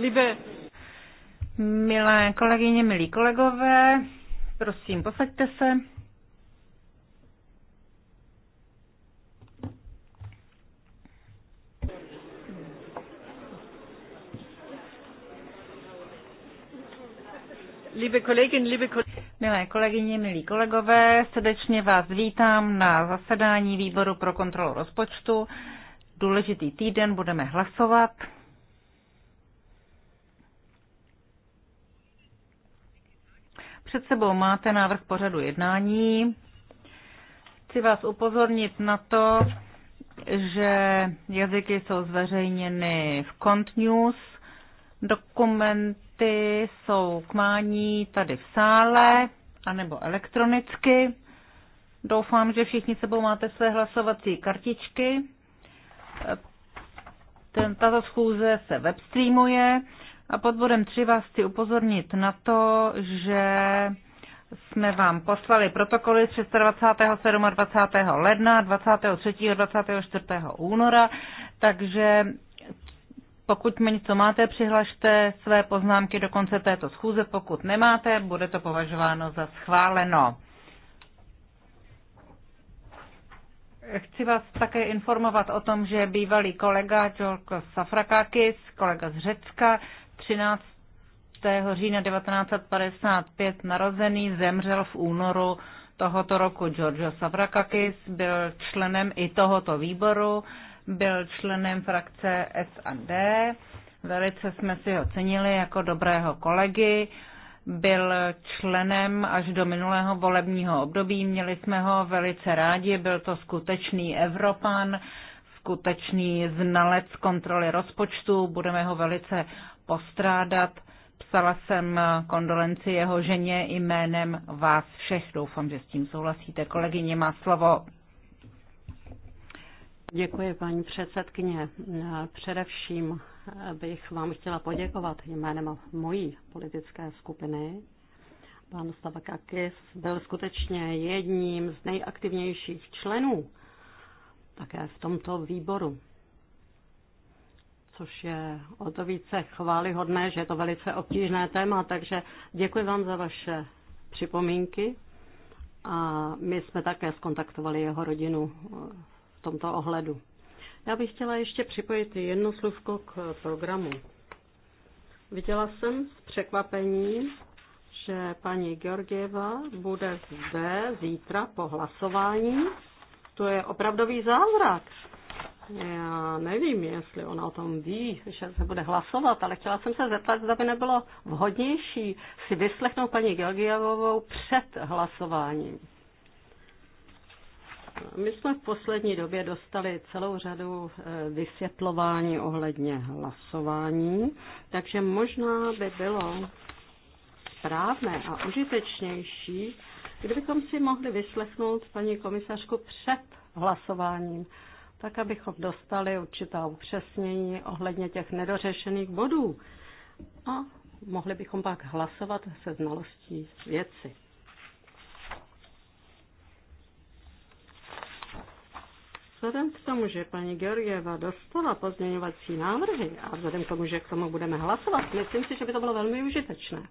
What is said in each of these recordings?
liebe... Milé kolegyně, milí kolegové, prosím, posaďte se. Liebe kolegyně, liebe Milé kolegyně, milí kolegové, srdečně vás vítám na zasedání výboru pro kontrolu rozpočtu. Důležitý týden budeme hlasovat. Před sebou máte návrh pořadu jednání. Chci vás upozornit na to, že jazyky jsou zveřejněny v Cont News, dokumenty jsou k mání tady v sále, anebo elektronicky. Doufám, že všichni sebou máte své hlasovací kartičky. Ten, tato schůze se webstreamuje. A pod bodem 3 vás chci upozornit na to, že jsme vám poslali protokoly 26. 27. ledna, 23. a 24. února, takže pokud mi něco máte, přihlašte své poznámky do konce této schůze. Pokud nemáte, bude to považováno za schváleno. Chci vás také informovat o tom, že bývalý kolega Jolko Safrakakis, kolega z Řecka, 13. října 1955 narozený, zemřel v únoru tohoto roku George Savrakakis, byl členem i tohoto výboru, byl členem frakce S&D, velice jsme si ho cenili jako dobrého kolegy, byl členem až do minulého volebního období, měli jsme ho velice rádi, byl to skutečný Evropan, skutečný znalec kontroly rozpočtu, budeme ho velice postrádat. Psala jsem kondolenci jeho ženě jménem vás všech. Doufám, že s tím souhlasíte. Kolegyně má slovo. Děkuji, paní předsedkyně. Především bych vám chtěla poděkovat jménem mojí politické skupiny. Pan Stavakakis byl skutečně jedním z nejaktivnějších členů také v tomto výboru což je o to více chválihodné, že je to velice obtížné téma, takže děkuji vám za vaše připomínky a my jsme také skontaktovali jeho rodinu eh, v tomto ohledu. Já bych chtěla ještě připojit jedno slovko k programu. Viděla jsem s překvapením, že paní Georgieva bude zde zítra po hlasování. To je opravdový zázrak. Já nevím, jestli ona o tom ví, že se bude hlasovat, ale chtěla jsem se zeptat, zda by nebylo vhodnější si vyslechnout paní Georgievovou před hlasováním. My jsme v poslední době dostali celou řadu eh, vysvětlování ohledně hlasování, takže možná by bylo správné a užitečnější, kdybychom si mohli vyslechnout paní komisařku před hlasováním tak abychom dostali určitá upřesnění ohledně těch nedořešených bodů. A mohli bychom pak hlasovat se znalostí věci. Vzhledem k tomu, že paní Georgieva dostala pozměňovací návrhy a vzhledem k tomu, že k tomu budeme hlasovat, myslím si, že by to bylo velmi užitečné.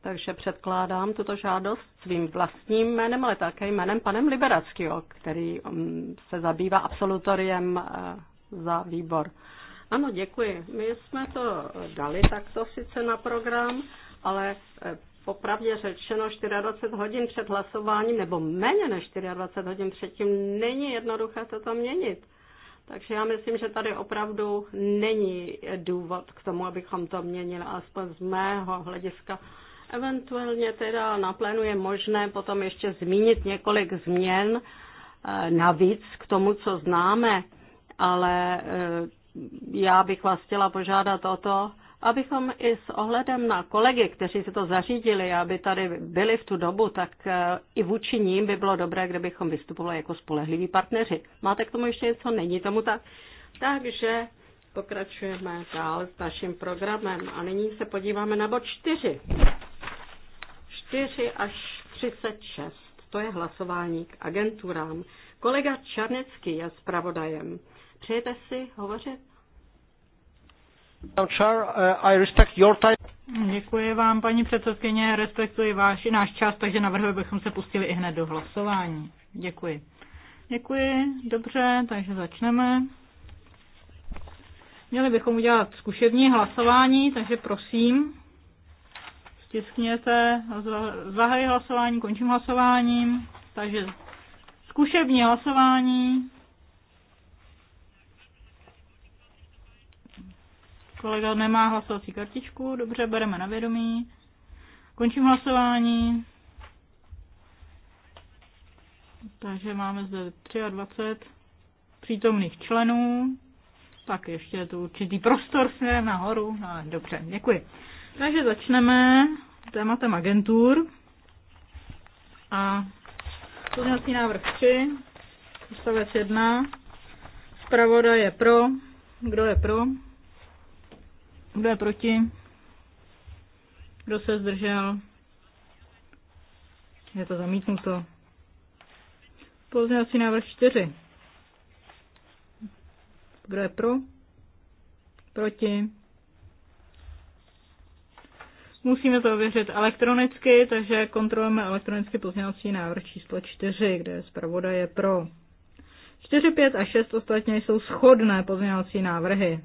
Takže předkládám tuto žádost svým vlastním jménem, ale také jménem panem Liberackého, který um, se zabývá absolutoriem uh, za výbor. Ano, děkuji. My jsme to dali takto sice na program, ale eh, popravdě řečeno 24 hodin před hlasováním, nebo méně než 24 hodin předtím, není jednoduché toto měnit. Takže já myslím, že tady opravdu není důvod k tomu, abychom to měnili, alespoň z mého hlediska. Eventuálně teda na plénu je možné potom ještě zmínit několik změn eh, navíc k tomu, co známe, ale eh, já bych vás chtěla požádat o to, abychom i s ohledem na kolegy, kteří si to zařídili, aby tady byli v tu dobu, tak eh, i vůči ním by bylo dobré, kdybychom vystupovali jako spolehliví partneři. Máte k tomu ještě něco? Není tomu tak? Takže pokračujeme dál s naším programem a nyní se podíváme na bod čtyři. 4 až 36. To je hlasování k agenturám. Kolega Čarnecký je zpravodajem. Přejete si hovořit? Uh, Děkuji vám, paní předsedkyně, respektuji váš i náš čas, takže navrhuji, bychom se pustili i hned do hlasování. Děkuji. Děkuji, dobře, takže začneme. Měli bychom udělat zkušební hlasování, takže prosím, stiskněte, zahají hlasování, končím hlasováním, takže zkušební hlasování. Kolega nemá hlasovací kartičku, dobře, bereme na vědomí. Končím hlasování. Takže máme zde 23 přítomných členů. Tak ještě je tu určitý prostor směrem nahoru. No, dobře, děkuji. Takže začneme tématem agentur. A pozměňovací návrh 3, odstavec 1. Zpravoda je pro. Kdo je pro? Kdo je proti? Kdo se zdržel? Je to zamítnuto. Pozměňovací návrh 4. Kdo je pro? Proti? Musíme to ověřit elektronicky, takže kontrolujeme elektronicky pozměňovací návrh číslo 4, kde zpravodaj je pro. 4, 5 a 6 ostatně jsou shodné pozměňovací návrhy.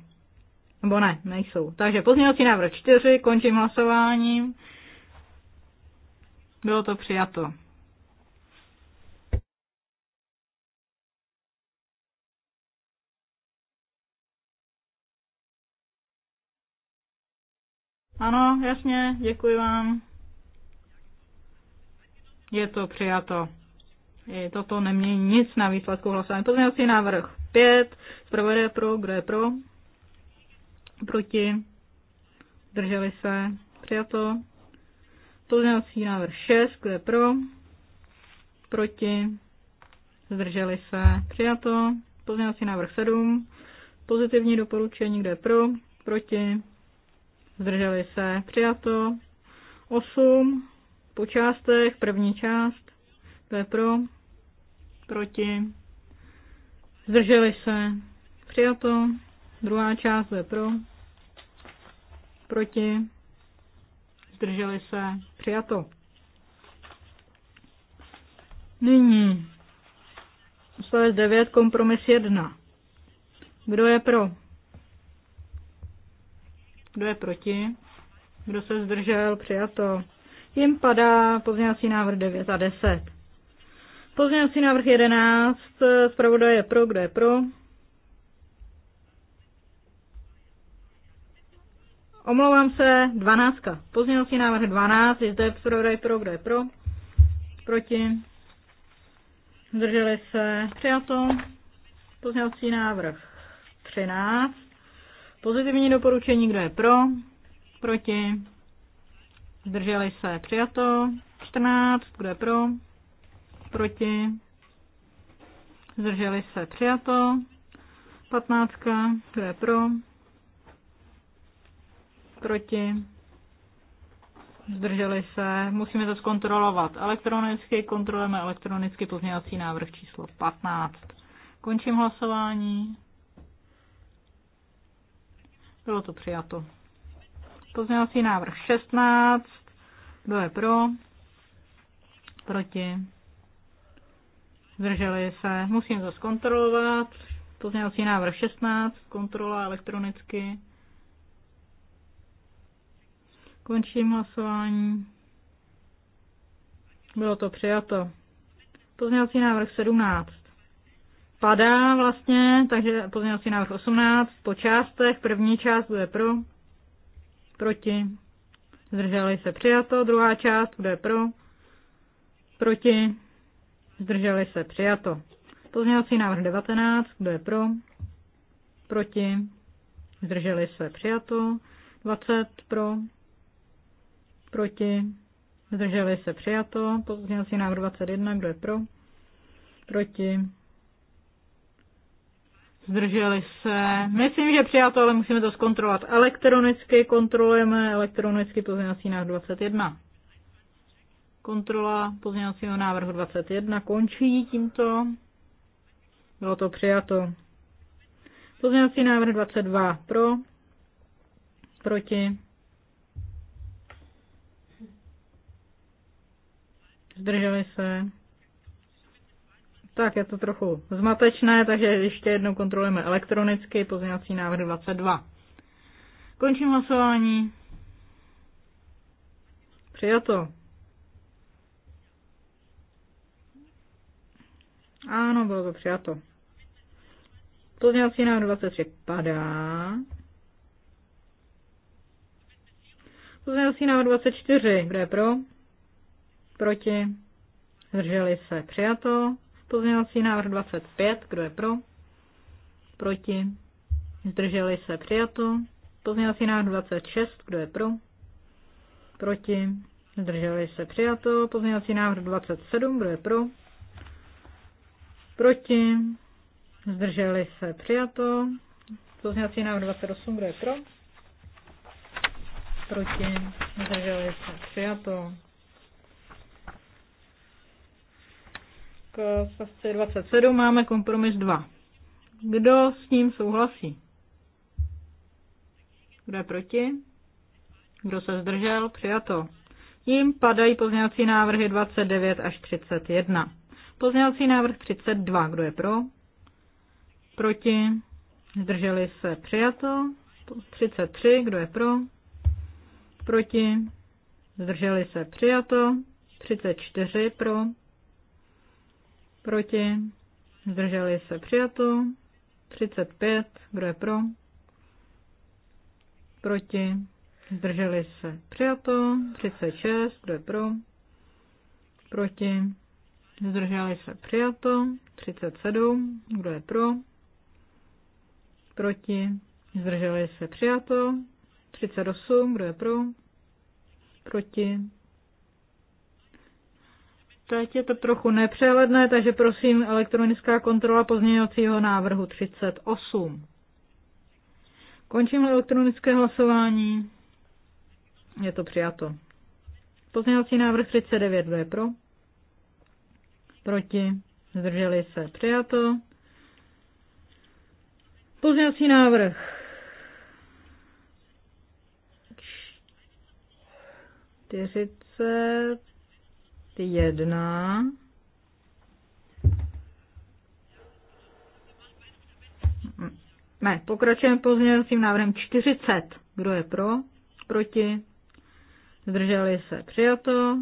Nebo ne, nejsou. Takže pozměňovací návrh 4, končím hlasováním. Bylo to přijato. Ano, jasně, děkuji vám. Je to přijato. I toto nemění nic na výsledku hlasování. Pozměňovací návrh 5. Zpravodaj pro, kdo je pro? Proti? Drželi se? Přijato. Pozměňovací návrh 6. Kdo je pro? Proti? Zdrželi se? Přijato. Pozměňovací návrh 7. Pozitivní doporučení, kdo je pro? Proti? zdrželi se, přijato. 8 po částech, první část, to je pro, proti, zdrželi se, přijato. Druhá část, to je pro, proti, zdrželi se, přijato. Nyní ustavec 9, kompromis 1. Kdo je pro? Kdo je proti? Kdo se zdržel? Přijato. Jim padá pozměňovací návrh 9 a 10. Pozměňovací návrh 11. Zpravodaj je pro. Kdo je pro? Omlouvám se, 12. Pozměňovací návrh 12, je zde zpravodaj pro, kdo je pro? Proti? Zdrželi se, přijato. Pozměňovací návrh 13, Pozitivní doporučení, kdo je pro, proti, zdrželi se, přijato. 14, kdo je pro, proti, zdrželi se, přijato. 15, kdo je pro, proti, zdrželi se, musíme to zkontrolovat elektronicky, kontrolujeme elektronicky pozměňovací návrh číslo 15. Končím hlasování. Bylo to přijato. Pozměňovací návrh 16. Kdo je pro? Proti? Zdrželi se. Musím to zkontrolovat. Pozměňovací návrh 16. Kontrola elektronicky. Končím hlasování. Bylo to přijato. Pozměňovací návrh 17 padá vlastně, takže pozměňovací návrh 18 po částech. První část bude pro, proti, zdrželi se přijato. Druhá část bude pro, proti, zdrželi se přijato. Pozměňovací návrh 19, kdo je pro, proti, zdrželi se přijato. 20 pro, proti, zdrželi se přijato. Pozměňovací návrh 21, kdo je pro, proti, zdrželi se. Myslím, že přijato, ale musíme to zkontrolovat elektronicky. Kontrolujeme elektronicky pozměňovací návrh 21. Kontrola pozměňovacího návrhu 21 končí tímto. Bylo to přijato. Pozměňovací návrh 22 pro, proti, zdrželi se. Tak je to trochu zmatečné, takže ještě jednou kontrolujeme elektronicky pozměňovací návrh 22. Končím hlasování. Přijato. Ano, bylo to přijato. Pozměňovací návrh 23 padá. Pozměňovací návrh 24, kde je pro? Proti? Zdrželi se. Přijato. Pozměňovací návrh 25, kdo je pro? Proti? Zdrželi se přijato. Pozměňovací návrh 26, kdo je pro? Proti? Zdrželi se přijato. Pozměňovací návrh 27, kdo je pro? Proti? Zdrželi se přijato. Pozměňovací návrh 28, kdo je pro? Proti? Zdrželi se přijato. k sasce 27 máme kompromis 2. Kdo s ním souhlasí? Kdo je proti? Kdo se zdržel? Přijato. Tím padají pozměňovací návrhy 29 až 31. Pozměňovací návrh 32. Kdo je pro? Proti? Zdrželi se? Přijato. 33. Kdo je pro? Proti? Zdrželi se? Přijato. 34 pro Proti? Zdrželi se přijato. 35. Kdo je pro? Proti? Zdrželi se přijato. 36. Kdo je pro? Proti? Zdrželi se přijato. 37. Kdo je pro? Proti? Zdrželi se přijato. 38. Kdo je pro? Proti? teď je to trochu nepřehledné, takže prosím elektronická kontrola pozměňovacího návrhu 38. Končím elektronické hlasování. Je to přijato. Pozměňovací návrh 39, kdo je pro? Proti? Zdrželi se. Přijato. Pozměňovací návrh Čtyřicet. 1. Ne, pokračujeme pozměňovacím návrhem 40. Kdo je pro? Proti? Zdrželi se. Přijato.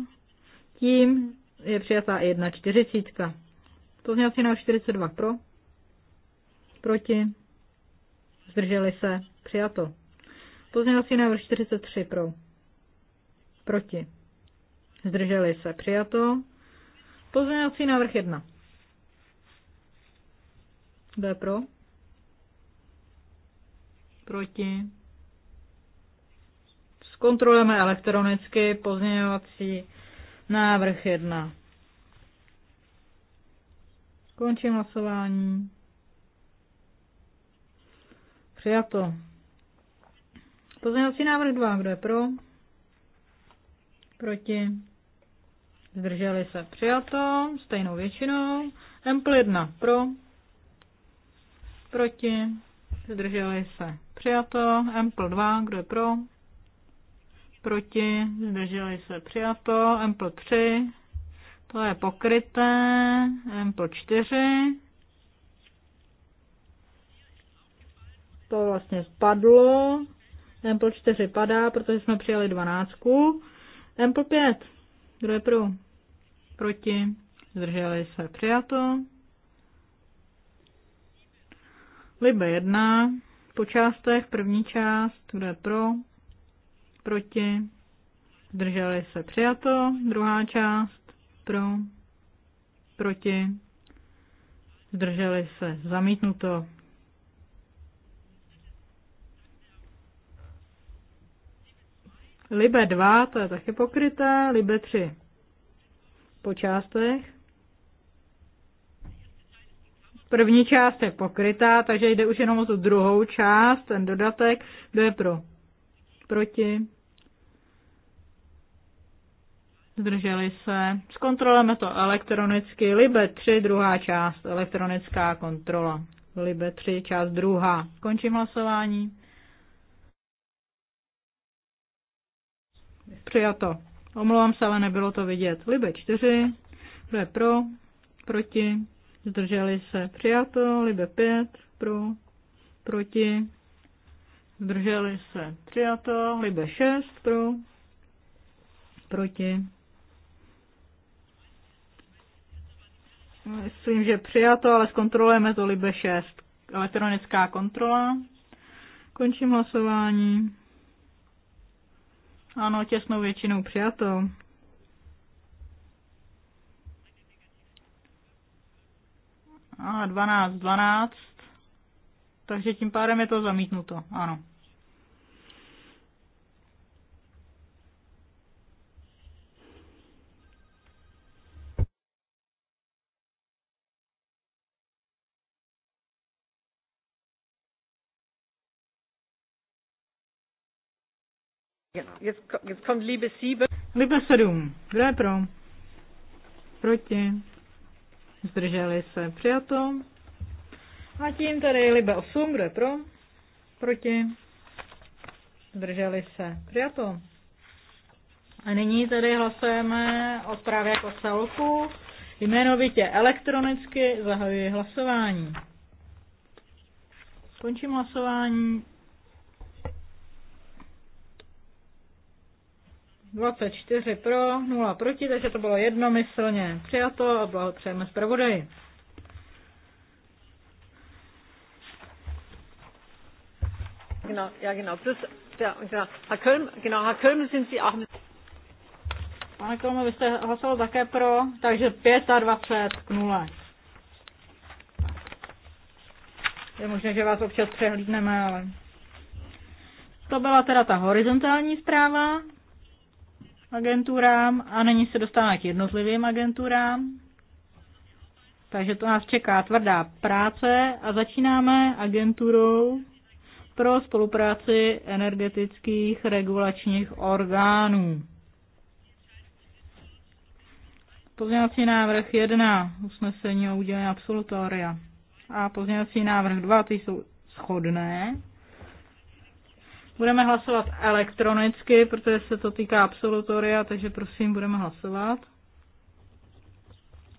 Tím je přijatá 1,40. Pozměňovací návrh 42 pro? Proti? Zdrželi se. Přijato. Pozměňovací návrh 43 pro? Proti? Zdrželi se. Přijato. Pozměňovací návrh 1. Kdo je pro? Proti? Zkontrolujeme elektronicky pozměňovací návrh 1. Končím hlasování. Přijato. Pozměňovací návrh 2. Kdo je pro? Proti? zdrželi se přijato, stejnou většinou. M plus 1 pro, proti, zdrželi se přijato. M plus 2, kdo je pro, proti, zdrželi se přijato. M plus 3, to je pokryté. M plus 4, to vlastně spadlo. M plus 4 padá, protože jsme přijali 12. M plus 5 kdo je pro? Proti? Zdrželi se přijato. Liba 1. Po částech první část. Kdo je pro? Proti? Zdrželi se přijato. Druhá část. Pro? Proti? Zdrželi se zamítnuto. Libe 2, to je taky pokryté, Libe 3 po částech. První část je pokrytá, takže jde už jenom o tu druhou část, ten dodatek, kdo je pro, proti, zdrželi se. Zkontrolujeme to elektronicky. Libe 3, druhá část, elektronická kontrola. Libe 3, část druhá. Končím hlasování. Přijato. Omlouvám se, ale nebylo to vidět. Libe 4. Kdo je pro? Proti? Zdrželi se. Přijato. Libe 5. Pro? Proti? Zdrželi se. Přijato. Libe 6. Pro? Proti? Myslím, že přijato, ale zkontrolujeme to Libe 6. Elektronická kontrola. Končím hlasování. Ano, těsnou většinou přijato. A 12, 12. Takže tím pádem je to zamítnuto, ano. Jetzt kommt Liebe 7. Liebe 7. Kdo je pro? Proti? Zdrželi se. Přijato. A tím tady Libe 8. Kdo je pro? Proti? Zdrželi se. Přijato. A nyní tady hlasujeme o zprávě jako celku. Jmenovitě elektronicky zahajuji hlasování. Končím hlasování. 24 pro, 0 proti, takže to bylo jednomyslně přijato a blahopřejeme zpravodaji. Genau, ja genau. ja, genau. genau, Pane Kolmo, vy jste hlasoval také pro, takže 25 k 0. Je možné, že vás občas přehlídneme, ale... To byla teda ta horizontální zpráva agenturám a nyní se dostáváme k jednotlivým agenturám. Takže to nás čeká tvrdá práce a začínáme agenturou pro spolupráci energetických regulačních orgánů. Pozměňovací návrh 1, usnesení o udělení absolutoria. A pozměňovací návrh 2, ty jsou shodné. Budeme hlasovat elektronicky, protože se to týká absolutoria, takže prosím, budeme hlasovat.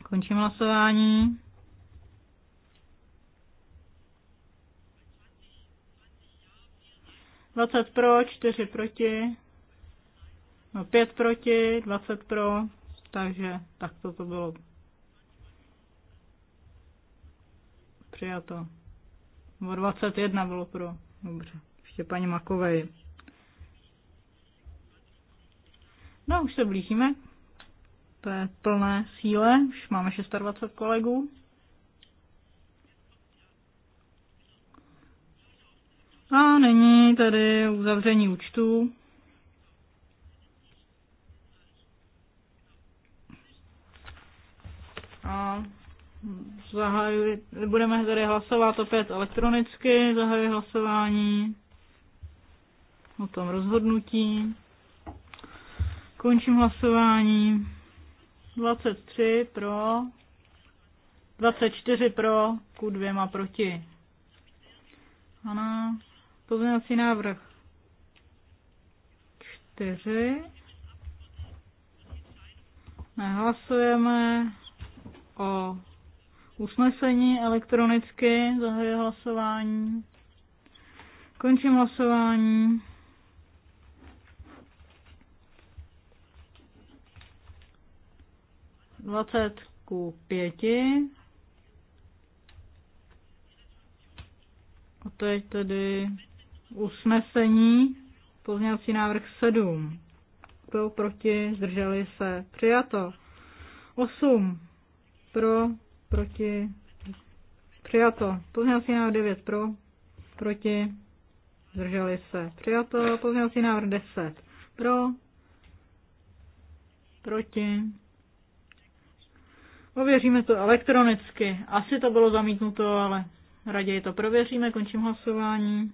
Končím hlasování. Dvacet pro, čtyři proti, no pět proti, dvacet pro, takže tak to, to bylo přijato. Dvacet 21 bylo pro, dobře ještě paní Makovej. No, už se blížíme. To je plné síle, už máme 26 kolegů. A není tady uzavření účtu. A zahajuji, budeme tady hlasovat opět elektronicky, zahajuji hlasování o tom rozhodnutí. Končím hlasování. 23 pro, 24 pro, ku dvěma proti. Ano, pozměňovací návrh 4. Nehlasujeme o usnesení elektronicky, zahajuji hlasování. Končím hlasování. 20 ku 5. A teď tedy usnesení pozměňovací návrh 7. Byl proti, zdrželi se. Přijato. 8. Pro, proti, přijato. Pozměňovací návrh 9. Pro, proti, zdrželi se. Přijato. Pozměňovací návrh 10. Pro, proti, Ověříme to elektronicky. Asi to bylo zamítnuto, ale raději to prověříme. Končím hlasování.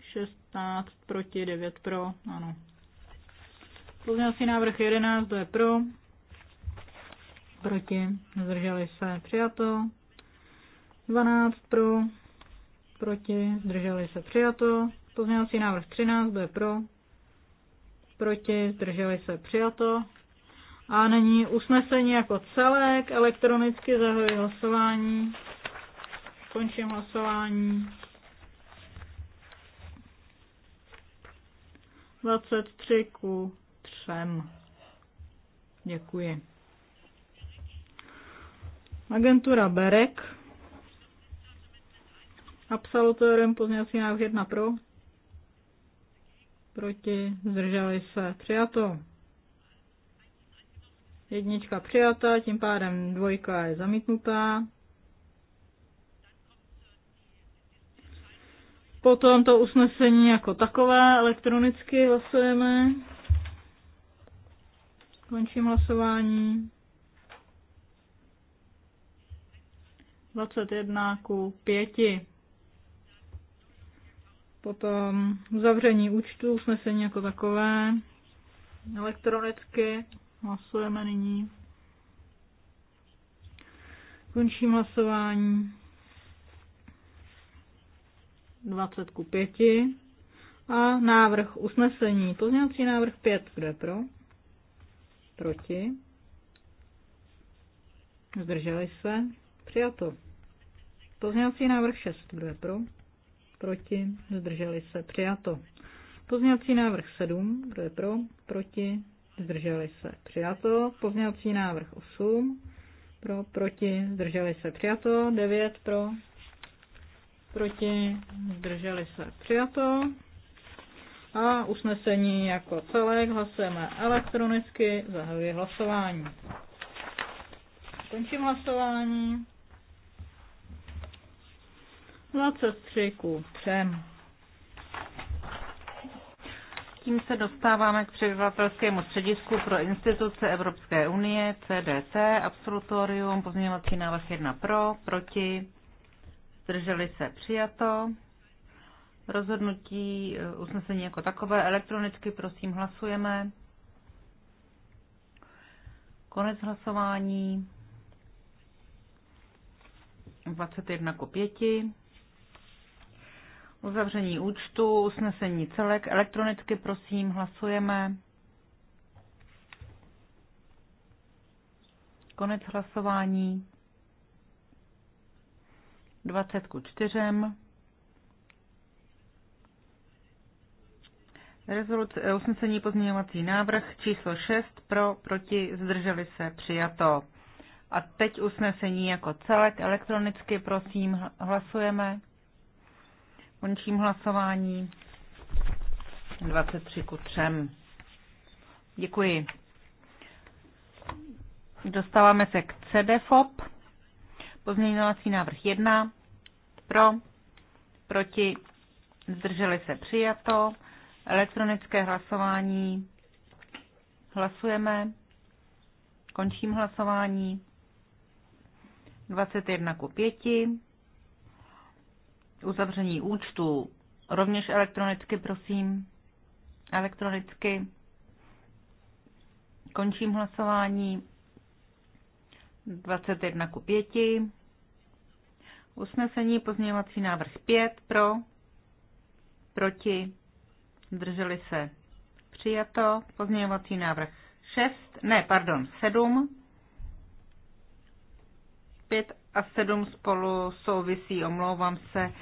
16 proti 9 pro. Ano. Pozměňovací návrh 11, to je pro. Proti. Zdrželi se. Přijato. 12 pro. Proti. Zdrželi se. Přijato. Pozměňovací návrh 13, to je pro. Proti. Zdrželi se. Přijato. A není usnesení jako celek, elektronicky zahajuji hlasování. Končím hlasování. 23 ku 3. Děkuji. Agentura Berek. Absolutorem pozměňovací návrh 1 pro. Proti. Zdrželi se. Přijato. Jednička přijata, tím pádem dvojka je zamítnutá. Potom to usnesení jako takové elektronicky hlasujeme. Končím hlasování. 21 ku 5. Potom uzavření účtu, usnesení jako takové, elektronicky. Hlasujeme nyní. Končím hlasování. 20 ku 5. A návrh usnesení. Pozměňovací návrh 5. Kdo je pro? Proti? Zdrželi se? Přijato. Pozměňovací návrh 6. Kdo je pro? Proti? Zdrželi se? Přijato. Pozměňovací návrh 7. Kdo je pro? Proti? zdrželi se, přijato. Pozměňovací návrh 8, pro, proti, zdrželi se, přijato. 9 pro, proti, zdrželi se, přijato. A usnesení jako celek hlasujeme elektronicky, zahajuji hlasování. Končím hlasování. 23 ku 3 tím se dostáváme k předvatelskému středisku pro instituce Evropské unie, CDC, absolutorium, pozměňovací návrh 1 pro, proti, zdrželi se přijato. Rozhodnutí e, usnesení jako takové elektronicky, prosím, hlasujeme. Konec hlasování. 21 ku 5. Uzavření účtu, usnesení celek, elektronicky prosím, hlasujeme. Konec hlasování. 20 ku 4. Rezoluce, eh, usnesení pozměňovací návrh číslo 6 pro, proti, zdrželi se, přijato. A teď usnesení jako celek, elektronicky prosím, hlasujeme. Končím hlasování. 23 ku 3. Děkuji. Dostáváme se k CDFOP. Pozměňovací návrh 1. Pro. Proti. Zdrželi se přijato. Elektronické hlasování. Hlasujeme. Končím hlasování. 21 ku 5 uzavření účtu, rovněž elektronicky, prosím. Elektronicky. Končím hlasování. 21 ku 5. Usnesení pozměňovací návrh 5 pro, proti, Drželi se přijato. Pozměňovací návrh 6, ne, pardon, 7. 5 a 7 spolu souvisí, omlouvám se,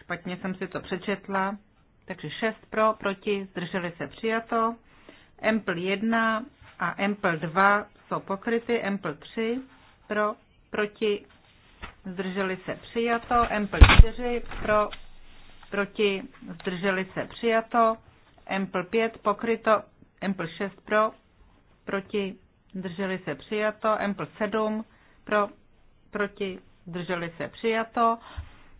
špatně jsem si to přečetla. Takže 6 pro, proti, zdrželi se přijato. Empl 1 a Empl 2 jsou pokryty, Empl 3 pro, proti, zdrželi se přijato, Empl 4 pro, proti, zdrželi se přijato, Empl 5 pokryto, Empl 6 pro, proti, zdrželi se přijato, Empl 7 pro, proti, drželi se přijato.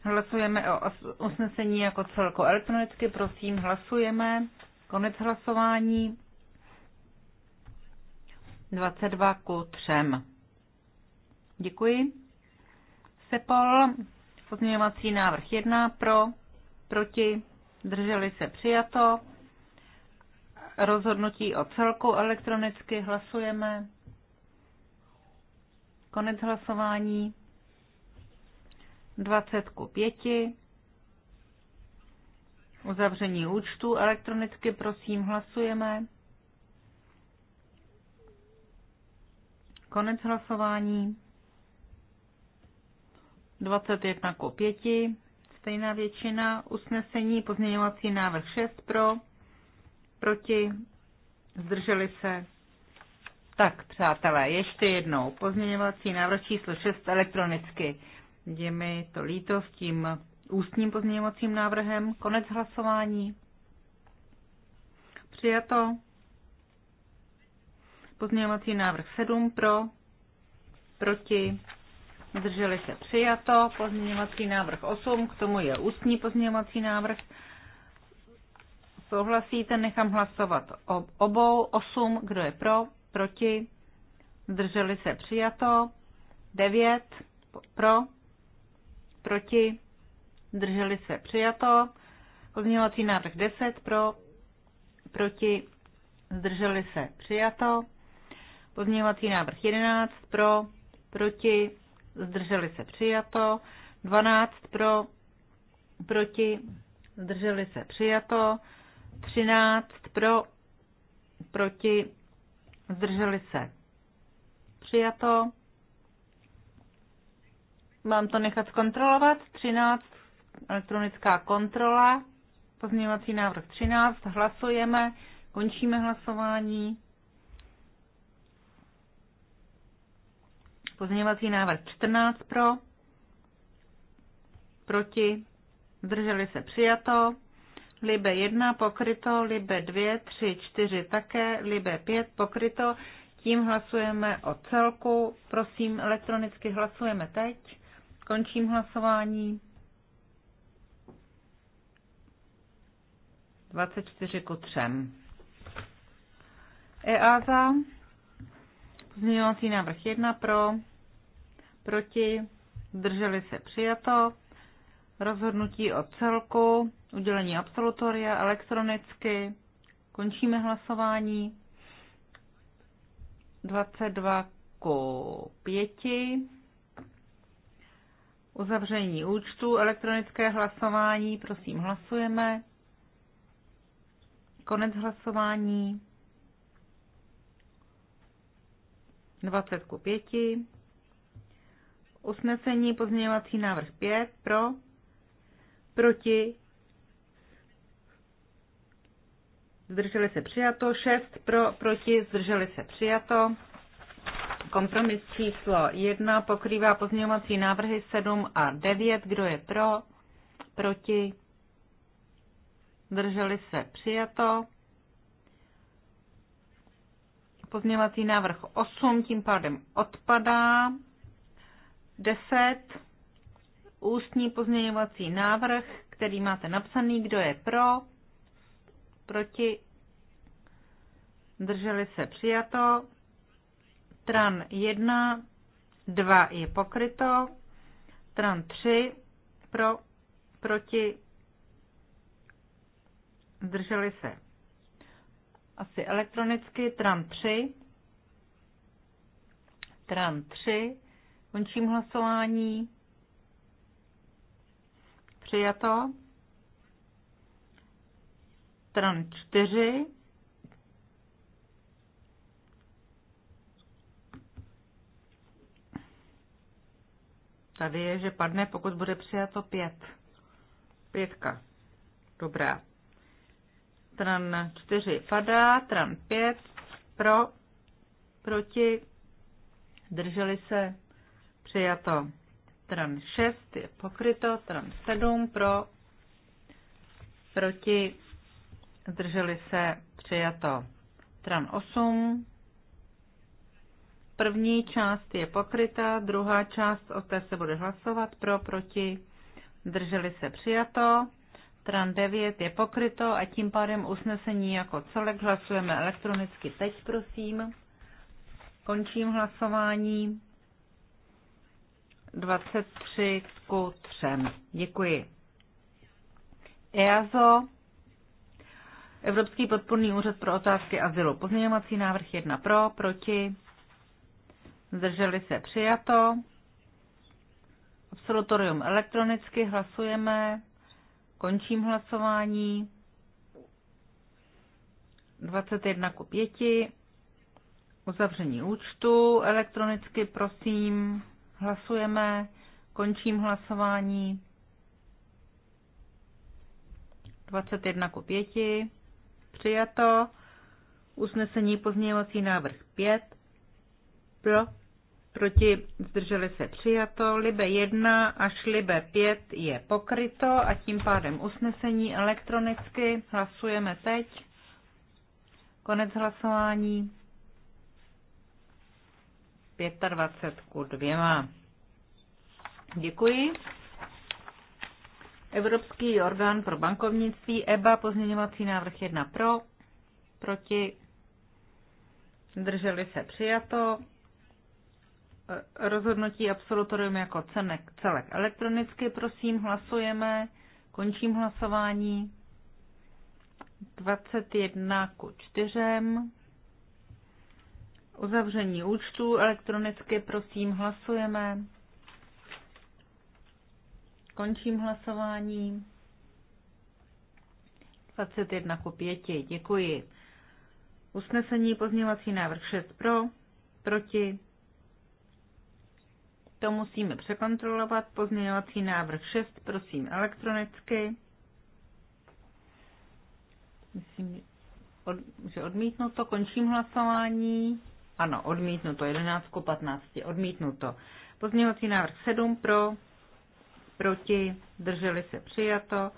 Hlasujeme o usnesení jako celko elektronicky, prosím, hlasujeme. Konec hlasování. 22 ku 3. Děkuji. Sepol, pozměňovací návrh 1 pro, proti, drželi se přijato. Rozhodnutí o celku elektronicky hlasujeme. Konec hlasování. 20 ku 5. Uzavření účtu elektronicky, prosím, hlasujeme. Konec hlasování. 21 ku 5. Stejná většina. Usnesení pozměňovací návrh 6 pro. Proti. Zdrželi se tak, přátelé, ještě jednou. Pozměňovací návrh číslo 6 elektronicky. Je mi to líto s tím ústním pozměňovacím návrhem. Konec hlasování. Přijato. Pozměňovací návrh 7 pro, proti, zdrželi se přijato. Pozměňovací návrh 8, k tomu je ústní pozměňovací návrh. Souhlasíte, nechám hlasovat o obou 8, kdo je pro, proti, zdrželi se přijato, 9 pro, proti, zdrželi se přijato, pozměňovací návrh 10 pro, proti, zdrželi se přijato, pozměňovací návrh 11 pro, proti, zdrželi se přijato, 12 pro, proti, zdrželi se přijato, 13 pro, proti, Zdrželi se. Přijato. Mám to nechat zkontrolovat. 13. Elektronická kontrola. Pozměňovací návrh 13. Hlasujeme. Končíme hlasování. Pozměňovací návrh 14 pro. Proti. Zdrželi se přijato. Libe 1 pokryto, Libe 2, 3, 4 také, Libe 5 pokryto. Tím hlasujeme o celku. Prosím, elektronicky hlasujeme teď. Končím hlasování. 24 ku 3. EASA. Pozměňovací návrh 1 pro. Proti. Drželi se přijato rozhodnutí o celku, udělení absolutoria elektronicky. Končíme hlasování. 22 ku 5. Uzavření účtu, elektronické hlasování, prosím hlasujeme. Konec hlasování. 20 ku 5. Usnesení pozměňovací návrh 5 pro proti, zdrželi se přijato, 6 pro, proti, zdrželi se přijato. Kompromis číslo 1 pokrývá pozměňovací návrhy 7 a 9. Kdo je pro? Proti? Zdrželi se přijato. Pozměňovací návrh 8 tím pádem odpadá. 10 ústní pozměňovací návrh, který máte napsaný, kdo je pro, proti, drželi se přijato, tran 1, 2 je pokryto, tran 3 pro, proti, drželi se asi elektronicky, tran 3, tran 3, končím hlasování, Přijato. Stran 4. Tady je, že padne, pokud bude přijato 5. Pětka. Dobrá. Tran 4 padá, tran 5 pro, proti, drželi se, přijato. Tran 6 je pokryto, tran 7 pro, proti, zdrželi se, přijato. Tran 8, první část je pokryta, druhá část, o té se bude hlasovat, pro, proti, zdrželi se, přijato. Tran 9 je pokryto a tím pádem usnesení jako celek hlasujeme elektronicky teď, prosím. Končím hlasování. 23 k 3. Děkuji. EASO, Evropský podporný úřad pro otázky azylu. Pozměňovací návrh 1 pro, proti. Zdrželi se přijato. Absolutorium elektronicky hlasujeme. Končím hlasování. 21 k 5. Uzavření účtu elektronicky, prosím. Hlasujeme. Končím hlasování. 21 ku 5. Přijato. Usnesení pozměňovací návrh 5. Pro. Proti zdrželi se přijato. Libe 1 až Libe 5 je pokryto a tím pádem usnesení elektronicky. Hlasujeme teď. Konec hlasování. 25 ku dvěma. Děkuji. Evropský orgán pro bankovnictví EBA pozměňovací návrh 1 pro, proti, drželi se přijato, rozhodnutí absolutorium jako cenek, celek elektronicky, prosím, hlasujeme, končím hlasování, 21 ku 4, Uzavření účtu elektronicky, prosím, hlasujeme. Končím hlasování. 21 ku 5. Děkuji. Usnesení pozměvací návrh 6 pro, proti. To musíme překontrolovat. Pozměňovací návrh 6, prosím, elektronicky. Myslím, že odmítnu to. Končím hlasování. Ano, odmítnuto. 11 ku 15. Odmítnuto. Pozměňovací návrh 7 pro, proti, drželi se přijato.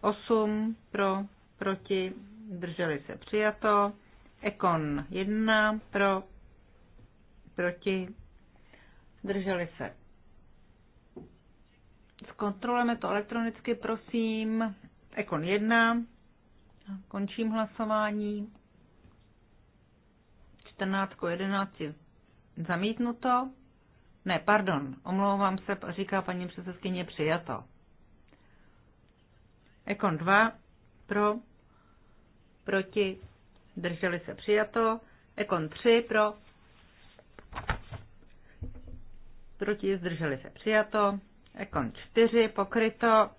8 pro, proti, drželi se přijato. Ekon 1 pro, proti, drželi se. Zkontrolujeme to elektronicky, prosím. Ekon 1. Končím hlasování. 14 11 zamítnuto. Ne, pardon, omlouvám se, říká paní předsedkyně přijato. Ekon 2 pro, proti, drželi se přijato. Ekon 3 pro, proti, zdrželi se přijato. Ekon 4 pokryto.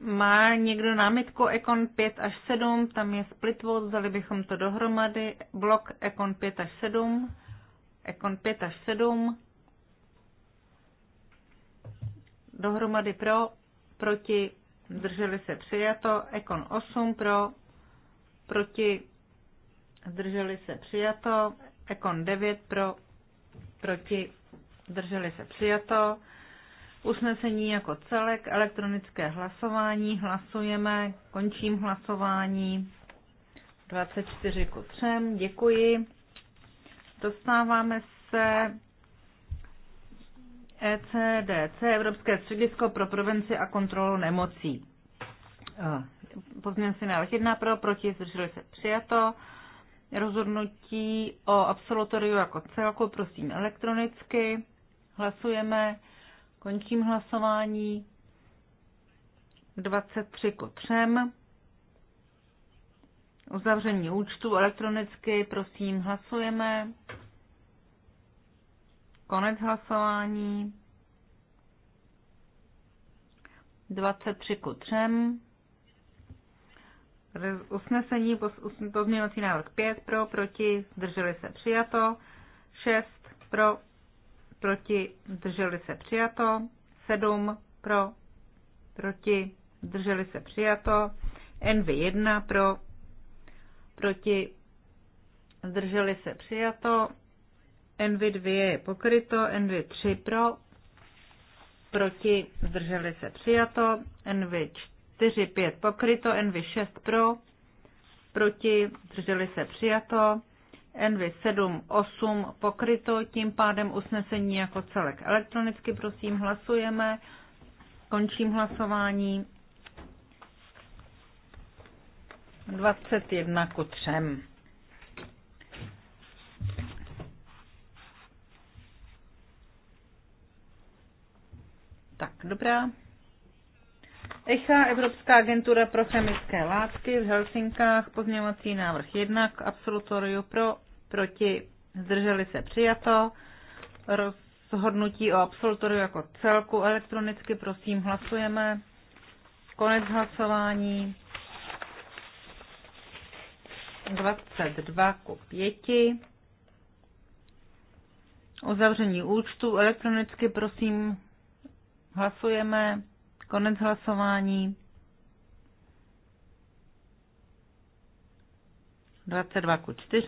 Má někdo námitku econ 5 až 7, tam je split vote, vzali bychom to dohromady, blok econ 5 až 7, econ 5 až 7, dohromady pro, proti, drželi se přijato, Econ 8 pro, proti, drželi se přijato, Econ 9 pro, proti, drželi se přijato, Usnesení jako celek, elektronické hlasování, hlasujeme, končím hlasování. 24 ku 3, děkuji. Dostáváme se ECDC, Evropské středisko pro prevenci a kontrolu nemocí. si eh, návrh 1 pro, proti, zdrželi se přijato. Rozhodnutí o absolutoriu jako celku, prosím, elektronicky. Hlasujeme. Končím hlasování. 23 k 3. Uzavření účtu elektronicky, prosím, hlasujeme. Konec hlasování. 23 k 3. Usnesení, pozměňovací návrh 5 pro, proti, zdrželi se přijato. 6 pro, proti, zdrželi se přijato, 7 pro, proti, zdrželi se přijato, NV1 pro, proti, zdrželi se přijato, NV2 je pokryto, NV3 pro, proti, zdrželi se přijato, NV4, 5 pokryto, NV6 pro, proti, zdrželi se přijato, Envy 7, 8 pokryto, tím pádem usnesení jako celek. Elektronicky prosím hlasujeme. Končím hlasování. 21 ku 3. Tak, dobrá. ECHA, Evropská agentura pro chemické látky v Helsinkách, pozměňovací návrh 1 k absolutoriu pro proti, zdrželi se přijato. Rozhodnutí o absolutoriu jako celku elektronicky, prosím, hlasujeme. Konec hlasování. 22 ku 5. Uzavření účtu elektronicky, prosím, hlasujeme. Konec hlasování. 22 ku 4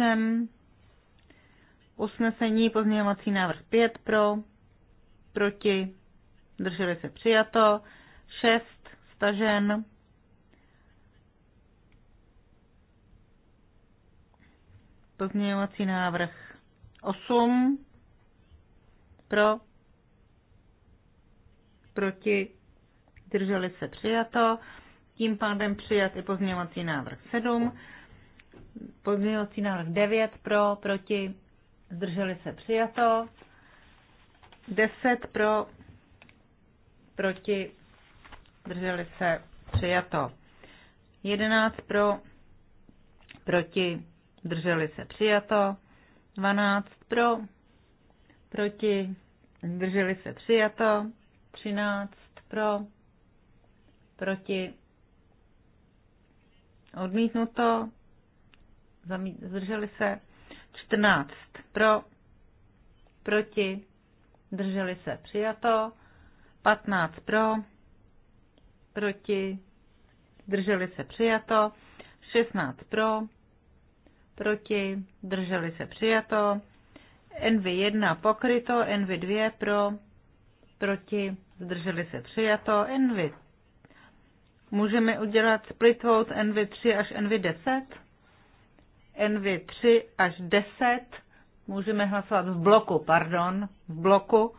usnesení pozměňovací návrh 5 pro, proti, drželi se přijato, 6 stažen, pozměňovací návrh 8 pro, proti, drželi se přijato, tím pádem přijat i pozměňovací návrh 7, pozměňovací návrh 9 pro, proti, zdrželi se přijato, 10 pro, proti, zdrželi se přijato, 11 pro, proti, zdrželi se přijato, 12 pro, proti, zdrželi se přijato, 13 pro, proti, odmítnuto, zdrželi se 14 pro, proti, drželi se přijato, 15 pro, proti, drželi se přijato, 16 pro, proti, drželi se přijato, NV1 pokryto, NV2 pro, proti, zdrželi se přijato, NV. Můžeme udělat split vote NV3 až NV10? nv 3 až 10, můžeme hlasovat v bloku, pardon, v bloku,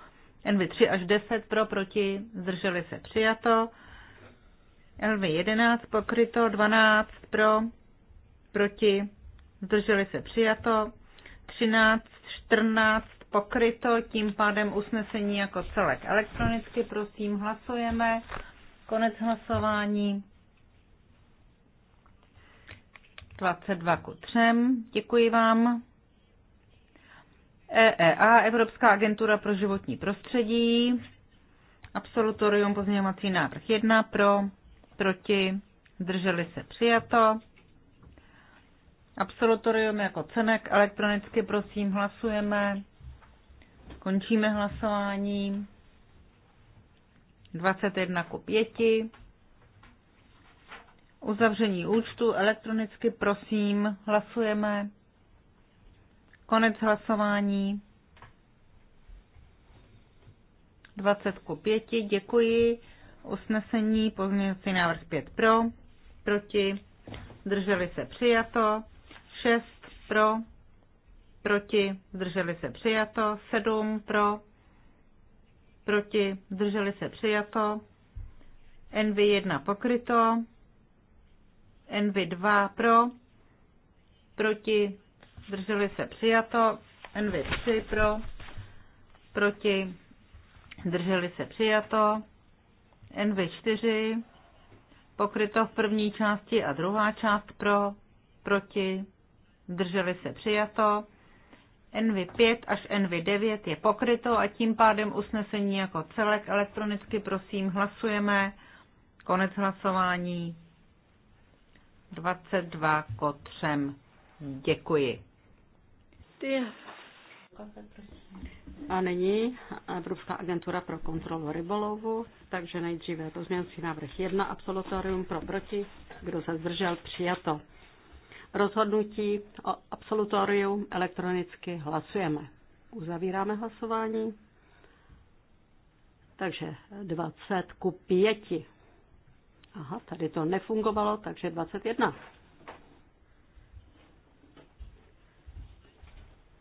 nv 3 až 10 pro, proti, zdrželi se přijato, nv 11 pokryto, 12 pro, proti, zdrželi se přijato, 13, 14 pokryto, tím pádem usnesení jako celek. Elektronicky prosím hlasujeme, konec hlasování. 22 ku 3. Děkuji vám. EEA, Evropská agentura pro životní prostředí. Absolutorium pozměňovací návrh 1 pro, proti, drželi se přijato. Absolutorium jako cenek elektronicky, prosím, hlasujeme. Končíme hlasování. 21 ku 5. Uzavření účtu elektronicky, prosím, hlasujeme. Konec hlasování. 20 ku 5, děkuji. Usnesení, pozměňovací návrh 5 pro, proti, zdrželi se přijato, 6 pro, proti, zdrželi se přijato, 7 pro, proti, zdrželi se přijato, NV1 pokryto, Envy 2 pro, proti, zdrželi se přijato, Envy 3 pro, proti, zdrželi se přijato, Envy 4 pokryto v první části a druhá část pro, proti, zdrželi se přijato, NV5 až NV9 je pokryto a tím pádem usnesení jako celek elektronicky prosím hlasujeme. Konec hlasování. 22 kotřem. Děkuji. A nyní Evropská agentura pro kontrolu rybolovu, takže nejdříve pozměňovací návrh 1, absolutorium pro proti, kdo se zdržel, přijato. Rozhodnutí o absolutoriu elektronicky hlasujeme. Uzavíráme hlasování. Takže 20 ku 5. Aha, tady to nefungovalo, takže 21.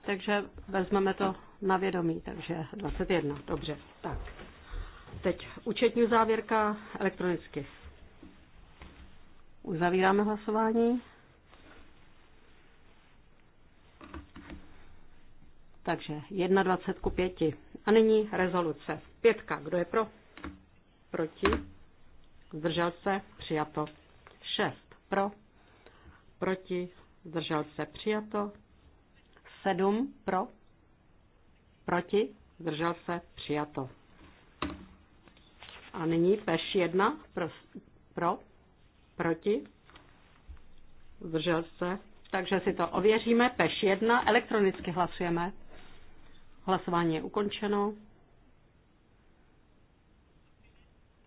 Takže vezmeme to na vědomí, takže 21, dobře. Tak, teď účetní závěrka elektronicky. Uzavíráme hlasování. Takže 21 ku 5. A nyní rezoluce. Pětka, kdo je pro? Proti? zdržel se, přijato. 6 pro, proti, zdržel se, přijato. 7 pro, proti, zdržel se, přijato. A nyní peš 1 pro, pro, proti, zdržel se. Takže si to ověříme. Peš 1, elektronicky hlasujeme. Hlasování je ukončeno.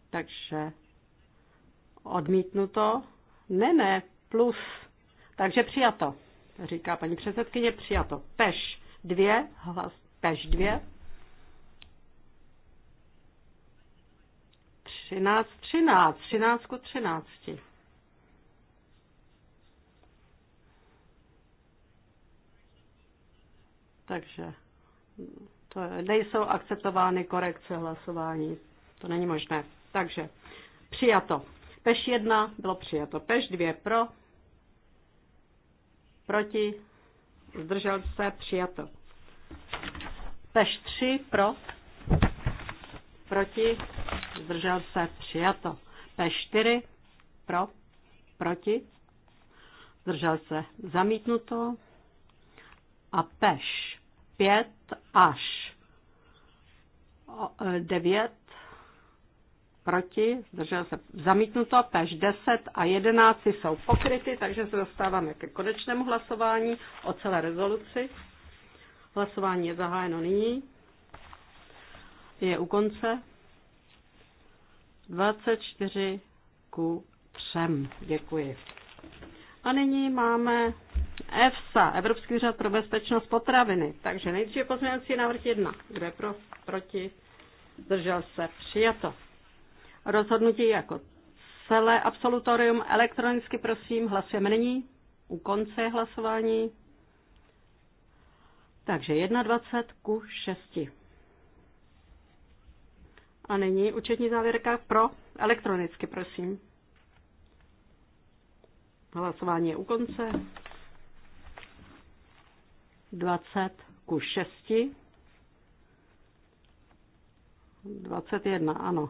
Takže Odmítnuto? Ne, ne, plus. Takže přijato, říká paní předsedkyně, přijato. Peš dvě, hlas, peš dvě. Třináct, třináct, třináct ku třinácti. Takže to je, nejsou akceptovány korekce hlasování. To není možné. Takže přijato. Peš 1 bylo přijato. Peš 2 pro, proti, zdržel se, přijato. Peš 3 pro, proti, zdržel se, přijato. Peš 4 pro, proti, zdržel se, zamítnuto. A peš 5 až 9 proti, zdržel se zamítnuto, tež 10 a 11 jsou pokryty, takže se dostáváme ke konečnému hlasování o celé rezoluci. Hlasování je zahájeno nyní. Je u konce. 24 ku 3. Děkuji. A nyní máme EFSA, Evropský řad pro bezpečnost potraviny. Takže nejdříve pozměňovací návrh 1. Kdo je pro, proti? Zdržel se. Přijato rozhodnutí jako celé absolutorium. Elektronicky prosím, hlasujeme nyní u konce hlasování. Takže 21 ku 6. A nyní účetní závěrka pro elektronicky, prosím. Hlasování je u konce. 20 ku 6. 21, ano.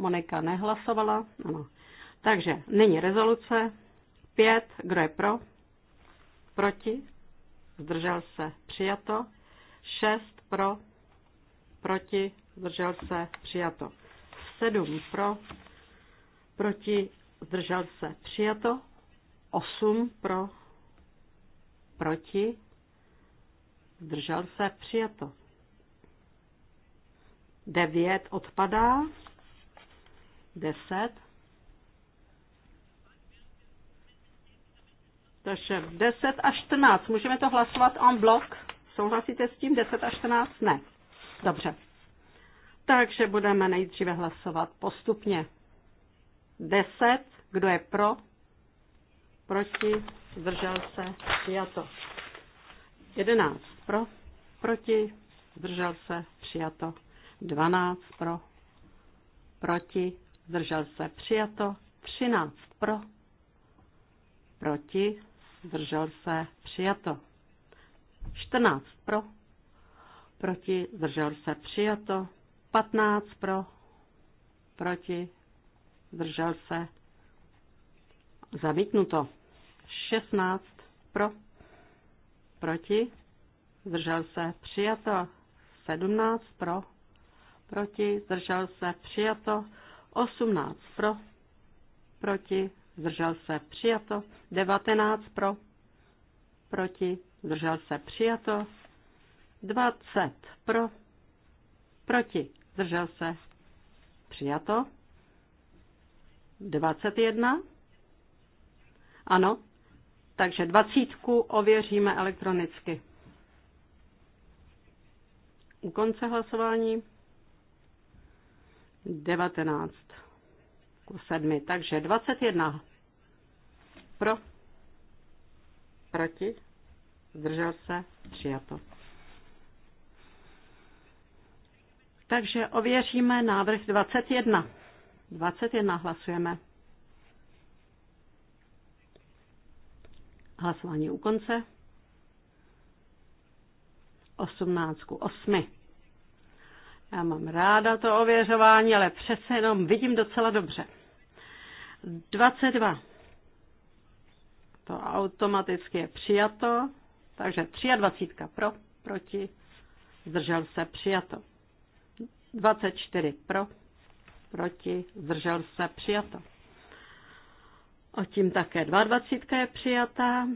Monika nehlasovala. Ano. Takže nyní rezoluce. Pět, kdo je pro? Proti? Zdržel se? Přijato. Šest pro? Proti? Zdržel se? Přijato. Sedm pro? Proti? Zdržel se? Přijato. Osm pro? Proti? Zdržel se? Přijato. Devět odpadá. 10. Takže 10 a 14. Můžeme to hlasovat en blok. Souhlasíte s tím? 10 a 14? Ne. Dobře. Takže budeme nejdříve hlasovat postupně. 10. Kdo je pro? Proti? Zdržel se? Přijato. 11. Pro? Proti? Zdržel se? Přijato. 12. Pro? Proti? zdržel se přijato, 13 pro, proti, zdržel se přijato, 14 pro, proti, zdržel se přijato, 15 pro, proti, zdržel se zamítnuto, 16 pro, proti, zdržel se přijato, 17 pro, proti, zdržel se přijato, 18 pro, proti, zdržel se, přijato. 19 pro, proti, zdržel se, přijato. 20 pro, proti, zdržel se, přijato. 21. Ano, takže dvacítku ověříme elektronicky. U konce hlasování 19 ku 7. Takže 21 pro, proti, zdržel se, přijato. Takže ověříme návrh 21. 21 hlasujeme. Hlasování u konce. 18 ku 8. Já mám ráda to ověřování, ale přece jenom vidím docela dobře. 22. To automaticky je přijato, takže 23 pro, proti, zdržel se přijato. 24 pro, proti, zdržel se přijato. O tím také 22 je přijatá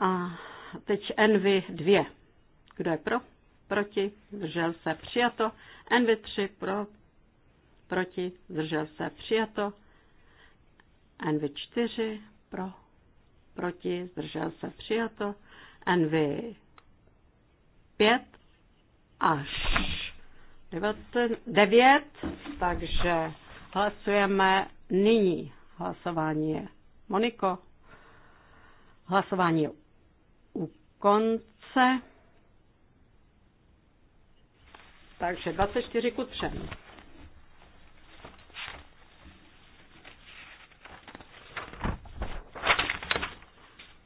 a teď NV 2. Kdo je pro? proti, zdržel se, přijato. NV3 pro, proti, zdržel se, přijato. NV4 pro, proti, zdržel se, přijato. NV5 až 9, takže hlasujeme nyní. Hlasování je Moniko. Hlasování je u konce. Takže 24 ku 3.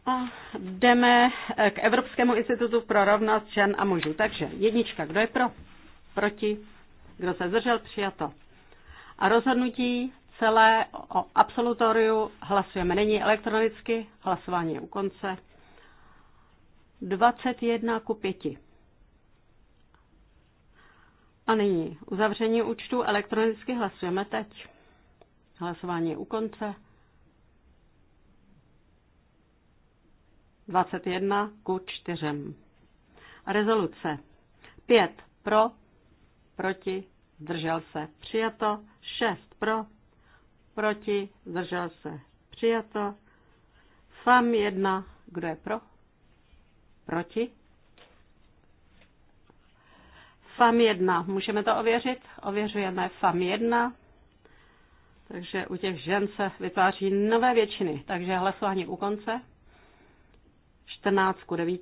A jdeme eh, k Evropskému institutu pro rovnost žen a mužů. Takže jednička, kdo je pro? Proti? Kdo se zdržel? Přijato. A rozhodnutí celé o absolutoriu hlasujeme. Není elektronicky, hlasování je u konce. 21 ku 5. A nyní uzavření účtu elektronicky hlasujeme teď. Hlasování je u konce. 21 ku 4. Rezoluce. 5 pro, proti, zdržel se, přijato. 6 pro, proti, zdržel se, přijato. FAM 1, kdo je pro? Proti, FAM 1. Můžeme to ověřit? Ověřujeme FAM 1. Takže u těch žen se vytváří nové většiny. Takže hlasování u konce. 14 ku 9.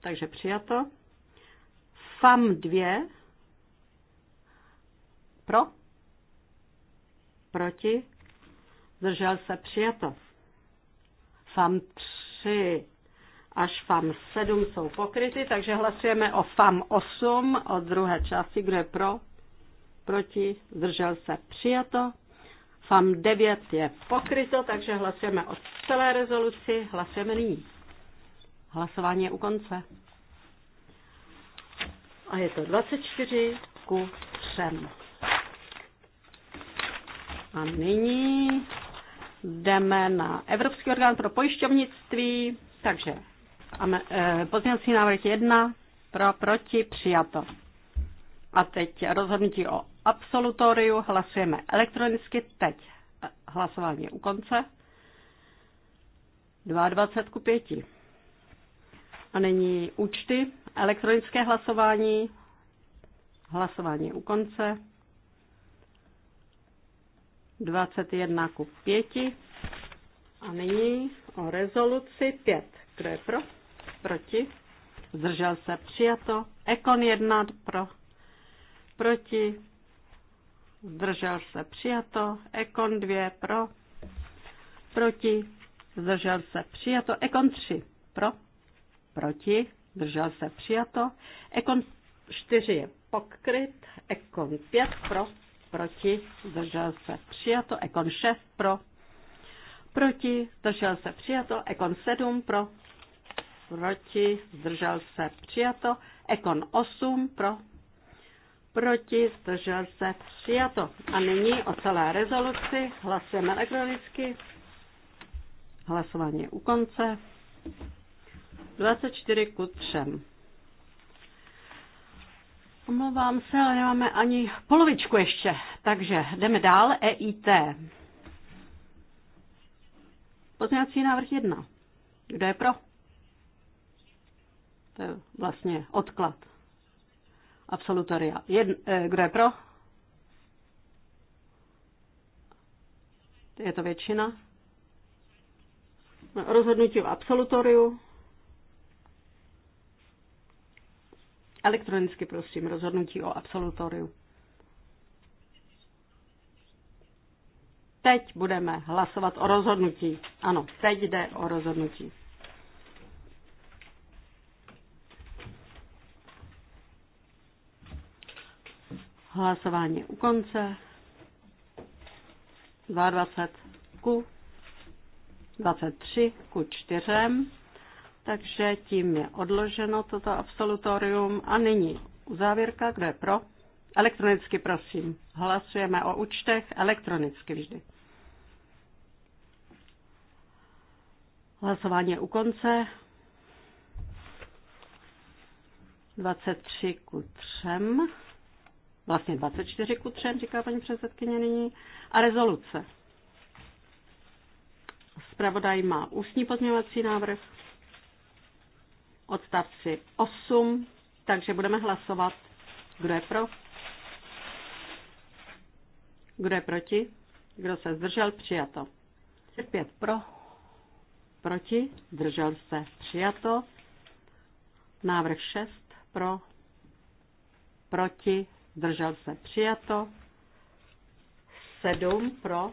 Takže přijato. FAM 2. Pro. Proti. Zdržel se přijato. FAM 3 až FAM 7 jsou pokryty, takže hlasujeme o FAM 8, o druhé části, kdo je pro, proti, zdržel se, přijato. FAM 9 je pokryto, takže hlasujeme o celé rezoluci, hlasujeme nyní. Hlasování je u konce. A je to 24 ku 3. A nyní jdeme na Evropský orgán pro pojišťovnictví, takže Eh, pozměňovací návrh 1 pro, proti, přijato. A teď rozhodnutí o absolutoriu. Hlasujeme elektronicky. Teď hlasování je u konce. 22 ku 5. A nyní účty. Elektronické hlasování. Hlasování je u konce. 21 ku 5. A nyní o rezoluci 5. Kdo je pro? proti, zdržel se přijato, Ekon 1 pro, proti, zdržel se přijato, Ekon 2 pro, proti, zdržel se přijato, Ekon 3 pro, proti, zdržel se přijato, Ekon 4 je pokryt, Ekon 5 pro, proti, zdržel se přijato, Ekon 6 pro, proti, zdržel se přijato, Ekon 7 pro, proti, zdržel se, přijato. Ekon 8 pro, proti, zdržel se, přijato. A nyní o celé rezoluci hlasujeme elektronicky. Hlasování u konce. 24 ku 3. Omlouvám se, ale nemáme ani polovičku ještě. Takže jdeme dál. EIT. Pozměňovací návrh 1. Kdo je pro? To eh, je vlastně odklad absolutoria. Jedn, eh, kdo je pro? Je to většina. No, rozhodnutí o absolutoriu. Elektronicky prosím, rozhodnutí o absolutoriu. Teď budeme hlasovat o rozhodnutí. Ano, teď jde o rozhodnutí. Hlasování u konce. 22 ku 23 ku 4. Takže tím je odloženo toto absolutorium. A nyní uzávěrka, kdo je pro? Elektronicky prosím. Hlasujeme o účtech elektronicky vždy. Hlasování u konce. 23 ku 3. Vlastně 24 ku 3, říká paní předsedkyně nyní. A rezoluce. Spravodaj má ústní pozměňovací návrh odstavci 8, takže budeme hlasovat, kdo je pro, kdo je proti, kdo se zdržel, přijato. 5 pro, proti, zdržel se, přijato. Návrh 6 pro, proti, zdržel se přijato, 7 pro,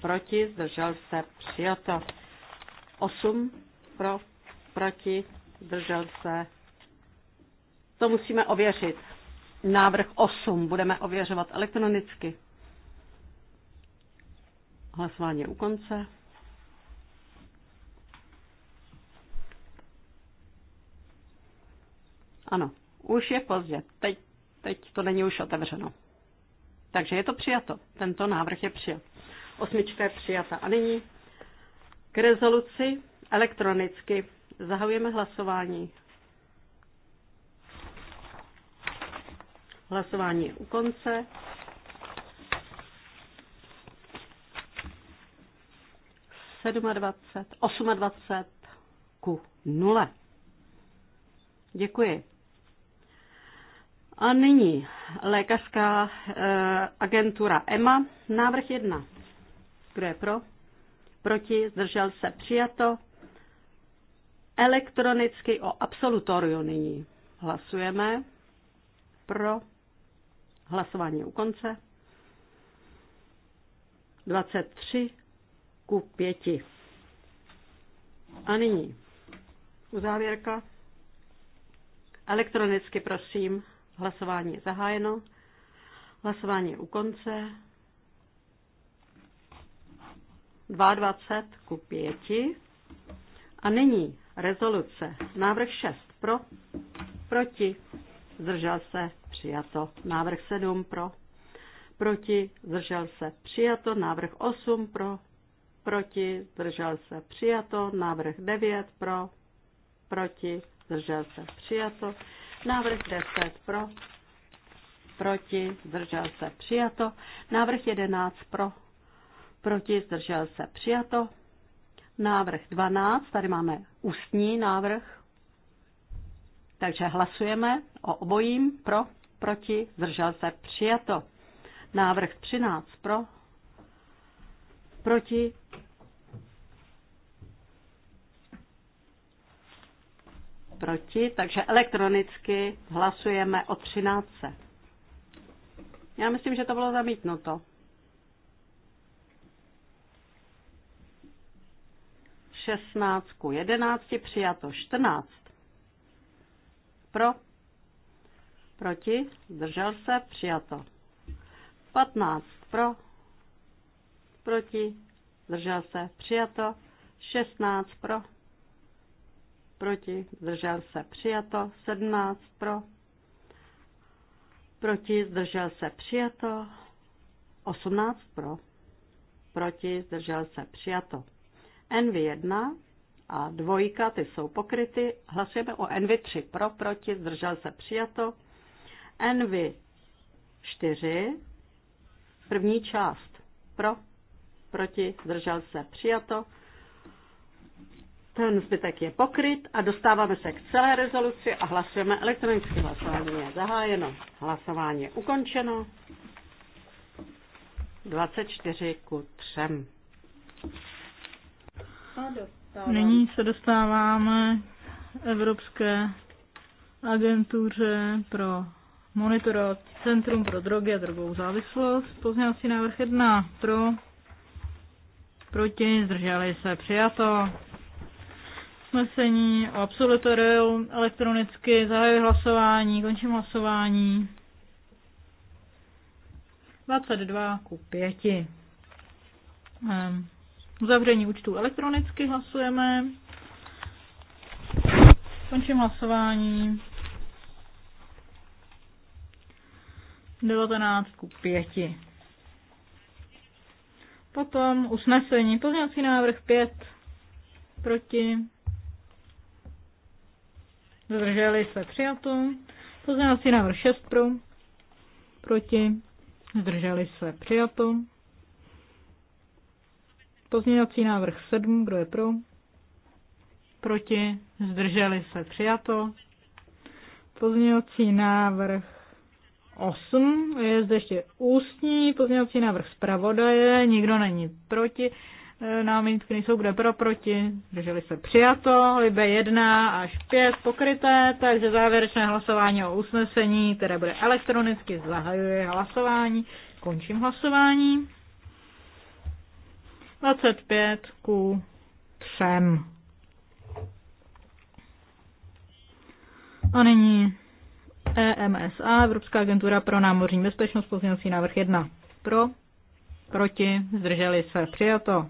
proti, zdržel se přijato, 8 pro, proti, zdržel se. To musíme ověřit. Návrh 8 budeme ověřovat elektronicky. Hlasování je u konce. Ano, už je pozdě. Teď, teď to není už otevřeno. Takže je to přijato. Tento návrh je přijat. Osmička je přijata. A nyní k rezoluci elektronicky. Zahajujeme hlasování. Hlasování je u konce. Sedmadvacet, osmadvacet ku nule. Děkuji. A nyní lékařská eh, e, agentura EMA, návrh 1. Kdo je pro? Proti? Zdržel se? Přijato? Elektronicky o absolutoriu nyní hlasujeme. Pro? Hlasování u konce. 23 ku 5. A nyní uzávěrka. Elektronicky prosím Hlasování je zahájeno. Hlasování je u konce. 22 ku 5. A nyní rezoluce. Návrh 6 pro, proti, zdržel se, přijato. Návrh 7 pro, proti, zdržel se, přijato. Návrh 8 pro, proti, zdržel se, přijato. Návrh 9 pro, proti, zdržel se, přijato. Návrh 10 pro, proti, zdržel se přijato. Návrh 11 pro, proti, zdržel se přijato. Návrh 12, tady máme ústní návrh, takže hlasujeme o obojím pro, proti, zdržel se přijato. Návrh 13 pro, proti, proti, takže elektronicky hlasujeme o 13. Já myslím, že to bylo zamítnuto. šestnáctku, jedenácti přijato 14. Pro, proti, zdržel se, přijato. 15 pro, proti, zdržel se, přijato. 16 pro, proti, zdržel se přijato, 17 pro, proti, zdržel se přijato, 18 pro, proti, zdržel se přijato. NV1 a dvojka, ty jsou pokryty. Hlasujeme o NV3 pro, proti, zdržel se přijato. NV4, první část pro, proti, zdržel se přijato. Ten zbytek je pokryt a dostáváme se k celé rezoluci a hlasujeme elektronicky. Hlasování je zahájeno. Hlasování je ukončeno. 24 ku 3. Nyní se dostáváme Evropské agentuře pro monitorovat Centrum pro drogy a drogovou závislost. si návrh 1 pro, proti, zdrželi se, přijato usnesení absolutorium, absolutoriu elektronicky, zahajuji hlasování, končím hlasování. 22 ku 5. Ehm, uzavření účtu elektronicky hlasujeme. Končím hlasování. 19 ku 5. Potom usnesení. Pozměňovací návrh 5 proti zdrželi se přijato. Pozměňovací návrh 6 pro, proti, zdrželi se přijato. Pozměňovací návrh 7, kdo je pro, proti, zdrželi se přijato. Pozměňovací návrh 8, je zde ještě ústní pozměňovací návrh zpravodaje, nikdo není proti, Eh, námitky nejsou kde pro, proti, drželi se přijato, libe 1 až 5 pokryté, takže závěrečné hlasování o usnesení, které bude elektronicky, zahajuje hlasování, končím hlasování. 25 ku 3. A nyní EMSA, Evropská agentura pro námořní bezpečnost, pozměnací návrh 1. Pro, proti, zdrželi se, přijato.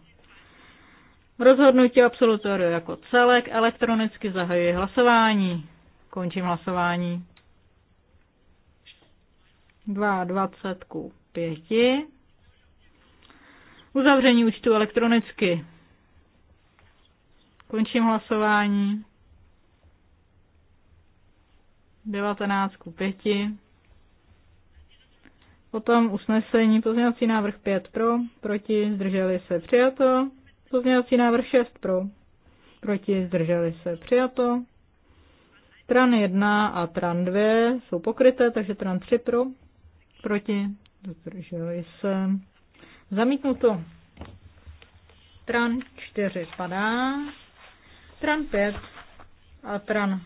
V rozhodnutí absolutoria jako celek elektronicky zahajuji hlasování. Končím hlasování. 22 ku 5. Uzavření účtu elektronicky. Končím hlasování. 19 ku 5. Potom usnesení pozměňovací návrh 5 pro, proti, zdrželi se přijato. Pozměňovací návrh 6 pro. Proti zdrželi se přijato. Tran 1 a Tran 2 jsou pokryté, takže Tran 3 pro. Proti zdrželi se. Zamítnuto. Tran 4 padá. Tran 5 a Tran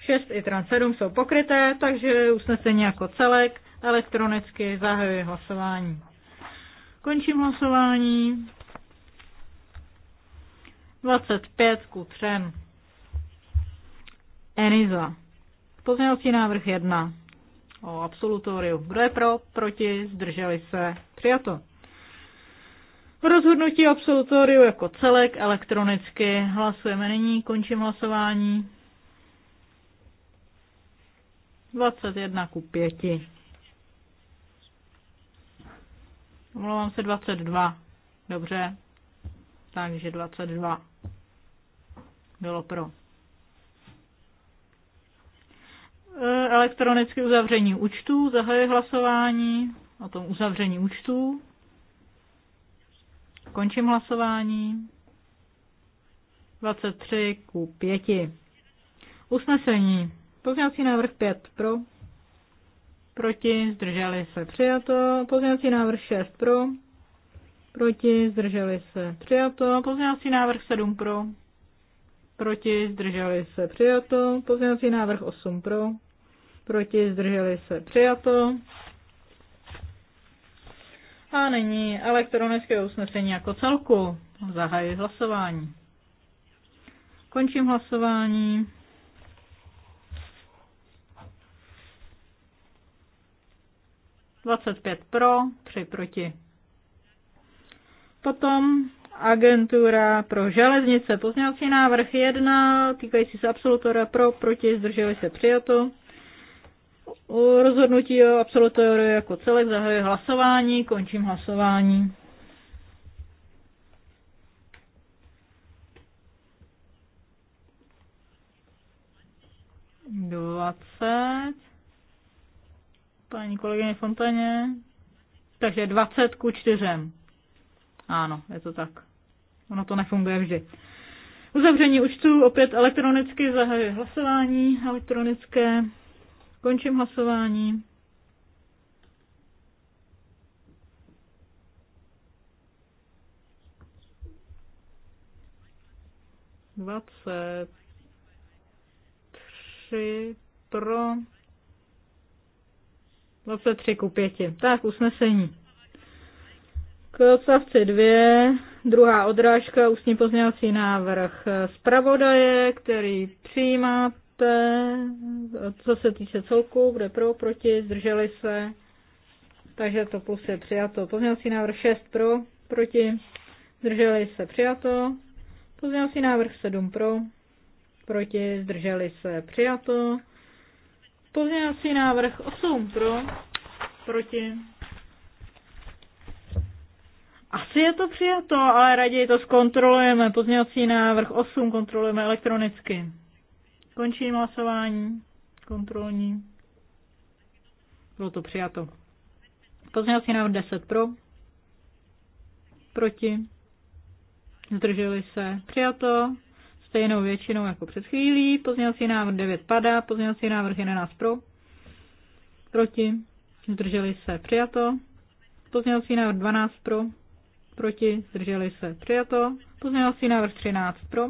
6 i Tran 7 jsou pokryté, takže usnesení jako celek elektronicky zahajuje hlasování. Končím hlasování. 25 ku 3. Eniza. Pozměňovací návrh 1 o absolutoriu. Kdo je pro, proti, zdrželi se, přijato. Rozhodnutí absolutoriu jako celek elektronicky hlasujeme nyní, končím hlasování. 21 ku 5. Omlouvám se 22. Dobře, takže 22 bylo pro. E, elektronické uzavření účtů, zahajuji hlasování o tom uzavření účtů. Končím hlasování. 23 ku 5. Usnesení. Pozměňovací návrh 5 pro. Proti. Zdrželi se. Přijato. Pozměňovací návrh 6 pro. Proti. Zdrželi se. Přijato. Pozměňovací návrh 7 pro proti, zdrželi se přijato. Pozměňovací návrh 8 pro, proti, zdrželi se přijato. A nyní elektronické usnesení jako celku. Zahajuji hlasování. Končím hlasování. Dvacet pět pro, tři proti. Potom agentura pro železnice. Pozměňovací návrh 1, týkající se absolutora pro, proti, zdrželi se přijato. O rozhodnutí o absolutoru jako celek zahajuje hlasování, končím hlasování. Dvacet. Paní kolegyně Fontaně. Takže dvacet ku čtyřem. Ano, je to tak. Ono to nefunguje vždy. Uzavření účtu opět elektronicky zahajuje hlasování elektronické. Končím hlasování. Dvacet tři pro tři ku pěti. Tak, usnesení. K odstavci 2, druhá odrážka, ústní pozměňovací návrh zpravodaje, který přijímáte, co se týče celku, kde pro, proti, zdrželi se, takže to plus je přijato. Pozměňovací návrh 6 pro, proti, zdrželi se, přijato. Pozměňovací návrh 7 pro, proti, zdrželi se, přijato. Pozměňovací návrh 8 pro, proti, asi je to přijato, ale raději to zkontrolujeme. Pozměňovací návrh 8 kontrolujeme elektronicky. Končím hlasování. Kontrolní. Bylo to přijato. Pozměňovací návrh 10 pro. Proti. Zdrželi se. Přijato. Stejnou většinou jako před chvílí. Pozměňovací návrh 9 padá. Pozměňovací návrh 11 pro. Proti. Zdrželi se. Přijato. Pozměňovací návrh 12 pro proti, zdrželi se, přijato. Pozměňovací návrh 13 pro,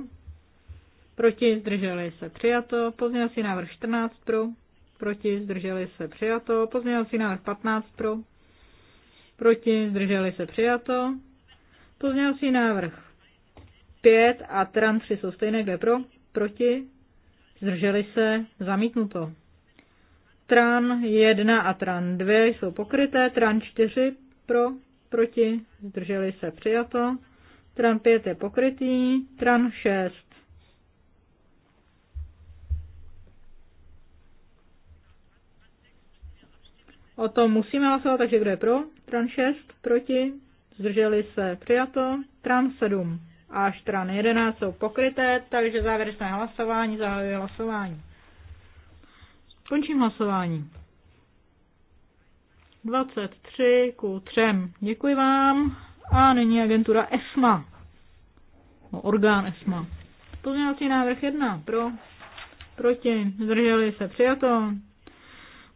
proti, zdrželi se, přijato. Pozměňovací návrh 14 pro, proti, zdrželi se, přijato. Pozměňovací návrh 15 pro, proti, zdrželi se, přijato. Pozměňovací návrh 5 a tran 3 jsou stejné, kde pro, proti, zdrželi se, zamítnuto. Tran 1 a tran 2 jsou pokryté, tran 4 pro, proti, zdrželi se přijato. Tran 5 je pokrytý, tran 6. O tom musíme hlasovat, takže kdo je pro? Tran 6, proti, zdrželi se přijato. Tran 7 až tran 11 jsou pokryté, takže závěrečné hlasování, zahajuji hlasování. Končím hlasování. 23 ku 3. Děkuji vám. A nyní agentura ESMA. No, orgán ESMA. Pozměňovací návrh 1. Pro. Proti. Zdrželi se. Přijato.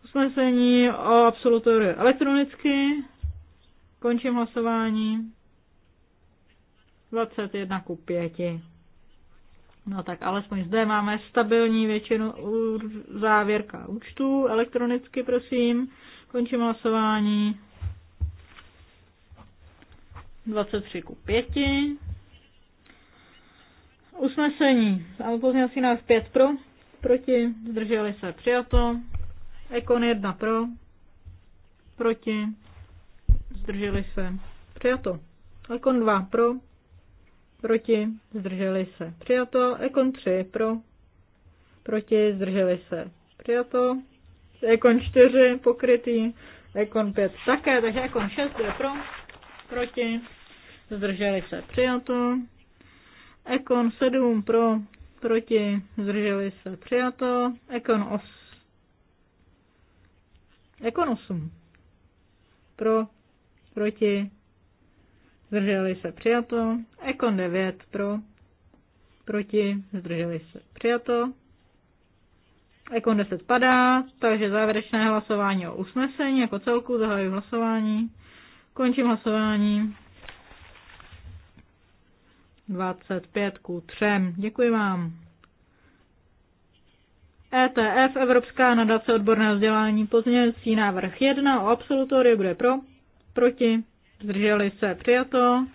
Usnesení o absolutoriu elektronicky. Končím hlasování. 21 ku 5. No tak alespoň zde máme stabilní většinu závěrka účtu elektronicky, prosím. Končím hlasování. 23 ku 5. Usnesení. Ale si nás 5 pro, proti, zdrželi se, přijato. Ekon 1 pro, proti, zdrželi se, přijato. Ekon 2 pro, proti, zdrželi se, přijato. Ekon 3 pro, proti, zdrželi se, přijato. Ekon 4 pokrytý, Ekon 5 také, takže Ekon 6 je pro, proti, zdrželi se přijato. Ekon 7 pro, proti, zdrželi se přijato. Ekon 8, Ekon 8 pro, proti, zdrželi se přijato. Ekon 9 pro, proti, zdrželi se přijato. Ekon 10 padá, takže závěrečné hlasování o usnesení jako celku, zahajuji hlasování, končím hlasování. 25 ku 3. Děkuji vám. ETF, Evropská nadace odborného vzdělání, pozměňující návrh 1 o absolutoriu, kdo je pro, proti, zdrželi se, přijato.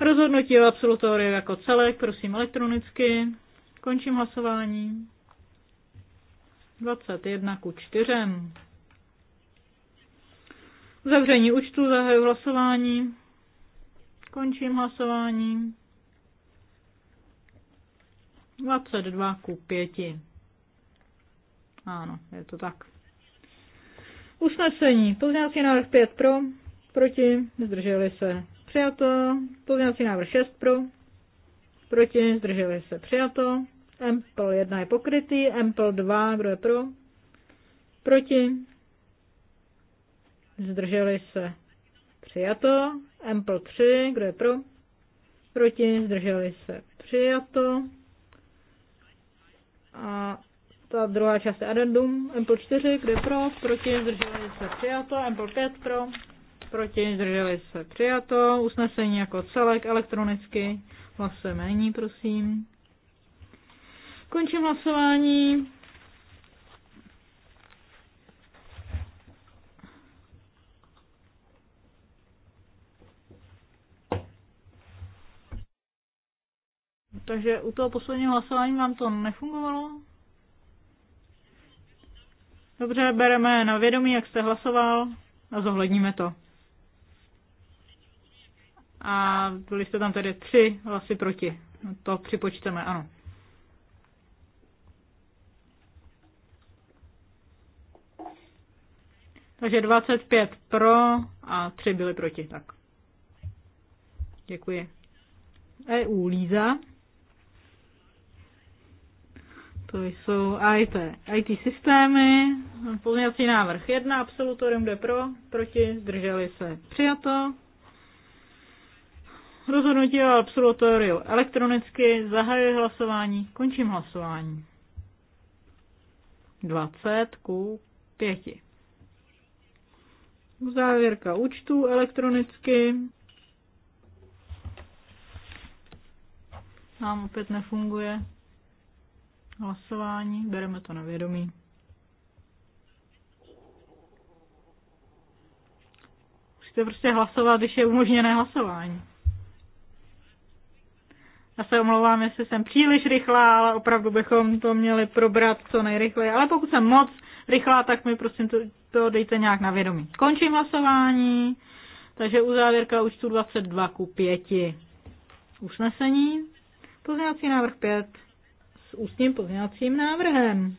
Rozhodnutí o absolutoriu jako celek, prosím elektronicky. Končím hlasování. 21 ku 4. Zavření účtu zahajuji hlasování. Končím hlasování. 22 ku 5. Ano, je to tak. Usnesení. Pozměňovací návrh 5 pro, proti, zdrželi se. Přijato. Pozměňovací návrh 6 pro, proti, zdrželi se. Přijato. Empl 1 je pokrytý, Empl 2, kdo je pro? Proti? Zdrželi se. Přijato. Empl 3, kdo je pro? Proti? Zdrželi se. Přijato. A ta druhá část je addendum. Empl 4, kdo je pro? Proti? Zdrželi se. Přijato. Empl 5 pro? Proti? Zdrželi se. Přijato. Usnesení jako celek elektronicky. Hlasujeme nyní, prosím. Končím hlasování. Takže u toho posledního hlasování vám to nefungovalo? Dobře, bereme na vědomí, jak jste hlasoval a zohledníme to. A byli jste tam tedy tři hlasy proti. No, to připočteme, ano. Takže 25 pro a 3 byly proti. Tak. Děkuji. EU Líza. To jsou IT, IT systémy. Pozměňovací návrh 1, absolutorium jde pro, proti, zdrželi se, přijato. Rozhodnutí o absolutoriu elektronicky, zahajuji hlasování, končím hlasování. 20 ku 5. Závěrka účtu elektronicky. Nám opět nefunguje hlasování, bereme to na vědomí. Musíte prostě hlasovat, když je umožněné hlasování. Já se omlouvám, jestli jsem příliš rychlá, ale opravdu bychom to měli probrat co nejrychleji. Ale pokud jsem moc rychlá, tak mi prosím to to dejte nějak na vědomí. Končím hlasování, takže uzávěrka tu 22 ku 5. Usnesení, pozměňovací návrh 5 s ústním pozměňovacím návrhem.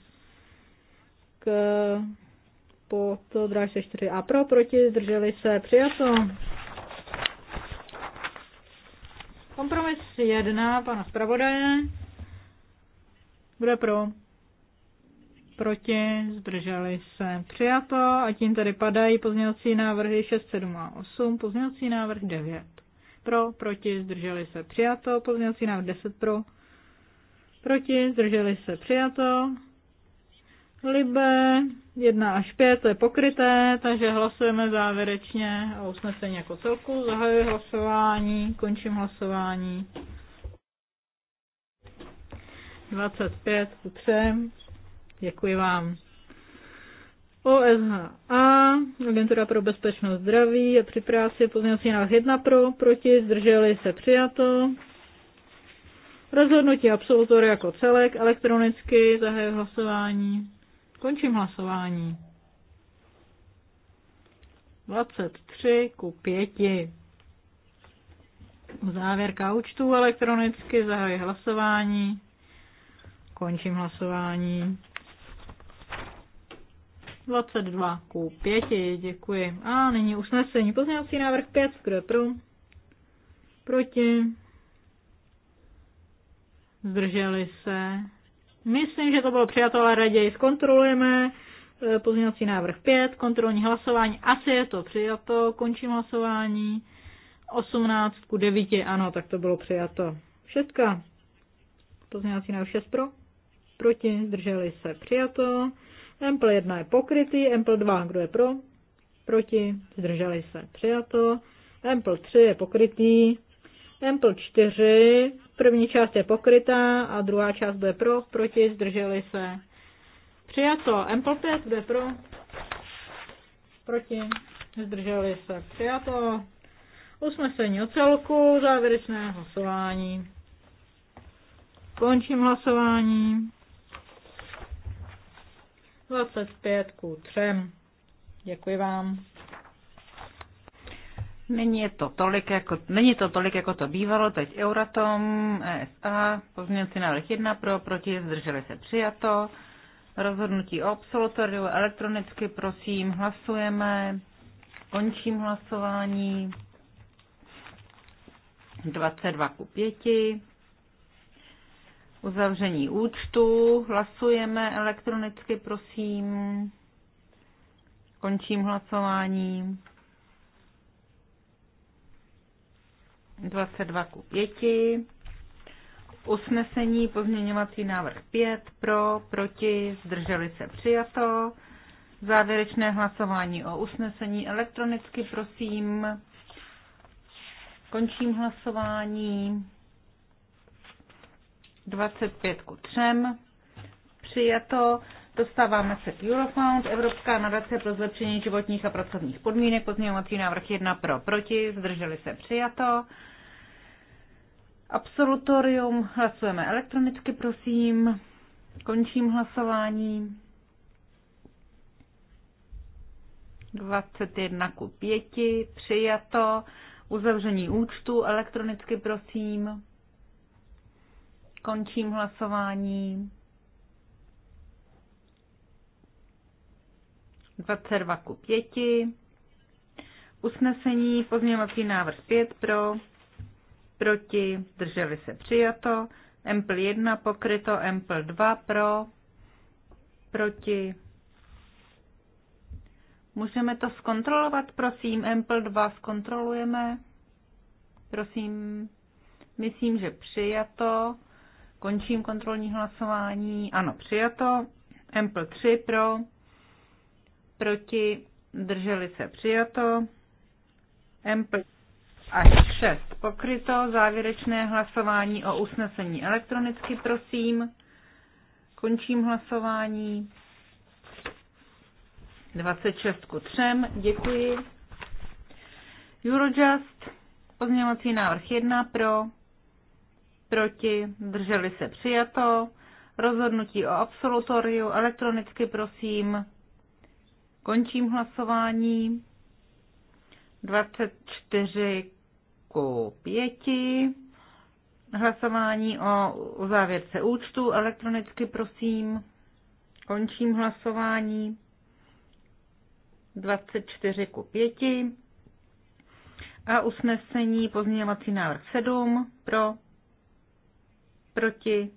K, po to se 4 a pro, proti, zdrželi se, přijato. Kompromis 1 pana zpravodaje. bude pro? proti, zdrželi se přijato a tím tedy padají pozměňovací návrhy 6, 7 a 8, pozměňovací návrh 9 pro, proti, zdrželi se přijato, pozměňovací návrh 10 pro, proti, zdrželi se přijato, Libe 1 až 5, to je pokryté, takže hlasujeme závěrečně o usnesení jako celku. Zahajuji hlasování, končím hlasování. 25 ku 3. Děkuji vám. OSHA, Agentura pro bezpečnost zdraví, je při práci pozměnosti návrh 1 pro, proti, zdrželi se přijato. Rozhodnutí absolutory jako celek, elektronicky, zahájí hlasování. Končím hlasování. 23 ku 5. Závěrka účtů elektronicky, zahájí hlasování. Končím hlasování. 22 ku 5, děkuji. A nyní usnesení. Pozměňovací návrh 5, kdo je pro? Proti? Zdrželi se? Myslím, že to bylo přijato, ale raději zkontrolujeme. Eh, pozměňovací návrh 5, kontrolní hlasování. Asi je to přijato, končím hlasování. 18 ku 9, ano, tak to bylo přijato. Všetka. Pozměňovací návrh 6 pro? Proti? Zdrželi se? Přijato. Ample 1 je pokrytý, Ample 2, kdo je pro, proti, zdrželi se, přijato. Ample 3 je pokrytý, Ample 4, první část je pokrytá a druhá část bude pro, proti, zdrželi se. Přijato, Ample 5 bude pro, proti, zdrželi se. Přijato, usnesení o celku, závěrečné hlasování. Končím hlasování. 25 ku 3. Děkuji vám. Není to tolik, jako, není to tolik, jako to bývalo, teď Euratom, ESA, pozměňovací návrh 1 pro, proti, zdrželi se přijato. Rozhodnutí o absolutoriu elektronicky, prosím, hlasujeme. Končím hlasování. 22 ku 5 uzavření účtu. Hlasujeme elektronicky, prosím. Končím hlasování. 22 ku 5. Usnesení pozměňovací návrh 5 pro, proti, zdrželi se přijato. Závěrečné hlasování o usnesení elektronicky, prosím. Končím hlasování. 25 ku 3. Přijato. Dostáváme se k Eurofound, Evropská nadace pro zlepšení životních a pracovních podmínek, pozměňovací návrh 1 pro, proti, zdrželi se přijato. Absolutorium, hlasujeme elektronicky, prosím. Končím hlasování. 21 ku 5, přijato. Uzavření účtu, elektronicky prosím. Končím hlasování. 22 ku 5. Usnesení pozměňovací návrh 5 pro, proti, drželi se přijato. Empl 1 pokryto, Empl 2 pro, proti. Můžeme to zkontrolovat, prosím. Empl 2 zkontrolujeme. Prosím, myslím, že přijato. Končím kontrolní hlasování. Ano, přijato. MPL 3 pro, proti, drželi se přijato. MPL až 6 pokryto. Závěrečné hlasování o usnesení elektronicky, prosím. Končím hlasování. 26 ku 3. Děkuji. Eurojust, pozměňovací návrh 1 pro, proti, drželi se přijato, rozhodnutí o absolutoriu, elektronicky prosím, končím hlasování, 24 ku 5, hlasování o závěrce účtu, elektronicky prosím, končím hlasování, 24 ku 5, a usnesení pozměňovací návrh 7 pro, proti,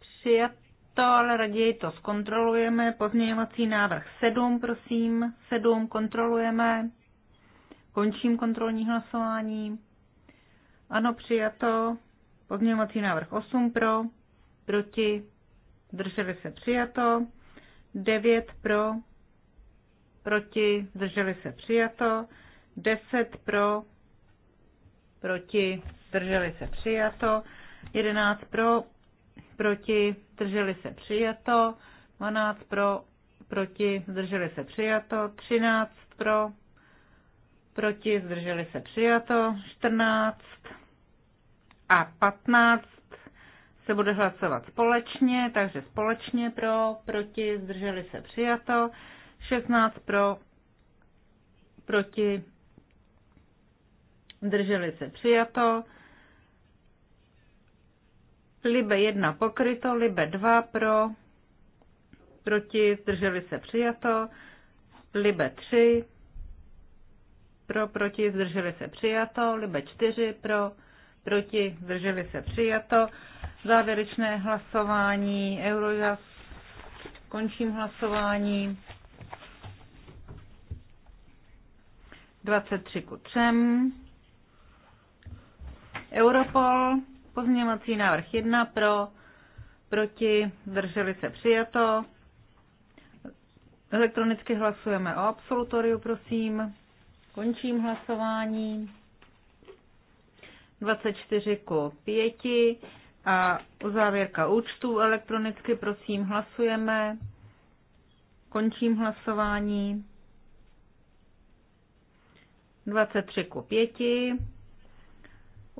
přijato, ale raději to zkontrolujeme. Pozměňovací návrh 7, prosím, 7 kontrolujeme. Končím kontrolní hlasování. Ano, přijato. Pozměňovací návrh 8 pro, proti, drželi se přijato. 9 pro, proti, drželi se přijato. 10 pro, proti, zdrželi se přijato, 11 pro, proti, zdrželi se přijato, 12 pro, proti, zdrželi se přijato, 13 pro, proti, zdrželi se přijato, 14 a 15 se bude hlasovat společně, takže společně pro, proti, zdrželi se přijato, 16 pro, proti, zdrželi se přijato, Libe 1 pokryto, Libe 2 pro, proti, zdrželi se přijato, Libe 3 pro, proti, zdrželi se přijato, Libe 4 pro, proti, zdrželi se přijato. Závěrečné hlasování Eurojas. Končím hlasování. 23 ku 3. Europol Pozměňovací návrh 1 pro, proti, zdrželi se přijato. Elektronicky hlasujeme o absolutoriu, prosím. Končím hlasování. 24 ku 5 a uzávěrka účtu elektronicky, prosím, hlasujeme. Končím hlasování. 23 ku 5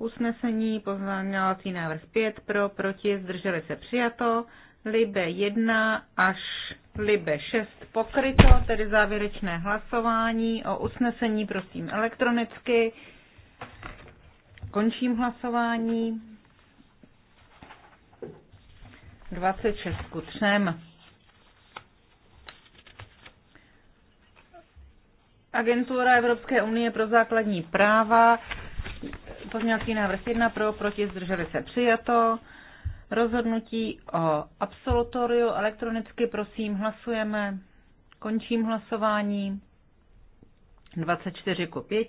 usnesení, pozměňovací návrh 5 pro, proti, zdrželi se přijato, Libe 1 až Libe 6 pokryto, tedy závěrečné hlasování o usnesení, prosím elektronicky. Končím hlasování. 26 ku 3. Agentura Evropské unie pro základní práva Pozměňovací návrh 1 pro, proti, zdrželi se přijato. Rozhodnutí o absolutoriu elektronicky, prosím, hlasujeme. Končím hlasování. 24 ku 5.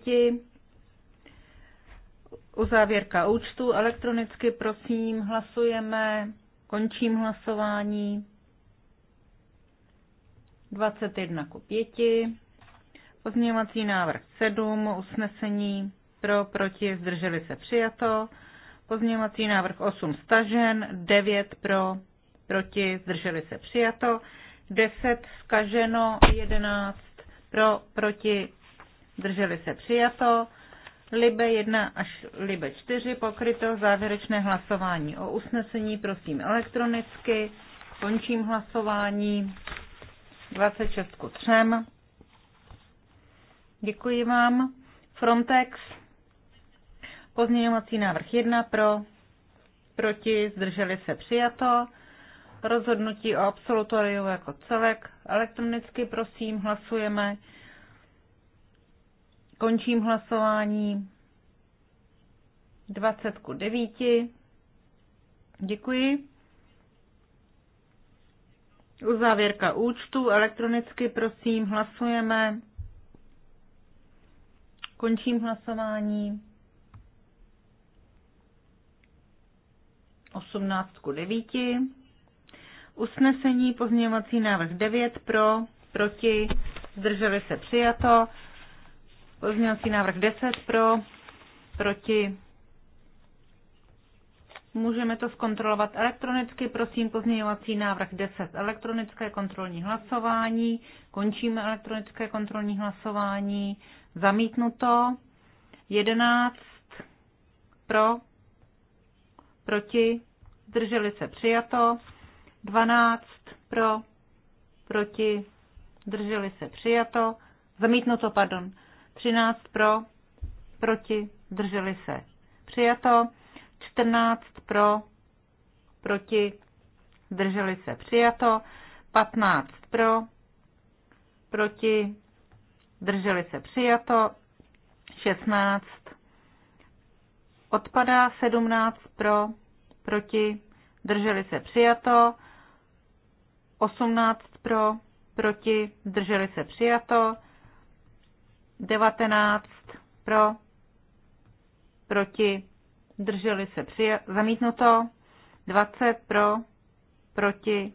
Uzávěrka účtu elektronicky, prosím, hlasujeme. Končím hlasování. 21 ku 5. Pozměňovací návrh 7, usnesení pro, proti, zdrželi se přijato. Pozměňovací návrh 8 stažen, 9 pro, proti, zdrželi se přijato. 10 skaženo, 11 pro, proti, zdrželi se přijato. Libe 1 až Libe 4 pokryto závěrečné hlasování o usnesení, prosím elektronicky. Končím hlasování 26 ku 3. Děkuji vám. Frontex. Pozměňovací návrh 1 pro, proti, zdrželi se přijato. Rozhodnutí o absolutoriu jako celek. Elektronicky prosím, hlasujeme. Končím hlasování. 20 ku 9. Děkuji. Uzávěrka účtu. Elektronicky prosím, hlasujeme. Končím hlasování. 18 ku 9. Usnesení pozměňovací návrh 9 pro, proti, zdrželi se přijato. Pozměňovací návrh 10 pro, proti. Můžeme to zkontrolovat elektronicky. Prosím, pozměňovací návrh 10. Elektronické kontrolní hlasování. Končíme elektronické kontrolní hlasování. Zamítnuto. 11 pro, proti, zdrželi se přijato, 12 pro, proti, zdrželi se přijato, zamítnuto, pardon, 13 pro, proti, zdrželi se přijato, 14 pro, proti, zdrželi se přijato, 15 pro, proti, zdrželi se přijato, 16 odpadá, 17 pro, proti, drželi se přijato, 18 pro, proti, drželi se přijato, 19 pro, proti, drželi se přijato, zamítnuto, 20 pro, proti,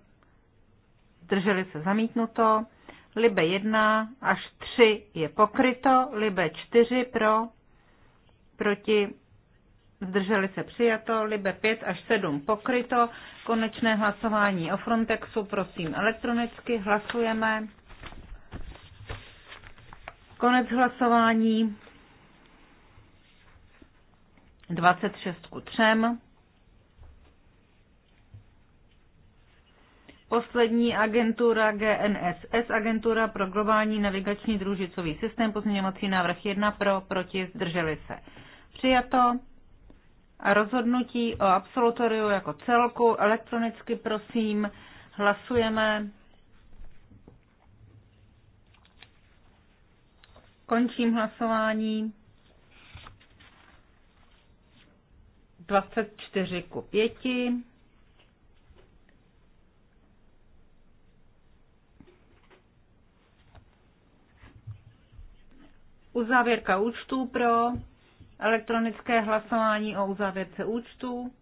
drželi se zamítnuto, Libe 1 až 3 je pokryto, Libe 4 pro, proti, zdrželi se přijato, Libe 5 až 7 pokryto, konečné hlasování o Frontexu, prosím elektronicky, hlasujeme. Konec hlasování 26 ku 3. Poslední agentura GNSS, agentura pro globální navigační družicový systém, pozměňovací návrh 1 pro, proti, zdrželi se. Přijato. A rozhodnutí o absolutoriu jako celku elektronicky prosím hlasujeme. Končím hlasování. 24 ku 5. Uzávěrka účtů pro Elektronické hlasování o uzávěrce účtu.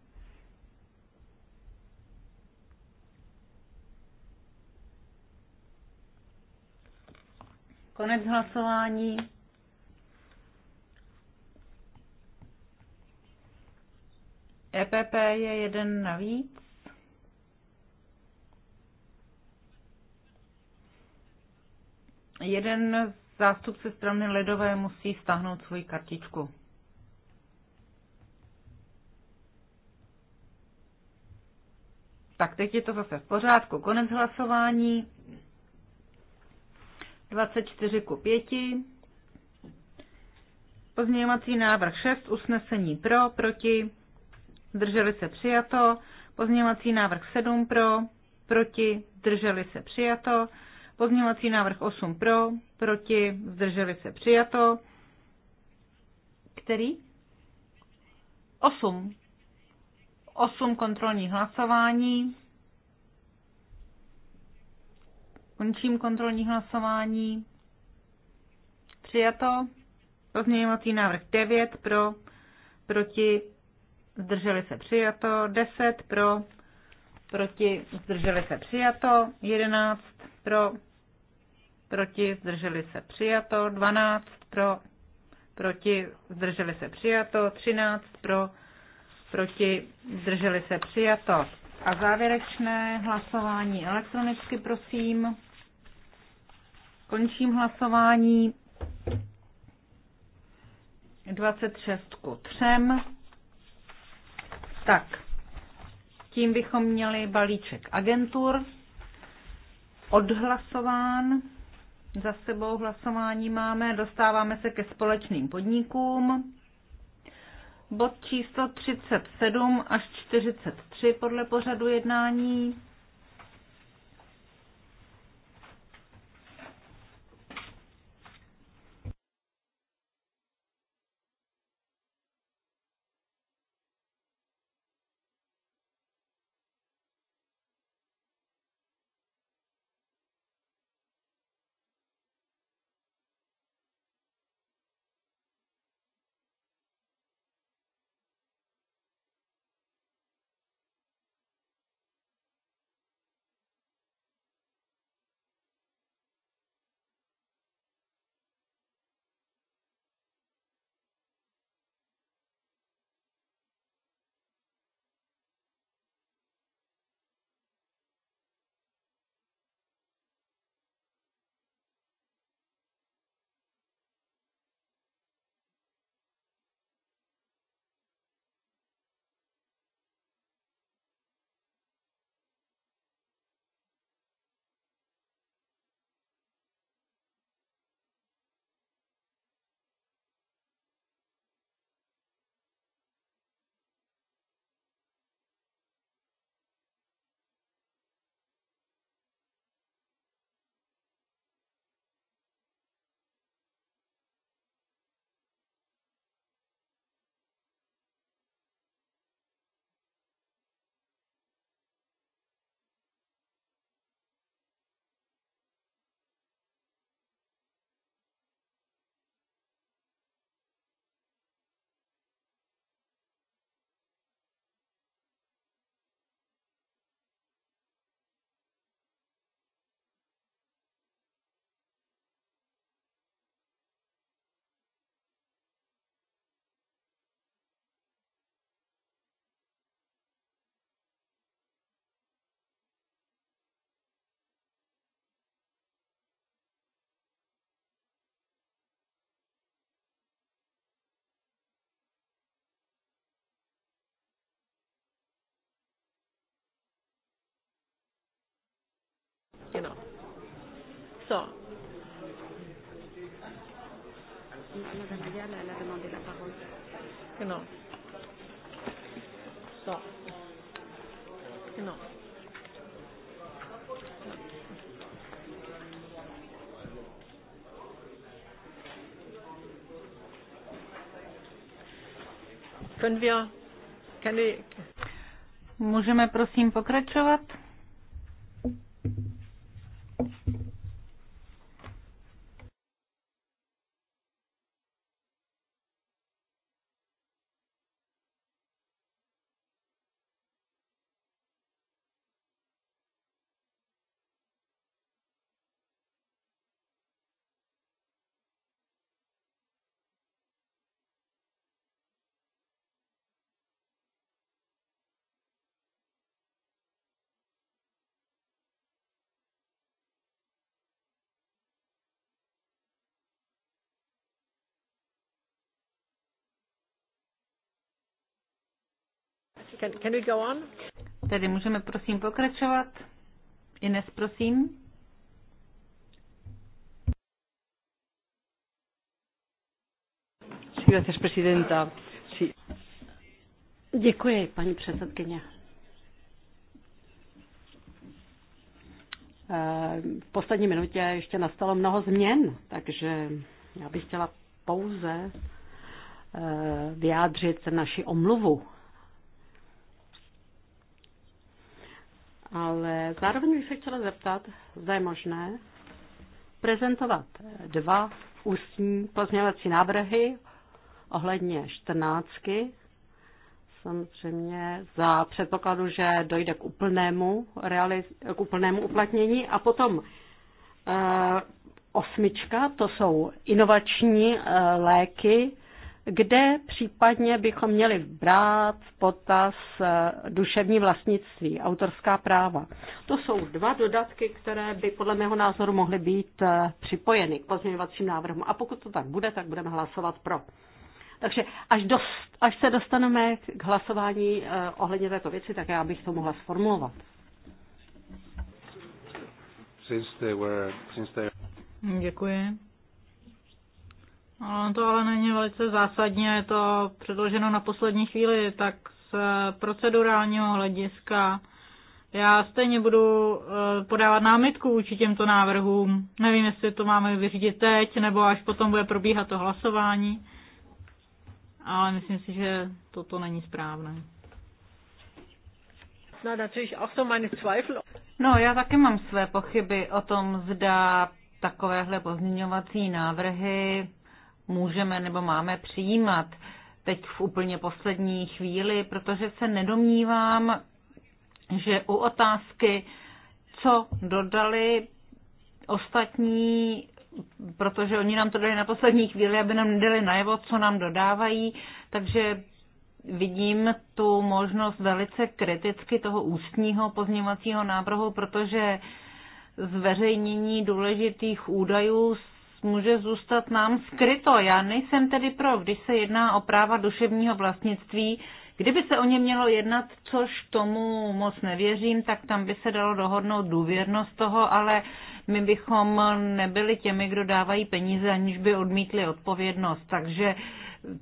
Konec hlasování. EPP je jeden navíc. Jeden zástupce strany Lidové musí stáhnout svoji kartičku. Tak, teď je to zase v pořádku. Konec hlasování. 24 ku 5. Pozměňovací návrh 6, usnesení pro, proti, zdrželi se přijato. Pozměňovací návrh 7 pro, proti, zdrželi se přijato. Pozměňovací návrh 8 pro, proti, zdrželi se přijato. Který? 8. 8 kontrolních hlasování. Končím kontrolní hlasování. Přijato. Pozměňovací návrh 9 pro, proti, zdrželi se přijato. 10 pro, proti, zdrželi se přijato. 11 pro, proti, zdrželi se přijato. 12 pro, proti, zdrželi se přijato. 13 pro, proti, zdrželi se přijato. A závěrečné hlasování elektronicky, prosím. Končím hlasování. 26 ku 3. Tak, tím bychom měli balíček agentur odhlasován. Za sebou hlasování máme, dostáváme se ke společným podnikům bod číslo 37 až 43 podle pořadu jednání. co? No. Co? No. Können wir, Můžeme prosím pokračovat? Can, can we go on? Tedy můžeme prosím pokračovat. Ines, prosím. Gracias, presidenta. Sí. Děkuji, paní předsedkyně. Eh, v poslední minutě ještě nastalo mnoho změn, takže já bych chtěla pouze eh, vyjádřit naši omluvu ale zároveň bych se chtěla zeptat, zda je možné prezentovat dva ústní pozměňovací návrhy ohledně 14. Samozřejmě za předpokladu, že dojde k úplnému, realiz- k úplnému uplatnění a potom e, osmička, to jsou inovační e, léky, kde případně bychom měli brát v potaz eh, duševní vlastnictví, autorská práva. To jsou dva dodatky, které by podle mého názoru mohly být eh, připojeny k pozměňovacím návrhům. A pokud to tak bude, tak budeme hlasovat pro. Takže až, dost, až se dostaneme k hlasování eh, ohledně této věci, tak já bych to mohla sformulovat. Since they were, since they... Děkuji. No, to ale není velice zásadně, je to předloženo na poslední chvíli, tak z procedurálního hlediska já stejně budu eh, podávat námitku vůči těmto návrhům. Nevím, jestli to máme vyřídit teď, nebo až potom bude probíhat to hlasování. Ale myslím si, že toto není správné. No, já taky mám své pochyby o tom, zda takovéhle pozměňovací návrhy můžeme nebo máme přijímat teď v úplně poslední chvíli, protože se nedomnívám, že u otázky, co dodali ostatní, protože oni nám to dali na poslední chvíli, aby nám dali najevo, co nám dodávají, takže vidím tu možnost velice kriticky toho ústního pozněvacího návrhu, protože zveřejnění důležitých údajů může zůstat nám skryto. Já nejsem tedy pro, když se jedná o práva duševního vlastnictví. Kdyby se o ně mělo jednat, což tomu moc nevěřím, tak tam by se dalo dohodnout důvěrnost toho, ale my bychom nebyli těmi, kdo dávají peníze, aniž by odmítli odpovědnost. Takže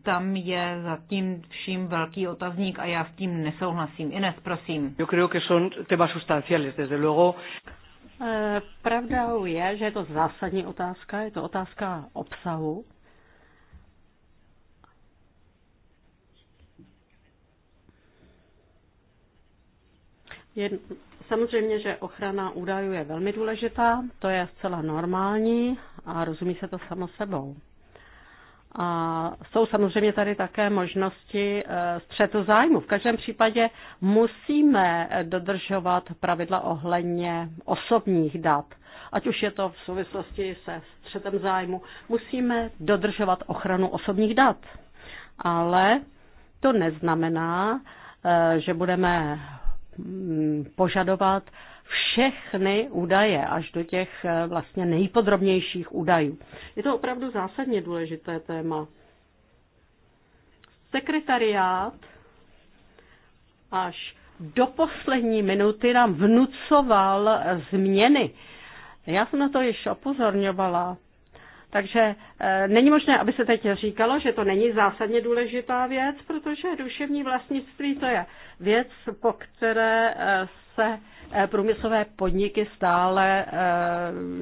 tam je zatím vším velký otazník a já s tím nesouhlasím. Ines, prosím. Yo creo que son temas sustanciales, desde luego. E, pravdou je, že je to zásadní otázka, je to otázka obsahu. Je, samozřejmě, že ochrana údajů je velmi důležitá, to je zcela normální a rozumí se to samo sebou. A jsou samozřejmě tady také možnosti eh, střetu zájmu. V každém případě musíme dodržovat pravidla ohledně osobních dat. Ať už je to v souvislosti se střetem zájmu, musíme dodržovat ochranu osobních dat. Ale to neznamená, eh, že budeme mm, požadovat všechny údaje, až do těch eh, vlastně nejpodrobnějších údajů. Je to opravdu zásadně důležité téma. Sekretariát až do poslední minuty nám vnucoval eh, změny. Já jsem na to již opozorňovala. Takže e, není možné, aby se teď říkalo, že to není zásadně důležitá věc, protože duševní vlastnictví to je věc, po které e, se Eh, průmyslové podniky stále eh,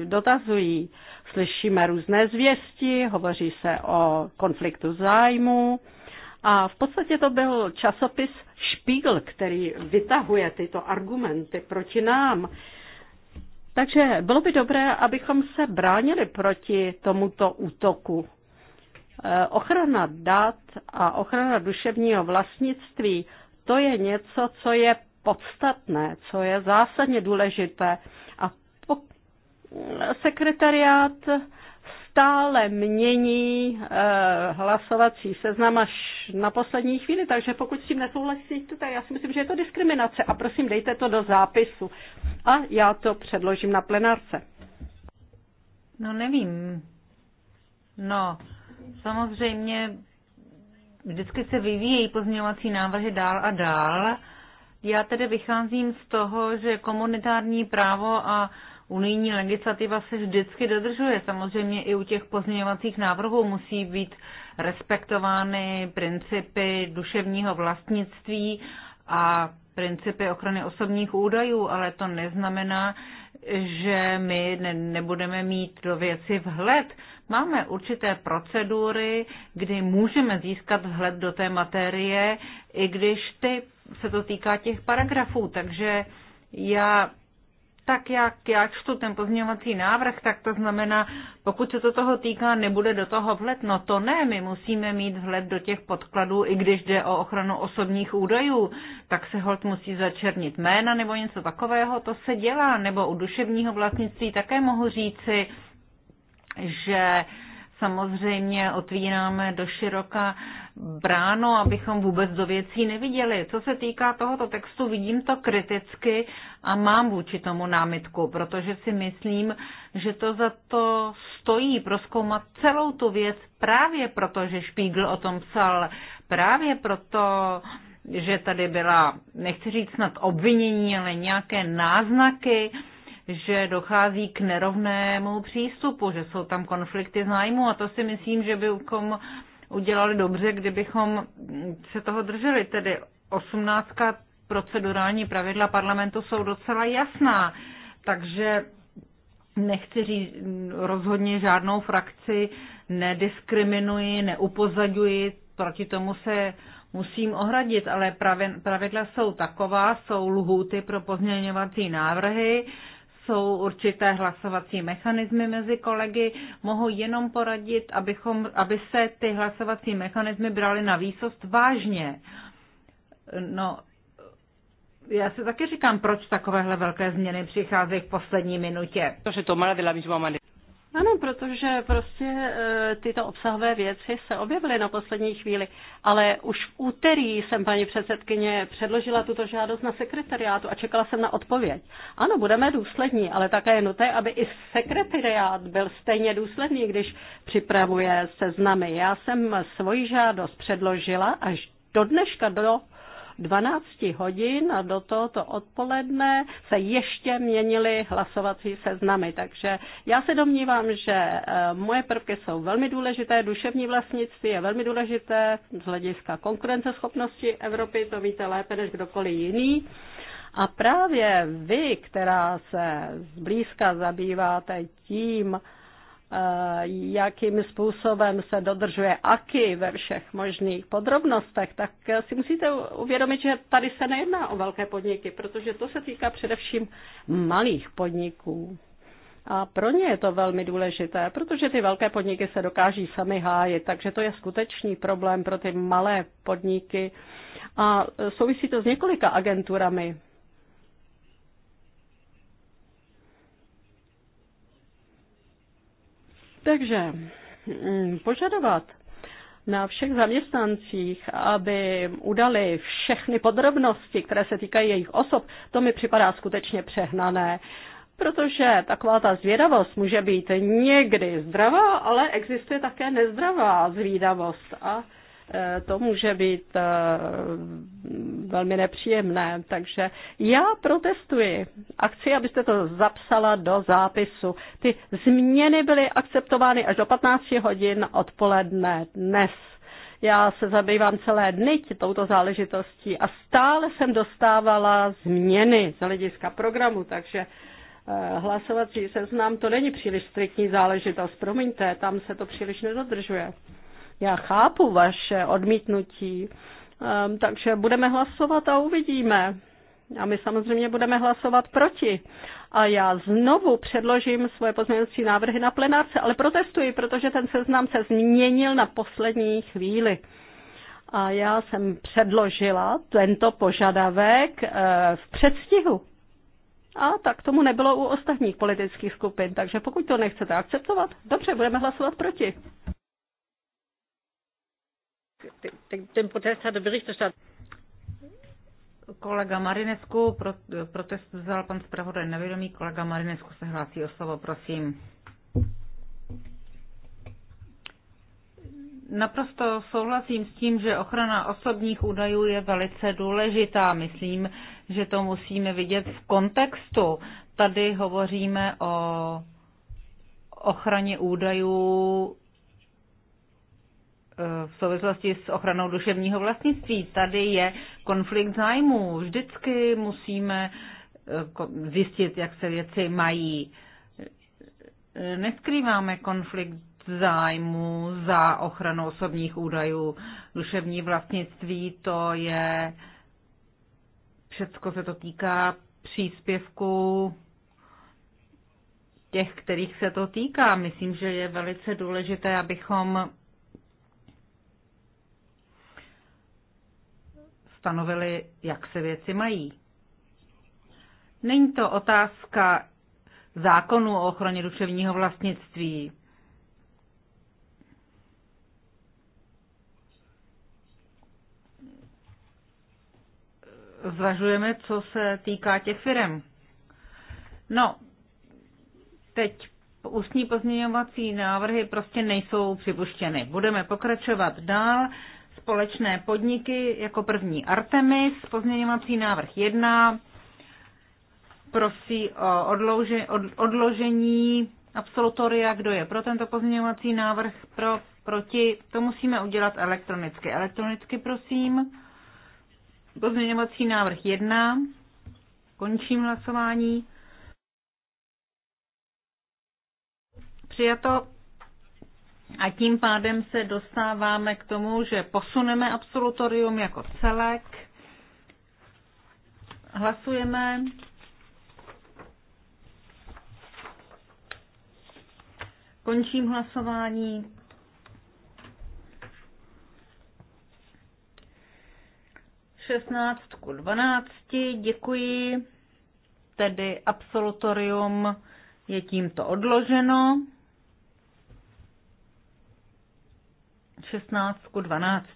dotazují. Slyšíme různé zvěsti, hovoří se o konfliktu zájmu a v podstatě to byl časopis Spiegel, který vytahuje tyto argumenty proti nám. Takže bylo by dobré, abychom se bránili proti tomuto útoku. Eh, ochrana dat a ochrana duševního vlastnictví, to je něco, co je podstatné, co je zásadně důležité. A po, sekretariát stále mění e, hlasovací seznam až na poslední chvíli, takže pokud s tím nesouhlasíte, tak já si myslím, že je to diskriminace a prosím, dejte to do zápisu a já to předložím na plenárce. No nevím. No, samozřejmě vždycky se vyvíjejí pozměňovací návrhy dál a dál. Já tedy vycházím z toho, že komunitární právo a unijní legislativa se vždycky dodržuje. Samozřejmě i u těch pozměňovacích návrhů musí být respektovány principy duševního vlastnictví a principy ochrany osobních údajů, ale to neznamená, že my ne, nebudeme mít do věci vhled. Máme určité procedury, kdy můžeme získat vhled do té materie, i když ty se to týká těch paragrafů, takže já tak jak já čtu ten pozměňovací návrh, tak to znamená, pokud se to toho týká, nebude do toho vhled. No to ne, my musíme mít vhled do těch podkladů, i když jde o ochranu osobních údajů, tak se hold musí začernit jména nebo něco takového, to se dělá, nebo u duševního vlastnictví také mohu říci, že uh, samozřejmě otvíráme do široka bráno, abychom vůbec do věcí neviděli. Co se týká tohoto textu, vidím to kriticky a mám vůči tomu námitku, protože si myslím, že to za to stojí proskoumat celou tu věc právě proto, že Špígl o tom psal, právě proto, že tady byla, nechci říct snad obvinění, ale nějaké náznaky, že dochází k nerovnému přístupu, že jsou tam konflikty zájmu a to si myslím, že bychom udělali dobře, kdybychom se toho drželi. Tedy 18 procedurální pravidla parlamentu jsou docela jasná, takže nechci říct, rozhodně žádnou frakci nediskriminuji, neupozadňuji, proti tomu se musím ohradit, ale pravidla jsou taková, jsou lhůty pro pozměňovací návrhy, jsou určité hlasovací mechanismy mezi kolegy. Mohu jenom poradit, abychom, aby se ty hlasovací mechanismy braly na výsost vážně. No, já se taky říkám, proč takovéhle velké změny přicházejí v poslední minutě. To se to de la misma ano, protože prostě e, tyto obsahové věci se objevily na poslední chvíli, ale už v úterý jsem paní předsedkyně předložila tuto žádost na sekretariátu a čekala jsem na odpověď. Ano, budeme důslední, ale také je nutné, aby i sekretariát byl stejně důsledný, když připravuje seznamy. Já jsem svoji žádost předložila až do dneška do 12 hodin a do tohoto odpoledne se ještě měnily hlasovací seznamy. Takže já se domnívám, že eh, moje prvky jsou velmi důležité, duševní vlastnictví je velmi důležité z hlediska konkurenceschopnosti Evropy, to víte lépe než kdokoliv jiný. A právě vy, která se zblízka zabýváte tím, Eh, jakým způsobem se dodržuje aky ve všech možných podrobnostech, tak eh, si musíte uvědomit, že tady se nejedná o velké podniky, protože to se týká především malých podniků. A pro ně je to velmi důležité, protože ty velké podniky se dokáží sami hájit, takže to je skutečný problém pro ty malé podniky. A eh, souvisí to s několika agenturami. Takže mm, požadovat na všech zaměstnancích, aby udali všechny podrobnosti, které se týkají jejich osob, to mi připadá skutečně přehnané protože taková ta zvědavost může být někdy zdravá, ale existuje také nezdravá zvídavost a to může být eh, velmi nepříjemné. Takže já protestuji a chci, abyste to zapsala do zápisu. Ty změny byly akceptovány až do 15 hodin odpoledne dnes. Já se zabývám celé dny touto záležitostí a stále jsem dostávala změny z hlediska programu, takže eh, hlasovací seznam to není příliš striktní záležitost. Promiňte, tam se to příliš nedodržuje. Já chápu vaše odmítnutí, ehm, takže budeme hlasovat a uvidíme. A my samozřejmě budeme hlasovat proti. A já znovu předložím svoje pozměňovací návrhy na plenárce, ale protestuji, protože ten seznam se změnil na poslední chvíli. A já jsem předložila tento požadavek eh, v předstihu. A tak tomu nebylo u ostatních politických skupin. Takže pokud to nechcete akceptovat, dobře, budeme hlasovat proti ten protest hatte Berichterstatter. Kolega Marinesku, protest vzal pan zpravodaj na vědomí. Kolega Marinesku se hlásí o slovo, prosím. Naprosto souhlasím s tím, že ochrana osobních údajů je velice důležitá. Myslím, že to musíme vidět v kontextu. Tady hovoříme o ochraně údajů v souvislosti s ochranou duševního vlastnictví. Tady je konflikt zájmů. Vždycky musíme eh, zjistit, jak se věci mají. Neskrýváme konflikt zájmu za ochranu osobních údajů. Duševní vlastnictví to je, všecko se to týká příspěvku těch, kterých se to týká. Myslím, že je velice důležité, abychom stanovili, jak se věci mají. Není to otázka zákonu o ochraně duševního vlastnictví. Zvažujeme, co se týká těch firm. No, teď ústní pozměňovací návrhy prostě nejsou připuštěny. Budeme pokračovat dál společné podniky jako první Artemis, pozměňovací návrh 1, prosí o od, odložení absolutoria, kdo je pro tento pozměňovací návrh, pro, proti, to musíme udělat elektronicky. Elektronicky prosím. Pozměňovací návrh 1, končím hlasování. Přijato a tím pádem se dostáváme k tomu, že posuneme absolutorium jako celek. Hlasujeme. Končím hlasování. Šestnáctku dvanácti. Děkuji. Tedy absolutorium je tímto odloženo. 16 ku 12.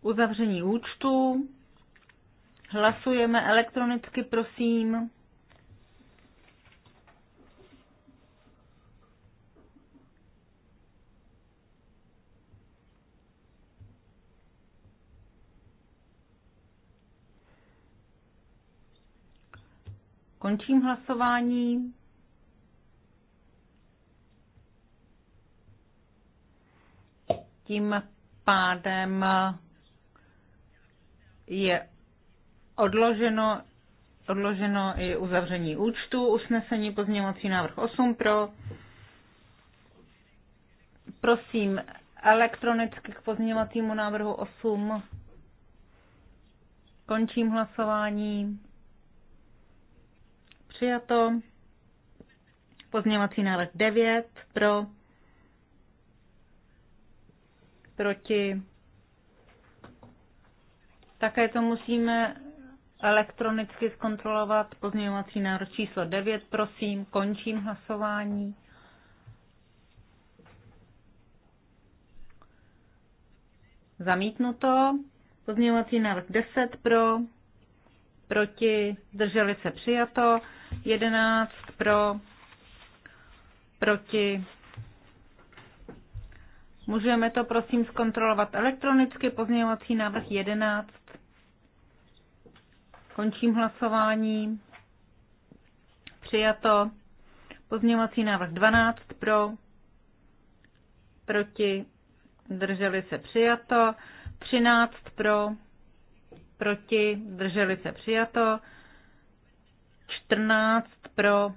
Uzavření účtu. Hlasujeme elektronicky, prosím. Končím hlasování. tím pádem je odloženo, odloženo i uzavření účtu, usnesení pozměňovací návrh 8 pro. Prosím, elektronicky k pozměňovacímu návrhu 8. Končím hlasování. Přijato. Pozměňovací návrh 9 pro proti. Také to musíme elektronicky zkontrolovat. Pozměňovací návrh číslo 9, prosím, končím hlasování. Zamítnuto. Pozměňovací návrh 10 pro, proti, zdrželi se přijato, 11 pro, proti, Můžeme to prosím zkontrolovat elektronicky. Pozměňovací návrh 11. Končím hlasování. Přijato. Pozměňovací návrh 12 pro, proti, drželi se přijato. 13 pro, proti, drželi se přijato. 14 pro,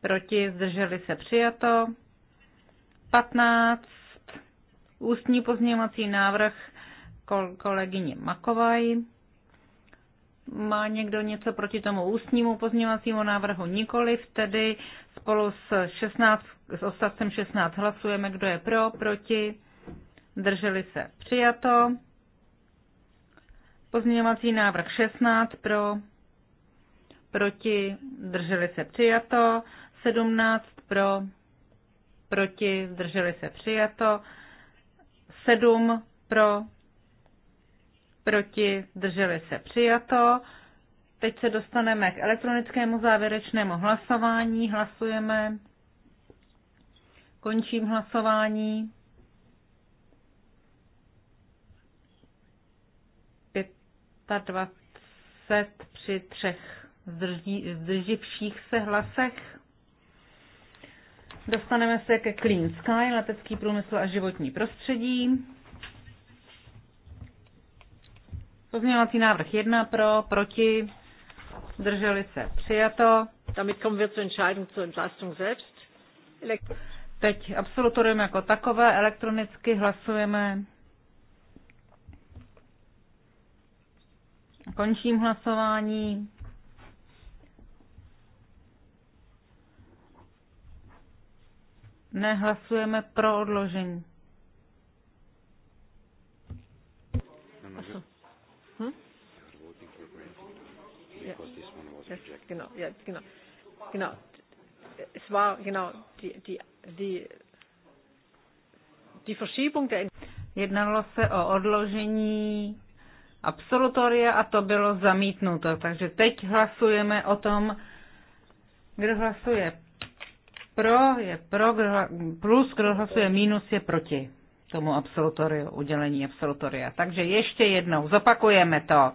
proti, zdrželi se přijato. 15. Ústní pozměňovací návrh kolegyně Makovaj. Má někdo něco proti tomu ústnímu pozměňovacímu návrhu? Nikoliv, tedy spolu s, 16, s ostatcem 16 hlasujeme, kdo je pro, proti, drželi se přijato. Pozměňovací návrh 16 pro, proti, drželi se přijato, 17 pro, proti, zdrželi se přijato, 7 pro, proti, zdrželi se přijato. Teď se dostaneme k elektronickému závěrečnému hlasování. Hlasujeme. Končím hlasování. 25 při třech zdrživších se hlasech Dostaneme se ke Clean Sky, letecký průmysl a životní prostředí. Pozměňovací návrh jedna pro, proti, Drželi se, přijato. Damit kommen wir zur Entscheidung zur Entlastung selbst. Teď absolutorium jako takové, elektronicky hlasujeme. Končím hlasování. Nehlasujeme pro odložení. Genau, ja, genau, genau. genau die, die, die, Jednalo se o odložení absolutoria a to bylo zamítnuto. Takže teď hlasujeme o tom, kdo hlasuje pro, je pro, plus, kdo hlasuje minus, je proti tomu absolutoriu, udělení absolutoria. Takže ještě jednou, zopakujeme to.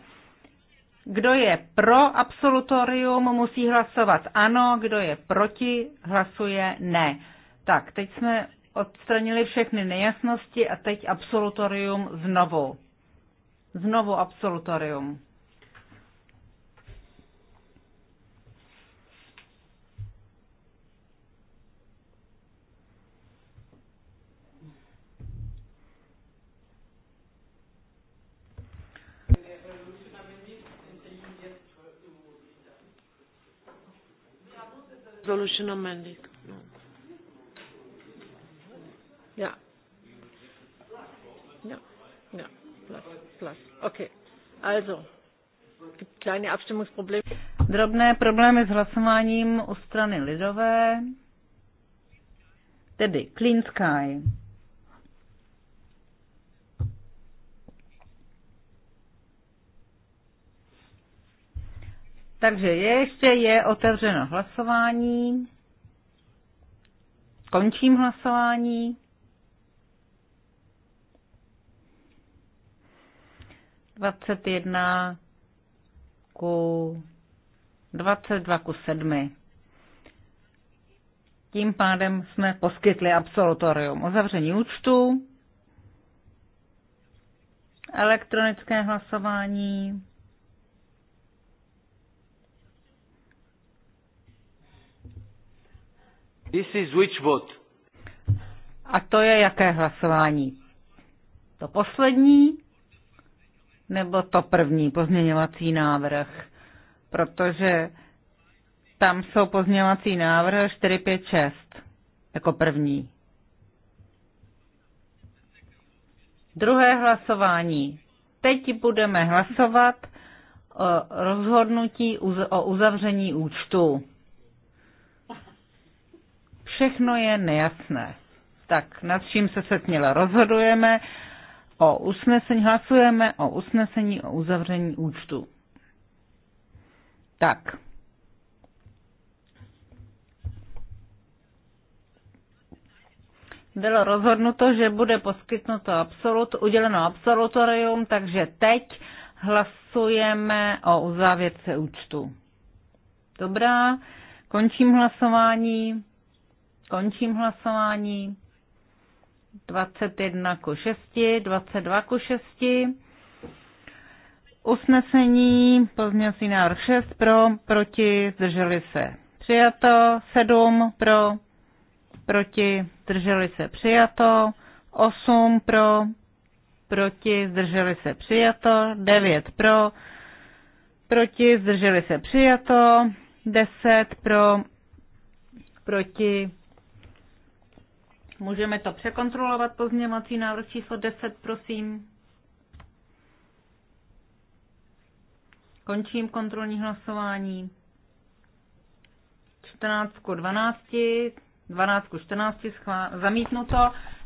Kdo je pro absolutorium, musí hlasovat ano, kdo je proti, hlasuje ne. Tak, teď jsme odstranili všechny nejasnosti a teď absolutorium znovu. Znovu absolutorium. resolution amending. No. Yeah. Ja, ja, plus, plus. Okay. Also, gibt kleine Abstimmungsprobleme. Drobné problémy s hlasováním u strany Lidové, tedy Clean Sky. Takže ještě je otevřeno hlasování. Končím hlasování. 21 ku 22 ku sedmi. Tím pádem jsme poskytli absolutorium o zavření účtu, elektronické hlasování, This is which vote? A to je jaké hlasování? To poslední nebo to první pozměňovací návrh? Protože tam jsou pozměňovací návrh 6 jako první. Druhé hlasování. Teď budeme hlasovat o rozhodnutí o uzavření účtu. Všechno je nejasné. Tak nad čím se setměle rozhodujeme, o usnesení hlasujeme, o usnesení o uzavření účtu. Tak. bylo rozhodnuto, že bude poskytnuto absolut, uděleno absolutorium, takže teď hlasujeme o uzávěrce účtu. Dobrá, končím hlasování. Končím hlasování. 21 ku 6, 22 ku 6. Usnesení, pozměňovací návrh 6 pro, proti, zdrželi se. Přijato, 7 pro, proti, zdrželi se. Přijato, 8 pro, proti, zdrželi se. Přijato, 9 pro, proti, zdrželi se. Přijato, 10 pro, proti, Můžeme to překontrolovat. Pozměňovací návrh číslo 10, prosím. Končím kontrolní hlasování. 14 ku 12, 12 ku 14 schvál, zamítnuto,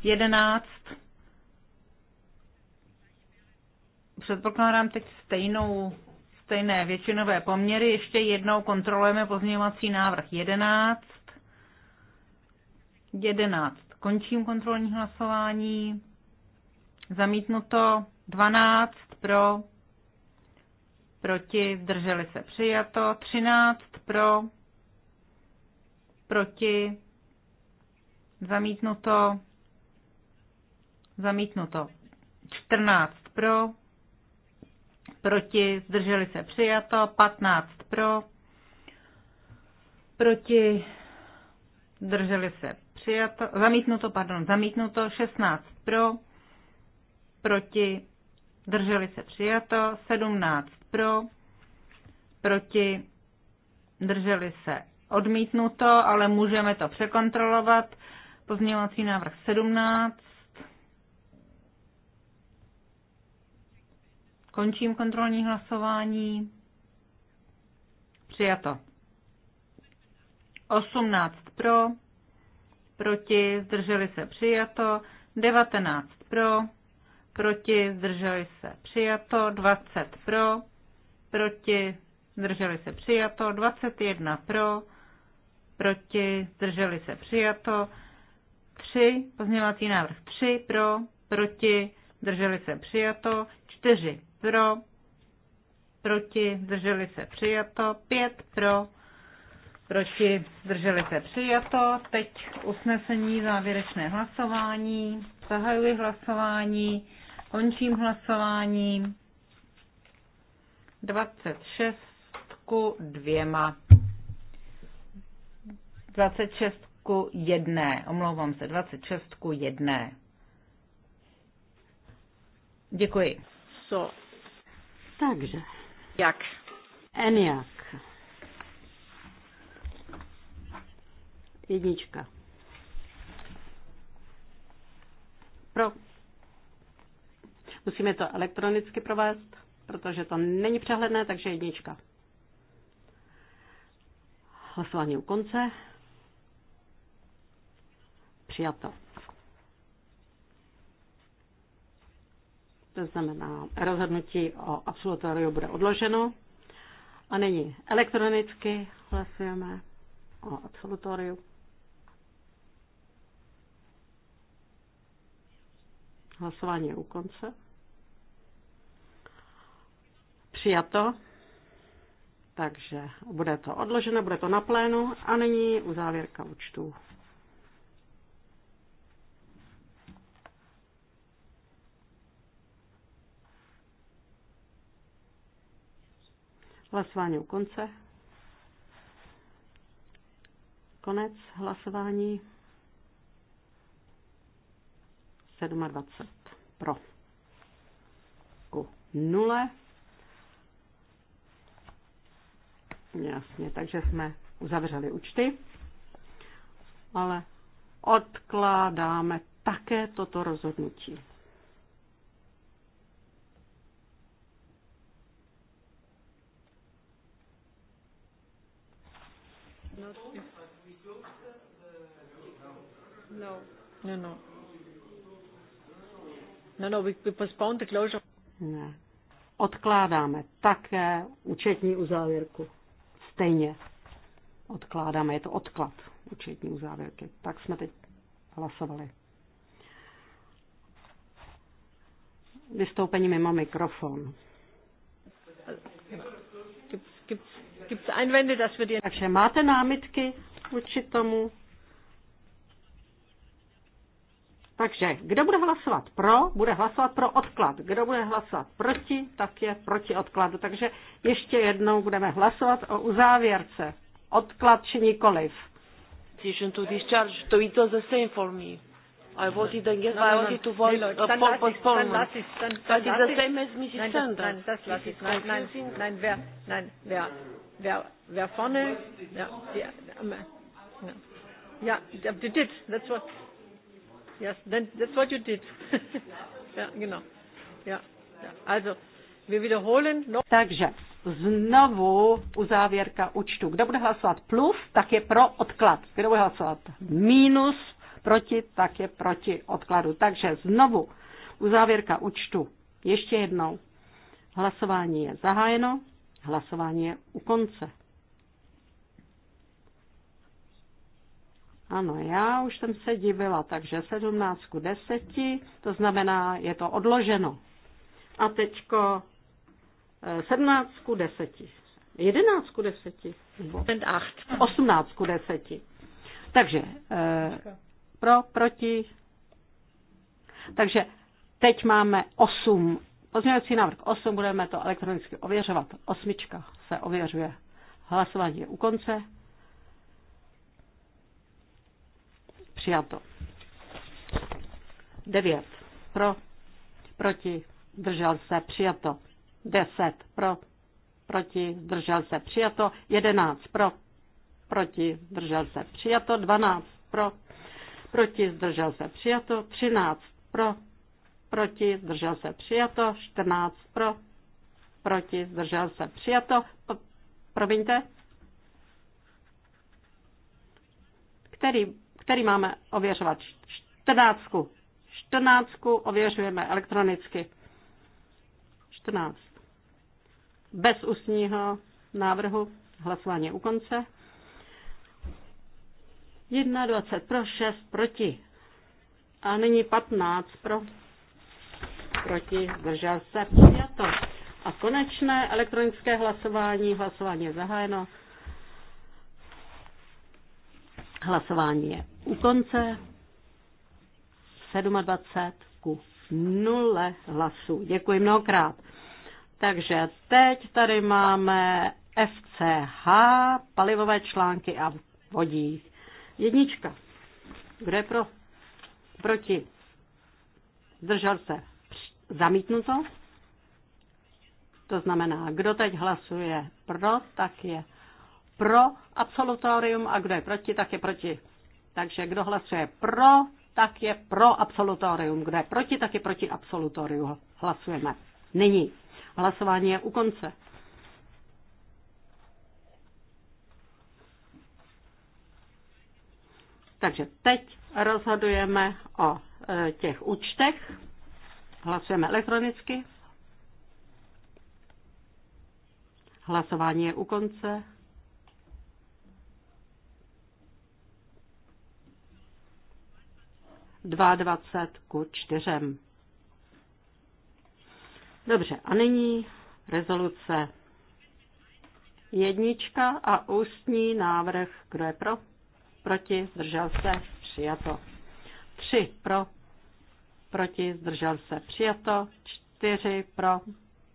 11. Předpokládám teď stejnou, stejné většinové poměry. Ještě jednou kontrolujeme pozměňovací návrh 11. 11. Končím kontrolní hlasování. Zamítnuto 12 pro, proti, zdrželi se přijato, 13 pro, proti, zamítnuto, zamítnuto, 14 pro, proti, zdrželi se přijato, 15 pro, proti, zdrželi se přijato, zamítnuto, pardon, zamítnuto, 16 pro, proti, drželi se přijato, 17 pro, proti, drželi se odmítnuto, ale můžeme to překontrolovat. Pozměňovací návrh 17. Končím kontrolní hlasování. Přijato. 18 pro, proti, zdrželi se přijato, 19 pro, proti, zdrželi se přijato, 20 pro, proti, zdrželi se přijato, 21 pro, proti, zdrželi se přijato, 3, pozměňovací návrh 3 pro, proti, zdrželi se přijato, 4 pro, proti, zdrželi se přijato, 5 pro, proti, zdrželi se přijato. Teď usnesení závěrečné hlasování. Zahajuji hlasování, končím hlasování. 26 ku dvěma. 26 ku jedné. Omlouvám se, 26 ku jedné. Děkuji. So. Takže. Jak? Enia. Jednička. Pro. Musíme to elektronicky provést, protože to není přehledné, takže jednička. Hlasování u konce. Přijato. To znamená, rozhodnutí o absolutoriu bude odloženo. A nyní elektronicky hlasujeme o absolutoriu. Hlasování je u konce. Přijato. Takže bude to odloženo, bude to na plénu a nyní uzávěrka účtů. Hlasování u konce. Konec hlasování. 27 pro. Ku nule. Jasně, takže jsme uzavřeli účty, ale odkládáme také toto rozhodnutí. No, no, no. No, no, we, postponed the closure. Ne. Odkládáme také účetní uzávěrku. Stejně odkládáme, je to odklad účetní uzávěrky. Tak jsme teď hlasovali. Vystoupení mimo mikrofon. Takže máte námitky vůči tomu? Takže kdo bude hlasovat pro, bude hlasovat pro odklad. Kdo bude hlasovat proti, tak je proti odkladu. Takže ještě jednou budeme hlasovat o uzávěrce. Odklad či nikoliv. Decision to discharge, to it was the same for me. I voted against, no, no, I wanted to vote no, uh, for postponement. But it's the same as Mrs. Sanders. Nein, das lasse ich. Nein, nein, nein, wer, nein, wer, wer, wer vorne, ja, ja, ja, you did, that's what, Yes, then that's what you did. ja, genau. Ja, ja. Also, wir wiederholen noch. Takže znovu uzávěrka účtu. Kdo bude hlasovat plus, tak je pro odklad. Kdo bude hlasovat minus, proti, tak je proti odkladu. Takže znovu uzávěrka účtu. Ještě jednou. Hlasování je zahájeno, hlasování je u konce. Ano, já už jsem se divila, takže 17 ku 10, to znamená, je to odloženo. A teďko 17 ku 10. 11 ku 10. 18 ku 10. Takže eh, pro, proti. Takže teď máme 8. Pozměňovací návrh 8, budeme to elektronicky ověřovat. Osmička se ověřuje. Hlasování je u konce. Přijato. 9. Pro. Proti. Držel se. Přijato. 10. Pro. Proti. Držel se. Přijato. 11. Pro. Proti. Držel se. Přijato. 12. Pro. Proti. Zdržel se. Přijato. 13. Pro. Proti. Zdržel se. Přijato. 14. Pro. Proti. Zdržel se. Přijato. Promiňte. Který který máme ověřovat? 14. 14 ověřujeme elektronicky. 14. Bez ústního návrhu hlasování u konce. 21 pro, 6 proti. A nyní 15 pro, proti, držel se, přijato. A konečné elektronické hlasování, hlasování je zahájeno. Hlasování je u konce 27 ku 0 hlasů. Děkuji mnohokrát. Takže teď tady máme FCH, palivové články a vodík. Jednička. Kdo je pro? Proti. Zdržel se. Zamítnuto. To znamená, kdo teď hlasuje pro, tak je pro absolutorium a kdo je proti, tak je proti. Takže kdo hlasuje pro, tak je pro absolutorium. Kdo je proti, tak je proti absolutoriu. Hlasujeme. Nyní. Hlasování je u konce. Takže teď rozhodujeme o e, těch účtech. Hlasujeme elektronicky. Hlasování je u konce. 22 ku 4. Dobře, a nyní rezoluce jednička a ústní návrh, kdo je pro, proti, zdržel se, přijato. Tři pro, proti, zdržel se, přijato. Čtyři pro,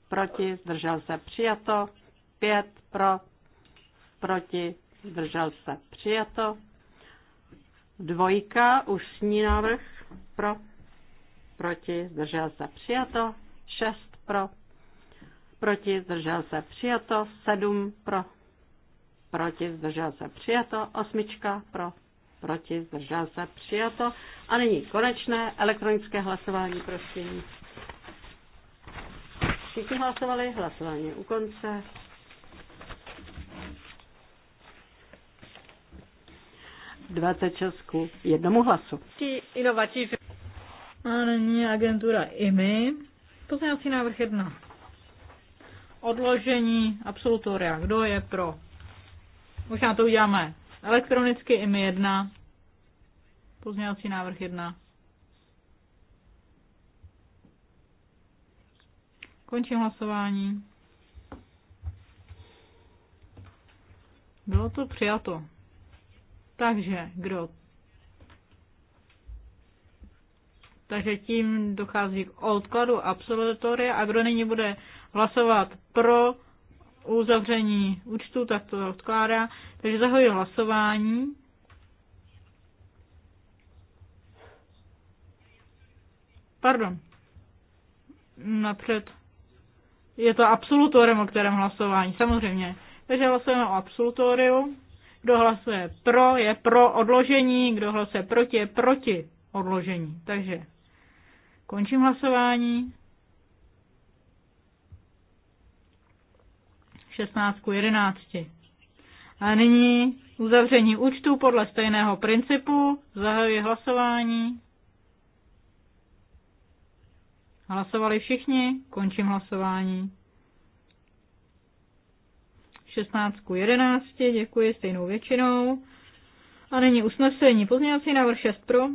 proti, zdržel se, přijato. Pět pro, proti, zdržel se, přijato. Dvojka, ústní návrh, pro, proti, zdržel se přijato, šest pro, proti, zdržel se přijato, sedm pro, proti, zdržel se přijato, osmička pro, proti, zdržel se přijato. A nyní konečné elektronické hlasování, prosím. Všichni hlasovali, hlasování u konce. 26 k jednomu hlasu. A nyní agentura IMI. Pozměňovací návrh 1. Odložení absolutoria. Kdo je pro? Možná to uděláme elektronicky IMI 1. Pozměňovací návrh 1. Končím hlasování. Bylo to přijato. Takže kdo? Takže tím dochází k odkladu absolutoria a kdo nyní bude hlasovat pro uzavření účtu, tak to odkládá. Takže zahoji hlasování. Pardon. Napřed. Je to absolutorium, o kterém hlasování, samozřejmě. Takže hlasujeme o absolutorium. Kdo hlasuje pro, je pro odložení, kdo hlasuje proti, je proti odložení. Takže končím hlasování. 16 k 11. A nyní uzavření účtu podle stejného principu. Zahajuji hlasování. Hlasovali všichni, končím hlasování. 16 ku 11, děkuji stejnou většinou. A nyní usnesení. Pozměňovací návrh 6 pro,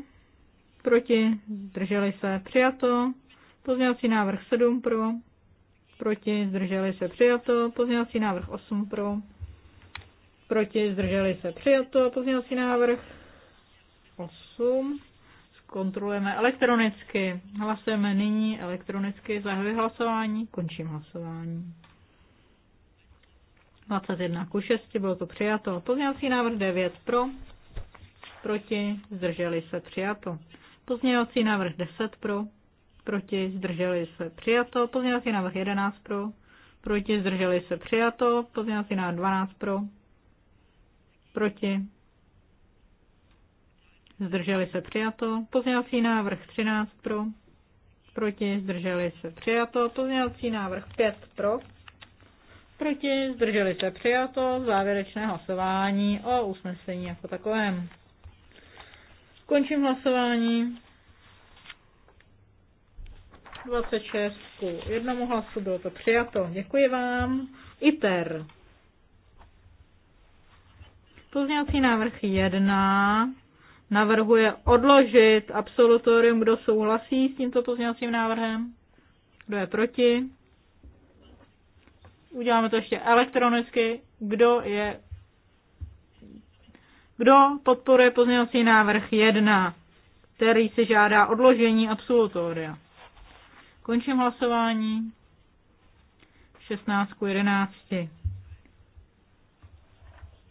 proti, zdrželi se, přijato. Pozměňovací návrh 7 pro, proti, zdrželi se, přijato. Pozměňovací návrh 8 pro, proti, zdrželi se, přijato. Pozměňovací návrh 8 kontrolujeme elektronicky. Hlasujeme nyní elektronicky, zahajuji hlasování, končím hlasování. 21 ku 6, bylo to přijato. Pozměňovací návrh 9 pro, proti, zdrželi se přijato. Pozměňovací návrh 10 pro, proti, zdrželi se přijato. Pozměňovací návrh 11 pro, proti, zdrželi se přijato. Pozměňovací návrh 12 pro, proti, zdrželi se přijato. Pozměňovací návrh 13 pro, proti, zdrželi se přijato. Pozměňovací návrh 5 pro, proti, zdrželi se přijato, závěrečné hlasování o usnesení jako takovém. Končím hlasování. 26 k jednomu hlasu bylo to přijato. Děkuji vám. ITER. Pozměňovací návrh 1 navrhuje odložit absolutorium, kdo souhlasí s tímto pozměňovacím návrhem, kdo je proti, uděláme to ještě elektronicky, kdo je kdo podporuje pozměňovací návrh 1, který se žádá odložení absolutoria. Končím hlasování. 16 k 11.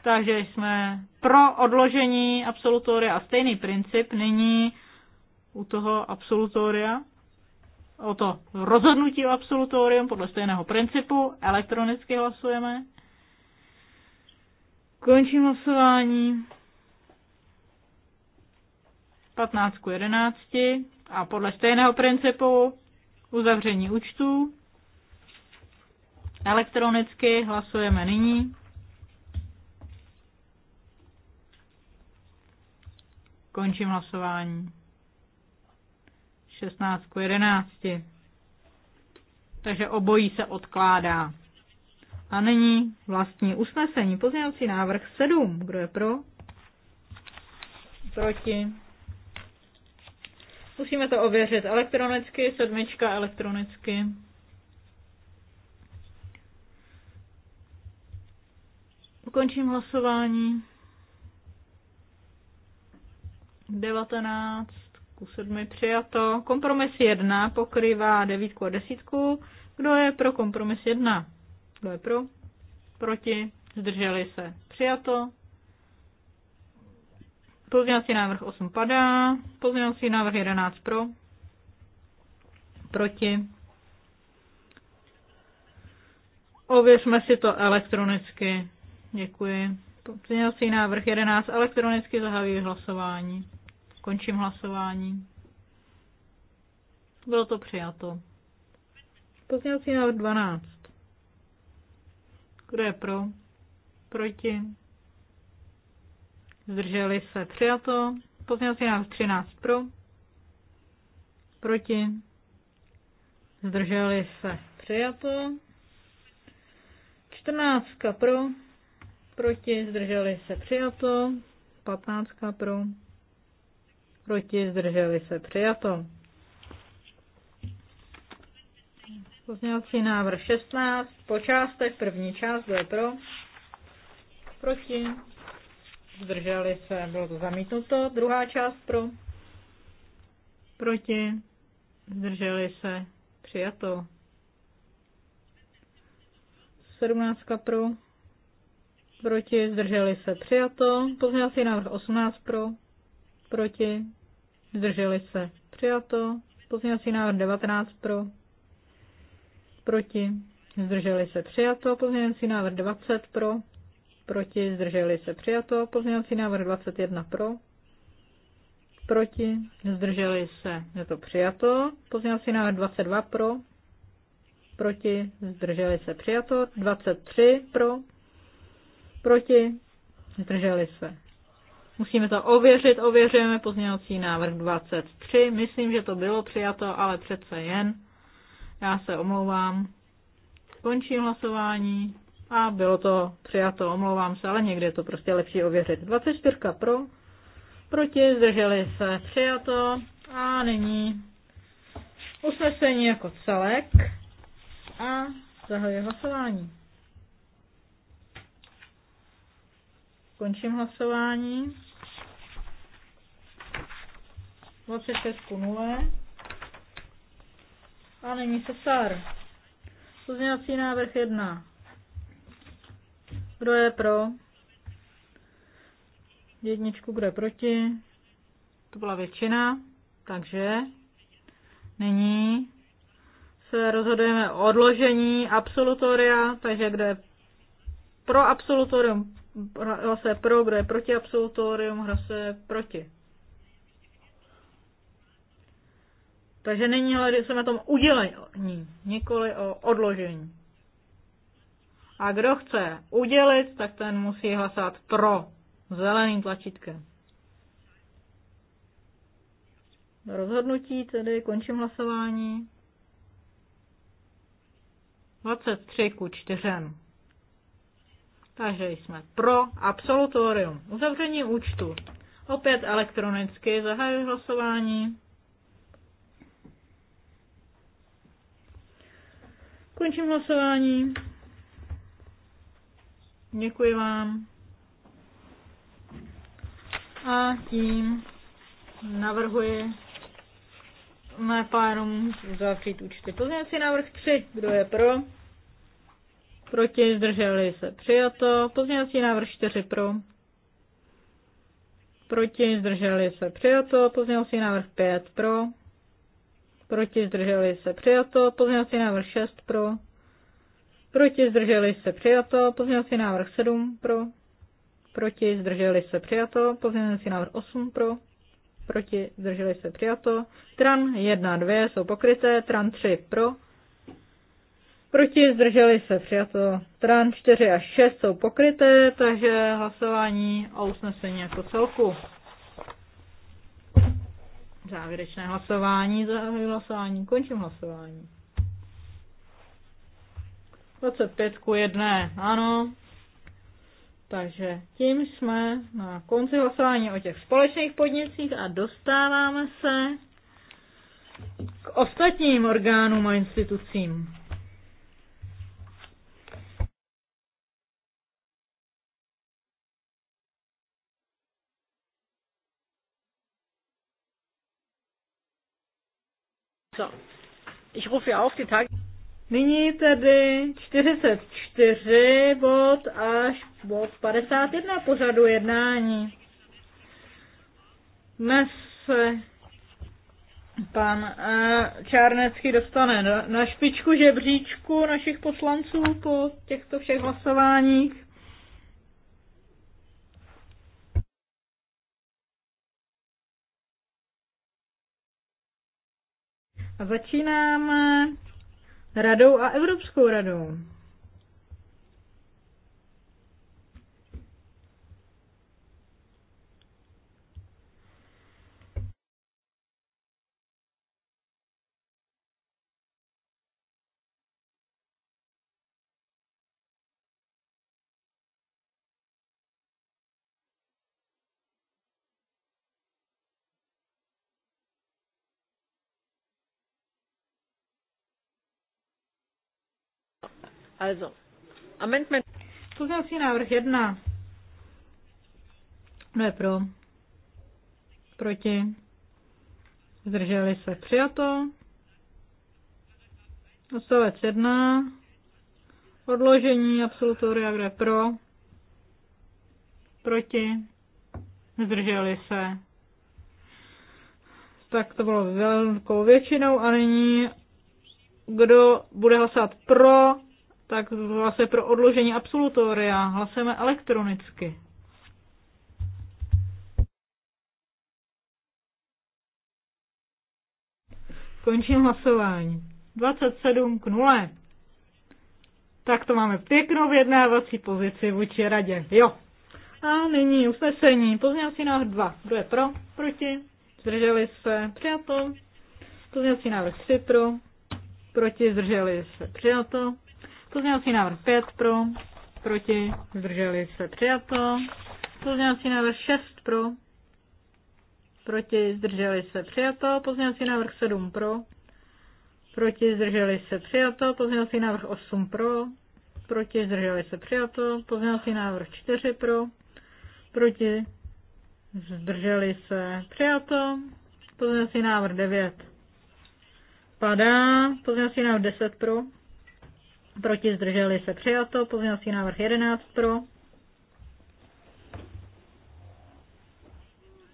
Takže jsme pro odložení absolutoria a stejný princip není u toho absolutoria o to rozhodnutí o absolutorium podle stejného principu. Elektronicky hlasujeme. Končím hlasování. 15 k 11 a podle stejného principu uzavření účtů. Elektronicky hlasujeme nyní. Končím hlasování. 16 k 11. Takže obojí se odkládá. A nyní vlastní usnesení. Pozměňovací návrh 7. Kdo je pro? Proti? Musíme to ověřit elektronicky, sedmička elektronicky. Ukončím hlasování. 19 ku 7 přijato. Kompromis 1 pokrývá 9 a 10. Kdo je pro kompromis 1? Kdo je pro? Proti? Zdrželi se? Přijato. Pozměňovací návrh 8 padá. Pozměňovací návrh 11 pro. Proti. Ověřme si to elektronicky. Děkuji. Pozměňovací návrh 11 elektronicky zahajuji hlasování. Končím hlasování. Bylo to přijato. Pozdělací návrh 12. Kdo je pro? Proti? Zdrželi se přijato. Pozdělací návrh 13 pro. Proti? Zdrželi se přijato. 14 pro. Proti? Zdrželi se přijato. 15 pro proti, zdrželi se, přijato. Pozměňovací návrh 16, počástek, první část, je pro, proti, zdrželi se, bylo to zamítnuto, druhá část pro, proti, zdrželi se, přijato. 17 pro, proti, zdrželi se, přijato. Pozměňovací návrh 18 pro, proti, Zdrželi se. Přijato. Pozměňovací návrh 19 pro. Proti. Zdrželi se. Přijato. Pozměňovací návrh 20 pro. Proti. Zdrželi se. Přijato. Pozměňovací návrh 21 pro. Proti. Zdrželi se. Je to přijato. Pozměňovací návrh 22 pro. Proti. Zdrželi se. Přijato. 23 pro. Proti. Zdrželi se. Musíme to ověřit, ověřujeme pozměňovací návrh 23. Myslím, že to bylo přijato, ale přece jen. Já se omlouvám. Končím hlasování a bylo to přijato, omlouvám se, ale někdy je to prostě lepší ověřit. 24 pro, proti, zdrželi se, přijato a nyní usnesení jako celek a zahajuji hlasování. Končím hlasování. 26 ku 0. A nyní sár Pozměňovací návrh 1. Kdo je pro? Jedničku, kdo je proti? To byla většina, takže nyní se rozhodujeme o odložení absolutoria, takže kde je pro absolutorium hlasuje pro, kdo je proti absolutorium hlasuje proti. Takže není na tom udělení, nikoli o odložení. A kdo chce udělit, tak ten musí hlasovat pro zeleným tlačítkem. Rozhodnutí tedy, končím hlasování. 23 ku 4. Takže jsme pro absolutorium. Uzavření účtu. Opět elektronicky zahajuji hlasování. Končím hlasování. Děkuji vám. A tím navrhuji mé plénum uzavřít účty. Pozměňovací návrh 3. Kdo je pro? Proti zdrželi se přijato. Pozměňovací návrh 4 pro. Proti zdrželi se přijato. Pozměňovací návrh 5 pro proti zdrželi se přijato, pozměňovací návrh 6 pro, proti zdrželi se přijato, pozměňovací návrh 7 pro, proti zdrželi se přijato, pozměňovací návrh 8 pro, proti zdrželi se přijato, tran 1 a 2 jsou pokryté, tran 3 pro, proti zdrželi se přijato, tran 4 a 6 jsou pokryté, takže hlasování o usnesení jako celku. Závěrečné hlasování, zahajuji hlasování, končím hlasování. 25 ku 1, ano. Takže tím jsme na konci hlasování o těch společných podnicích a dostáváme se k ostatním orgánům a institucím. So. Ich rufe auf die Tag Nyní tedy 44 bod až bod 51 pořadu jednání. Dnes se pan uh, Čárnecký dostane na špičku žebříčku našich poslanců po těchto všech hlasováních. A začínáme radou a Evropskou radou. Also, amendment. Pozměňovací návrh 1. Kdo je pro? Proti? Zdrželi se přijato. Odstavec 1. Odložení absolutoria, kde pro? Proti? Zdrželi se. Tak to bylo velkou většinou a nyní kdo bude hlasovat pro tak vlastně pro odložení absolutoria hlasujeme elektronicky. Končím hlasování. 27 k 0. Tak to máme pěknou vyjednávací pozici vůči radě. Jo. A nyní usnesení. Pozměňovací návrh 2. Kdo je pro? Proti? Zdrželi se? Přijato. Pozměňovací návrh 3 pro? Proti? Zdrželi se? Přijato. Pozměňovací návrh 5 pro, proti, zdrželi se přijato. Pozměňovací návrh 6 pro, proti, zdrželi se přijato. Pozměňovací návrh 7 pro, proti, zdrželi se přijato. Pozměňovací návrh 8 pro, proti, zdrželi se přijato. Pozměňovací návrh 4 pro, proti, zdrželi se přijato. Pozměňovací návrh 9 padá. Pozměňovací návrh 10 pro, proti zdrželi se přijato, pozměňovací návrh 11 pro,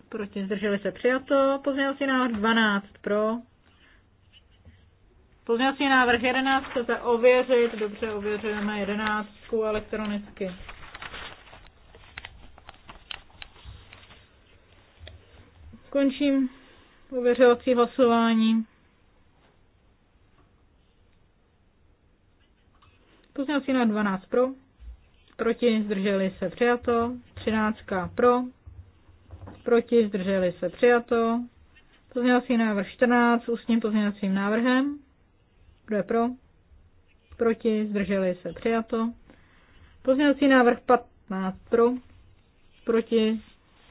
proti zdrželi se přijato, pozměňovací návrh 12 pro, pozměňovací návrh 11 chcete ověřit, dobře ověřujeme 11 elektronicky. Končím ověřovací hlasování. Pozměňovací na 12 pro, proti zdrželi se přijato, 13 pro, proti zdrželi se přijato, pozměňovací návrh 14 s ústním pozměňovacím návrhem, kdo je pro, proti zdrželi se přijato, pozměňovací návrh 15 pro, proti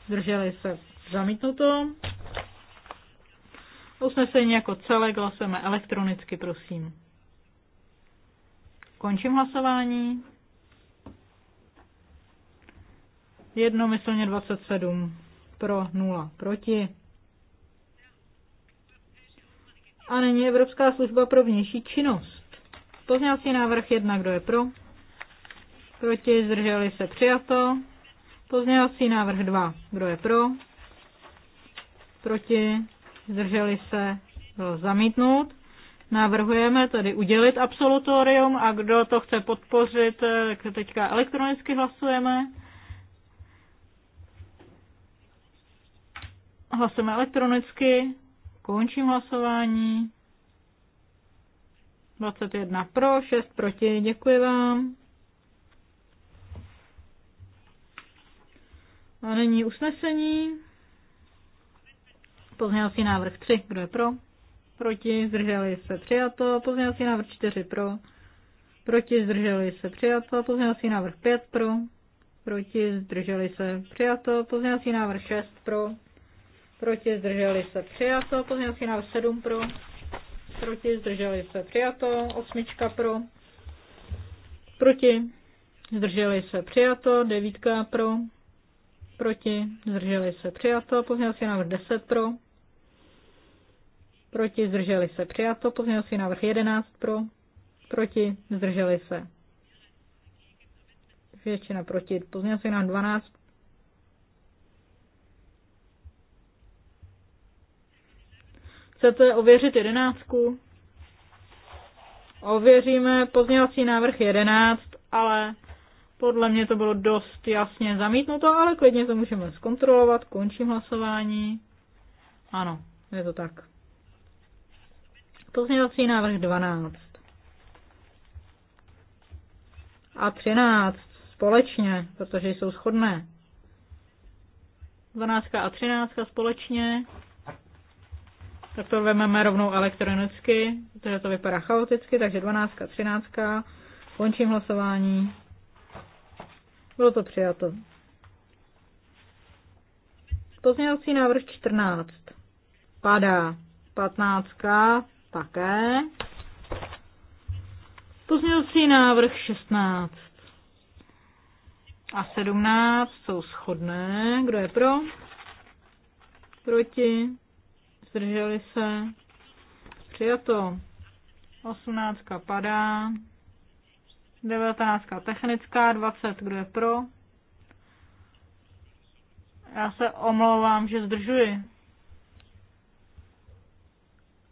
zdrželi se zamítnuto. Usnesení jako celé hlasujeme elektronicky, prosím. Končím hlasování. Jednomyslně 27 pro 0 proti. A není Evropská služba pro vnější činnost. Pozměňovací návrh 1, kdo je pro? Proti, zdrželi se přijato. Pozměňovací návrh 2, kdo je pro? Proti, zdrželi se, byl zamítnut. Navrhujeme tedy udělit absolutorium a kdo to chce podpořit, tak teďka elektronicky hlasujeme. Hlasujeme elektronicky, končím hlasování. 21 pro, 6 proti, děkuji vám. A nyní usnesení. Pozměňovací návrh 3, kdo je pro? proti, zdrželi se přijato, pozměňovací návrh 4 pro, proti, zdrželi se přijato, pozměňovací návrh 5 pro, proti, zdrželi se přijato, pozměňovací návrh 6 pro, proti, zdrželi se přijato, pozměňovací návrh 7 pro, proti, zdrželi se přijato, osmička pro, proti, zdrželi se přijato, devítka pro, proti, zdrželi se přijato, pozměňovací návrh 10 pro, proti, zdrželi se přijato, pozměňovací návrh 11 pro, proti, zdrželi se. Většina proti, pozměňovací návrh 12 Chcete ověřit jedenáctku? Ověříme pozměňovací návrh 11, ale podle mě to bylo dost jasně zamítnuto, ale klidně to můžeme zkontrolovat. Končím hlasování. Ano, je to tak. Pozměňovací návrh 12. A 13 společně, protože jsou shodné. 12 a 13 společně. Tak to vezmeme rovnou elektronicky, protože to vypadá chaoticky, takže 12 a 13. Končím hlasování. Bylo to přijato. Pozměňovací návrh 14. Padá. 15 také. Pozměňovací návrh 16 a 17 jsou shodné. Kdo je pro? Proti? Zdrželi se? Přijato. 18 padá. 19 technická, 20 kdo je pro? Já se omlouvám, že zdržuji.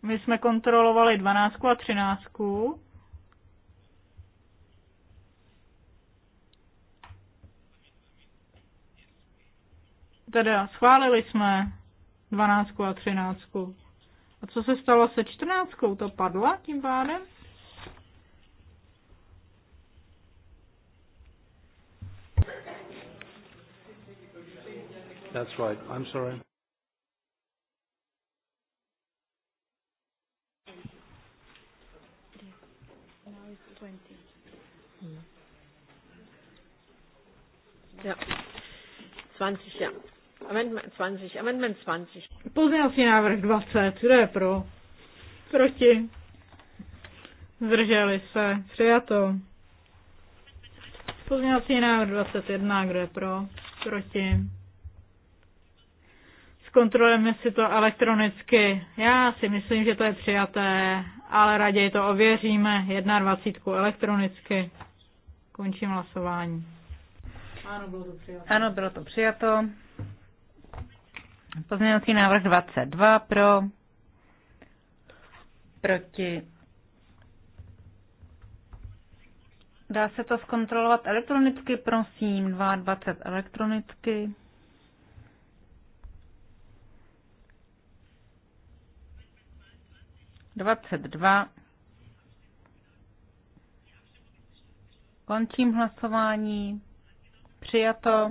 My jsme kontrolovali 12 a 13. Teda schválili jsme 12 a 13. A co se stalo se 14? To padla tím pádem? That's right. I'm sorry. Ja. 20, ja. Amendment 20, amendment 20. Pozměňovací návrh 20, kdo je pro? Proti? Zdrželi se, přijato. Pozměňovací návrh 21, kdo je pro? Proti? Zkontrolujeme si to elektronicky. Já si myslím, že to je přijaté, ale raději to ověříme 21 elektronicky. Končím hlasování. Ano, bylo to přijato. Ano, bylo to přijato. Pozměňovací návrh 22 pro, proti. Dá se to zkontrolovat elektronicky, prosím, 22 elektronicky. Dvacet dva. Končím hlasování přijato.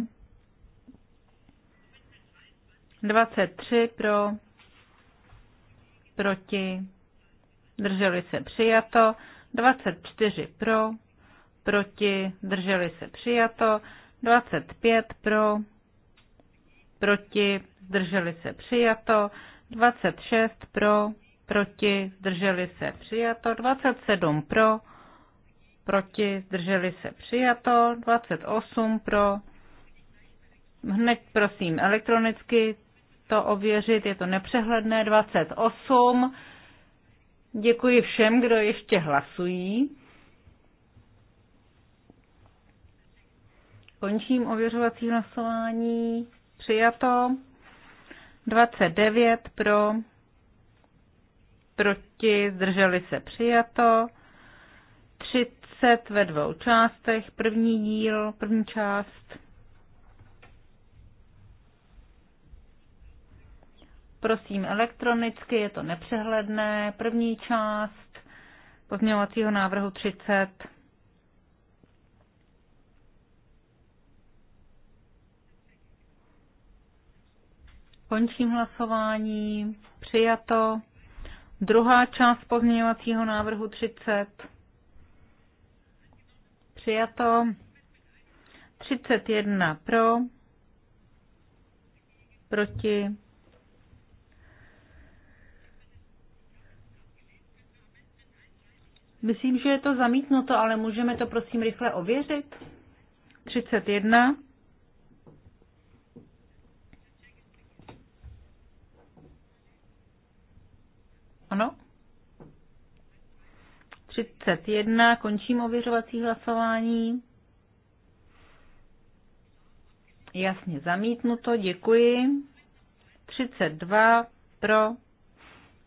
23 pro, proti, drželi se přijato. 24 pro, proti, drželi se přijato. 25 pro, proti, drželi se přijato. 26 pro, proti, drželi se přijato. 27 pro, proti, zdrželi se přijato, 28 pro, hned prosím elektronicky to ověřit, je to nepřehledné, 28. Děkuji všem, kdo ještě hlasují. Končím ověřovací hlasování. Přijato. 29 pro, proti, zdrželi se přijato. 30 10 ve dvou částech. První díl, první část. Prosím elektronicky, je to nepřehledné. První část pozměňovacího návrhu 30. Končím hlasování. Přijato. Druhá část pozměňovacího návrhu 30 přijato. 31 pro, proti, Myslím, že je to zamítnuto, ale můžeme to prosím rychle ověřit. 31. Ano? 31. Končím ověřovací hlasování. Jasně zamítnuto, děkuji. 32 pro,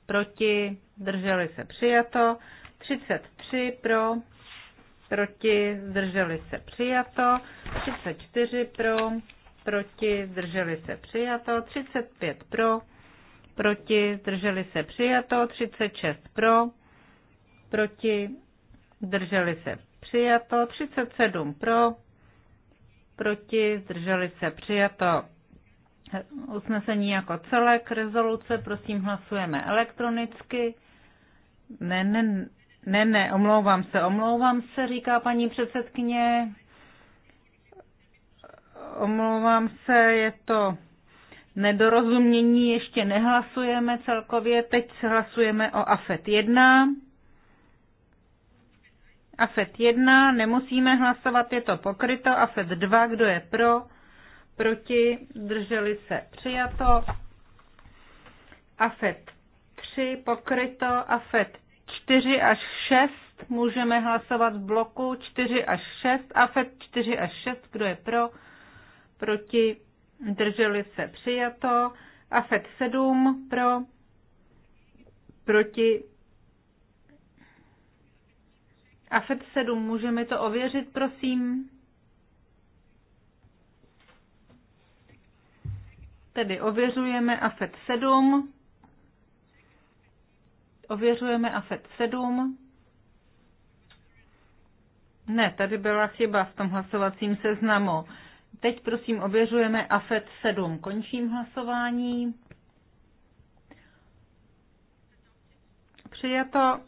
proti, zdrželi se přijato. 33 pro, proti, zdrželi se přijato. 34 pro, proti, zdrželi se přijato. 35 pro, proti, zdrželi se přijato. 36 pro, proti, zdrželi se přijato, 37 pro, proti, zdrželi se přijato. Usnesení jako celek, rezoluce, prosím hlasujeme elektronicky. Ne, ne, ne, ne, omlouvám se, omlouvám se, říká paní předsedkyně. Omlouvám se, je to nedorozumění, ještě nehlasujeme celkově, teď hlasujeme o AFET 1. AFET 1 nemusíme hlasovat, je to pokryto. AFET 2, kdo je pro, proti, drželi se, přijato. AFET 3 pokryto, AFET 4 až 6 můžeme hlasovat v bloku 4 až 6, AFET 4 až 6, kdo je pro, proti, drželi se, přijato. AFET 7 pro, proti, AFED 7, můžeme to ověřit, prosím? Tedy ověřujeme AFED 7. Ověřujeme AFED 7. Ne, tady byla chyba v tom hlasovacím seznamu. Teď prosím ověřujeme AFED 7. Končím hlasování. Přijato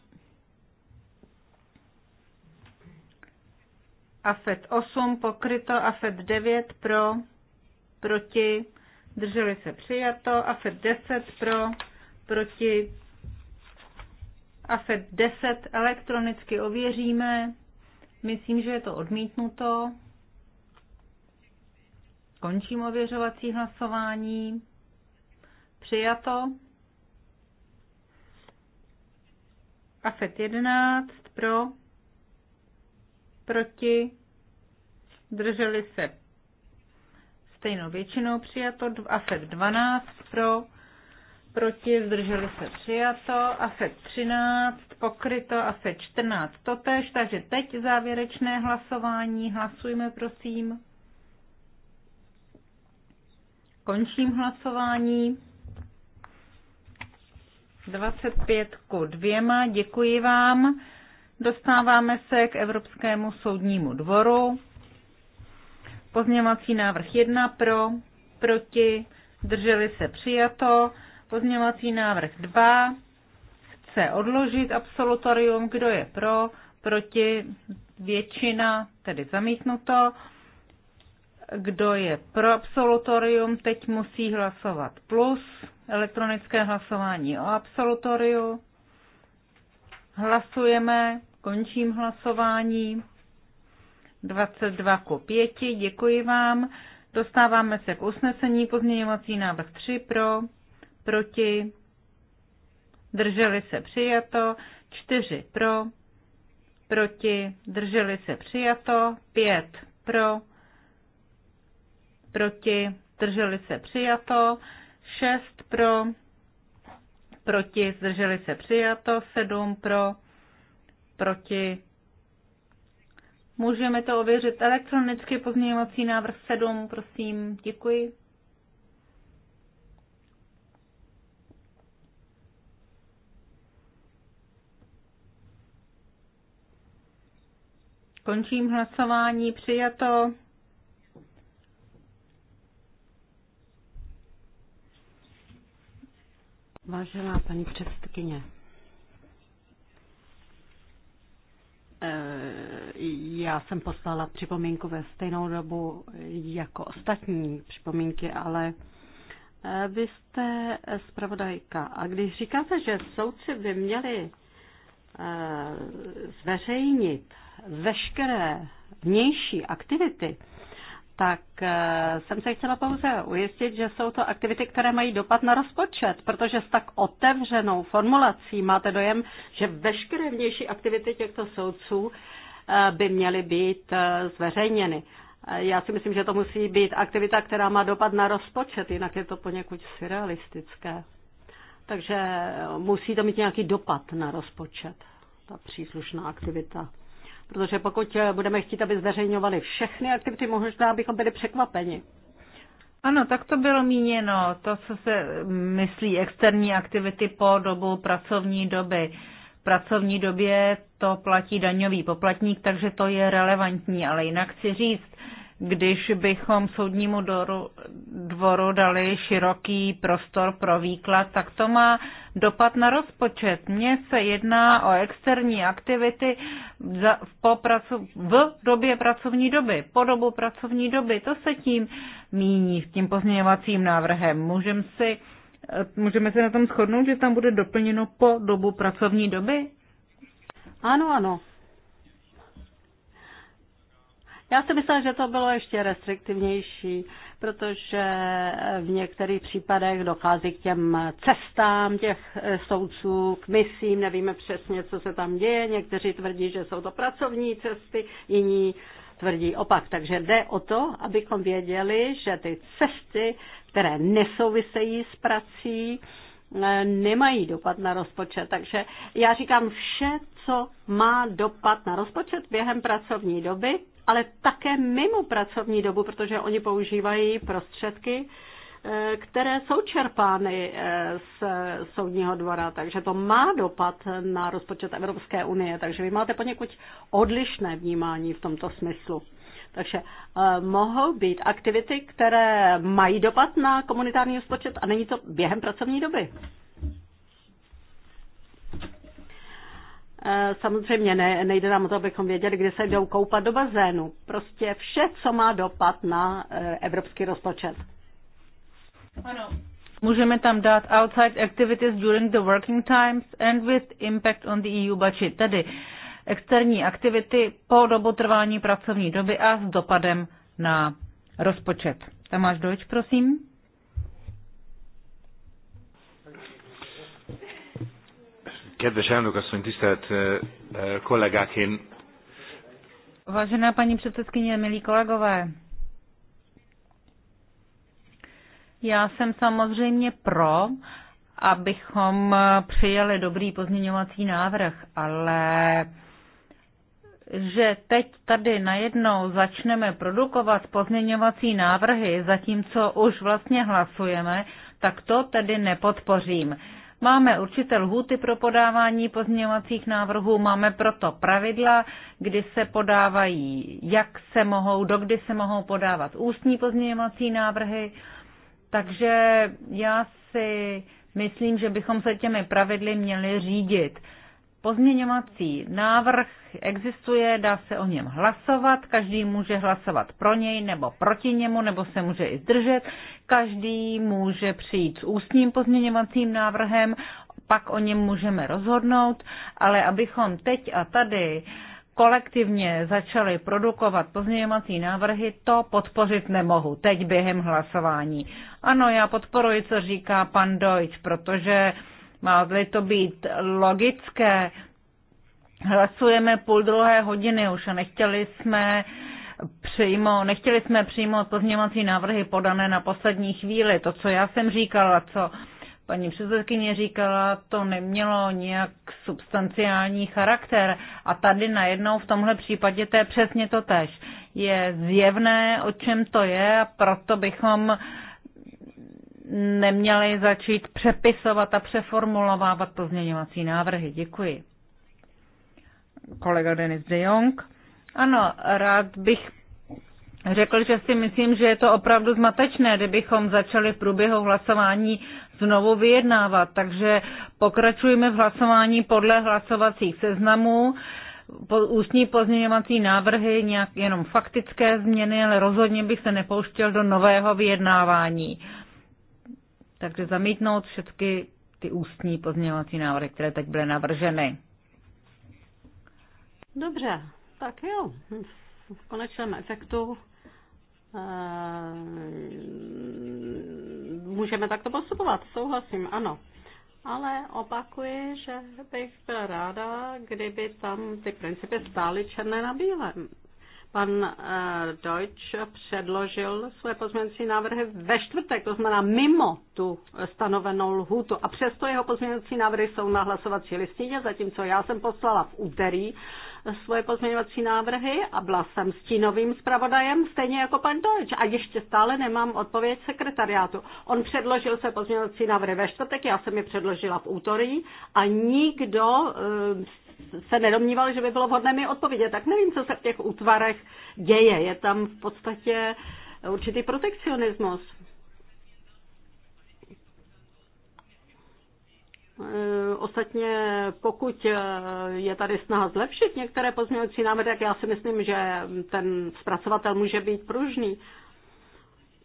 AFET 8 pokryto, AFET 9 pro, proti, drželi se přijato, AFET 10 pro, proti, AFET 10 elektronicky ověříme, myslím, že je to odmítnuto. Končím ověřovací hlasování. Přijato. AFET 11 pro, proti, drželi se stejnou většinou přijato, AFET 12 pro, proti, zdrželi se přijato, AFET 13 pokryto, AFET 14 totež, takže teď závěrečné hlasování, hlasujme prosím. Končím hlasování. 25 ku dvěma, děkuji vám. Dostáváme se k Evropskému soudnímu dvoru. Pozměňovací návrh 1 pro, proti, drželi se přijato. Pozměňovací návrh 2 chce odložit absolutorium, kdo je pro, proti, většina, tedy zamítnuto. Kdo je pro absolutorium, teď musí hlasovat plus, elektronické hlasování o absolutoriu. Hlasujeme, končím hlasování. 22 ku 5, děkuji vám. Dostáváme se k usnesení pozměňovací návrh 3 pro, proti, drželi se přijato, 4 pro, proti, drželi se přijato, 5 pro, proti, drželi se přijato, 6 pro, proti, zdrželi se přijato, 7 pro, proti. Můžeme to ověřit elektronicky, pozměňovací návrh 7, prosím, děkuji. Končím hlasování, přijato. Vážená paní předsedkyně, eh, já jsem poslala připomínku ve stejnou dobu jako ostatní připomínky, ale eh, vy jste zpravodajka a když říkáte, že soudci by měli eh, zveřejnit veškeré vnější aktivity, tak eh, jsem se chtěla pouze ujistit, že jsou to aktivity, které mají dopad na rozpočet, protože s tak otevřenou formulací máte dojem, že veškeré vnější aktivity těchto soudců eh, by měly být eh, zveřejněny. Já si myslím, že to musí být aktivita, která má dopad na rozpočet, jinak je to poněkud surrealistické. Takže musí to mít nějaký dopad na rozpočet, ta příslušná aktivita protože pokud eh, budeme chtít, aby zveřejňovali všechny aktivity, možná bychom byli překvapeni. Ano, tak to bylo míněno, to, co se myslí externí aktivity po dobu pracovní doby. V pracovní době to platí daňový poplatník, takže to je relevantní, ale jinak chci říct, když bychom soudnímu dvoru, dvoru dali široký prostor pro výklad, tak to má dopad na rozpočet. Mně se jedná o externí aktivity za, v, popracu, v době pracovní doby, po dobu pracovní doby. To se tím míní, s tím pozměňovacím návrhem. Můžem si, můžeme se na tom shodnout, že tam bude doplněno po dobu pracovní doby? Ano, ano, já si myslím, že to bylo ještě restriktivnější, protože v některých případech dochází k těm cestám těch soudců, k misím, nevíme přesně, co se tam děje. Někteří tvrdí, že jsou to pracovní cesty, jiní tvrdí opak. Takže jde o to, abychom věděli, že ty cesty, které nesouvisejí s prací, nemají dopad na rozpočet. Takže já říkám vše, co má dopad na rozpočet během pracovní doby, ale také mimo pracovní dobu, protože oni používají prostředky, eh, které jsou čerpány eh, z soudního dvora, takže to má dopad na rozpočet Evropské unie, takže vy máte poněkud odlišné vnímání v tomto smyslu. Takže eh, mohou být aktivity, které mají dopad na komunitární rozpočet a není to během pracovní doby. Eh, samozřejmě ne, nejde nám o to, abychom věděli, kde se jdou koupat do bazénu. Prostě vše, co má dopad na eh, evropský rozpočet. Ano. Můžeme tam dát outside activities during the working times and with impact on the EU budget, tedy externí aktivity po dobu trvání pracovní doby a s dopadem na rozpočet. Tamáš Dojč, prosím. Kedves elnök asszony, tisztelt kollégák, én... Vážená paní předsedkyně, milí kolegové, já jsem samozřejmě pro, abychom přijali dobrý pozměňovací návrh, ale že teď tady najednou začneme produkovat pozměňovací návrhy, zatímco už vlastně hlasujeme, tak to tedy nepodpořím. Máme určité lhůty pro podávání pozměňovacích návrhů, máme proto pravidla, kdy se podávají, jak se mohou, dokdy se mohou podávat ústní pozměňovací návrhy. Takže já si myslím, že bychom se těmi pravidly měli řídit. Pozměňovací návrh existuje, dá se o něm hlasovat, každý může hlasovat pro něj nebo proti němu, nebo se může i zdržet, každý může přijít s ústním pozměňovacím návrhem, pak o něm můžeme rozhodnout, ale abychom teď a tady kolektivně začali produkovat pozměňovací návrhy, to podpořit nemohu teď během hlasování. Ano, já podporuji, co říká pan Dojč, protože má-li to být logické, hlasujeme půl druhé hodiny už a nechtěli jsme přímo, nechtěli jsme přijmout pozměňovací návrhy podané na poslední chvíli. To, co já jsem říkala, co paní předsedkyně říkala, to nemělo nějak substanciální charakter. A tady najednou v tomhle případě to je přesně to tež. Je zjevné, o čem to je a proto bychom uh, neměli začít přepisovat a přeformulovávat pozměňovací návrhy. Děkuji. Kolega Denis de Jong. Ano, rád bych řekl, že si myslím, že je to opravdu zmatečné, kdybychom začali v průběhu hlasování znovu vyjednávat. Takže pokračujeme v hlasování podle hlasovacích seznamů. Po, ústní pozměňovací návrhy, nějak jenom faktické změny, ale rozhodně bych se nepouštěl do nového vyjednávání. Takže zamítnout všechny ty ústní pozměňovací návrhy, které teď byly navrženy. Dobře, tak jo. V konečném efektu e, můžeme takto postupovat, souhlasím, ano. Ale opakuji, že bych byla ráda, kdyby tam ty principy stály černé na bílém. Pan eh, Deutsch předložil své pozměňovací návrhy ve čtvrtek, to znamená mimo tu stanovenou lhůtu. A přesto jeho pozměňovací návrhy jsou na hlasovací listině, zatímco já jsem poslala v úterý svoje pozměňovací návrhy a byla jsem stínovým zpravodajem, stejně jako pan Deutsch. A ještě stále nemám odpověď sekretariátu. On předložil své pozměňovací návrhy ve čtvrtek, já jsem je předložila v útorý a nikdo eh, se nedomníval, že by bylo vhodné mi odpovědět. Tak nevím, co se v těch útvarech děje. Je tam v podstatě určitý protekcionismus. Eh, ostatně pokud eh, je tady snaha zlepšit některé pozměňovací návrhy, tak já si myslím, že ten zpracovatel může být pružný.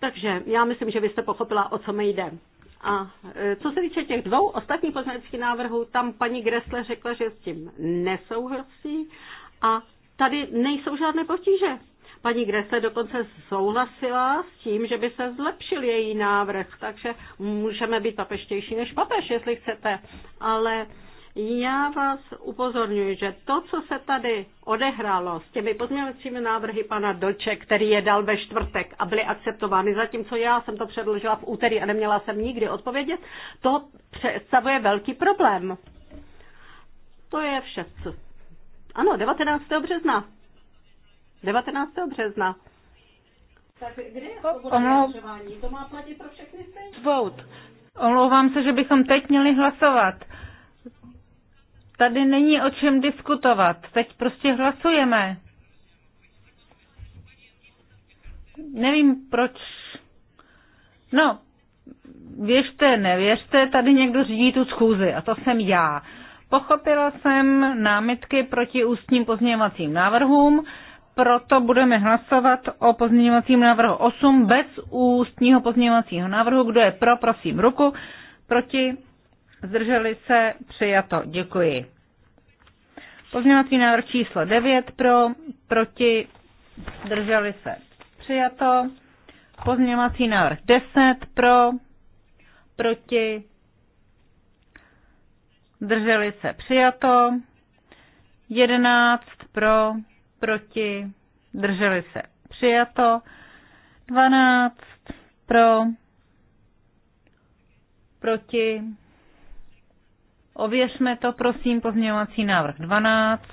Takže já myslím, že vy jste pochopila, o co mi jde. A eh, co se týče těch dvou ostatních pozměňovacích návrhů, tam paní Gressler řekla, že s tím nesouhlasí a tady nejsou žádné potíže. Paní Grese dokonce souhlasila s tím, že by se zlepšil její návrh, takže můžeme být papeštější než papež, jestli chcete. Ale já vás upozorňuji, že to, co se tady odehrálo s těmi pozměňovacími návrhy pana Dolče, který je dal ve čtvrtek a byly akceptovány, zatímco já jsem to předložila v úterý a neměla jsem nikdy odpovědět, to představuje velký problém. To je vše. Ano, 19. března. 19. března. Omlouvám se, že bychom teď měli hlasovat. Tady není o čem diskutovat. Teď prostě hlasujeme. Nevím proč. No, věřte, nevěřte, tady někdo řídí tu schůzi a to jsem já. Pochopila jsem námitky proti ústním pozměňovacím návrhům proto budeme hlasovat o pozměňovacím návrhu 8 bez ústního pozměňovacího návrhu. Kdo je pro, prosím ruku. Proti? Zdrželi se? Přijato. Děkuji. Pozměňovací návrh číslo 9 pro, proti, zdrželi se, přijato. Pozměňovací návrh 10 pro, proti, zdrželi se, přijato. 11 pro, proti, drželi se, přijato, 12 pro, proti, ověřme to, prosím, pozměňovací návrh 12.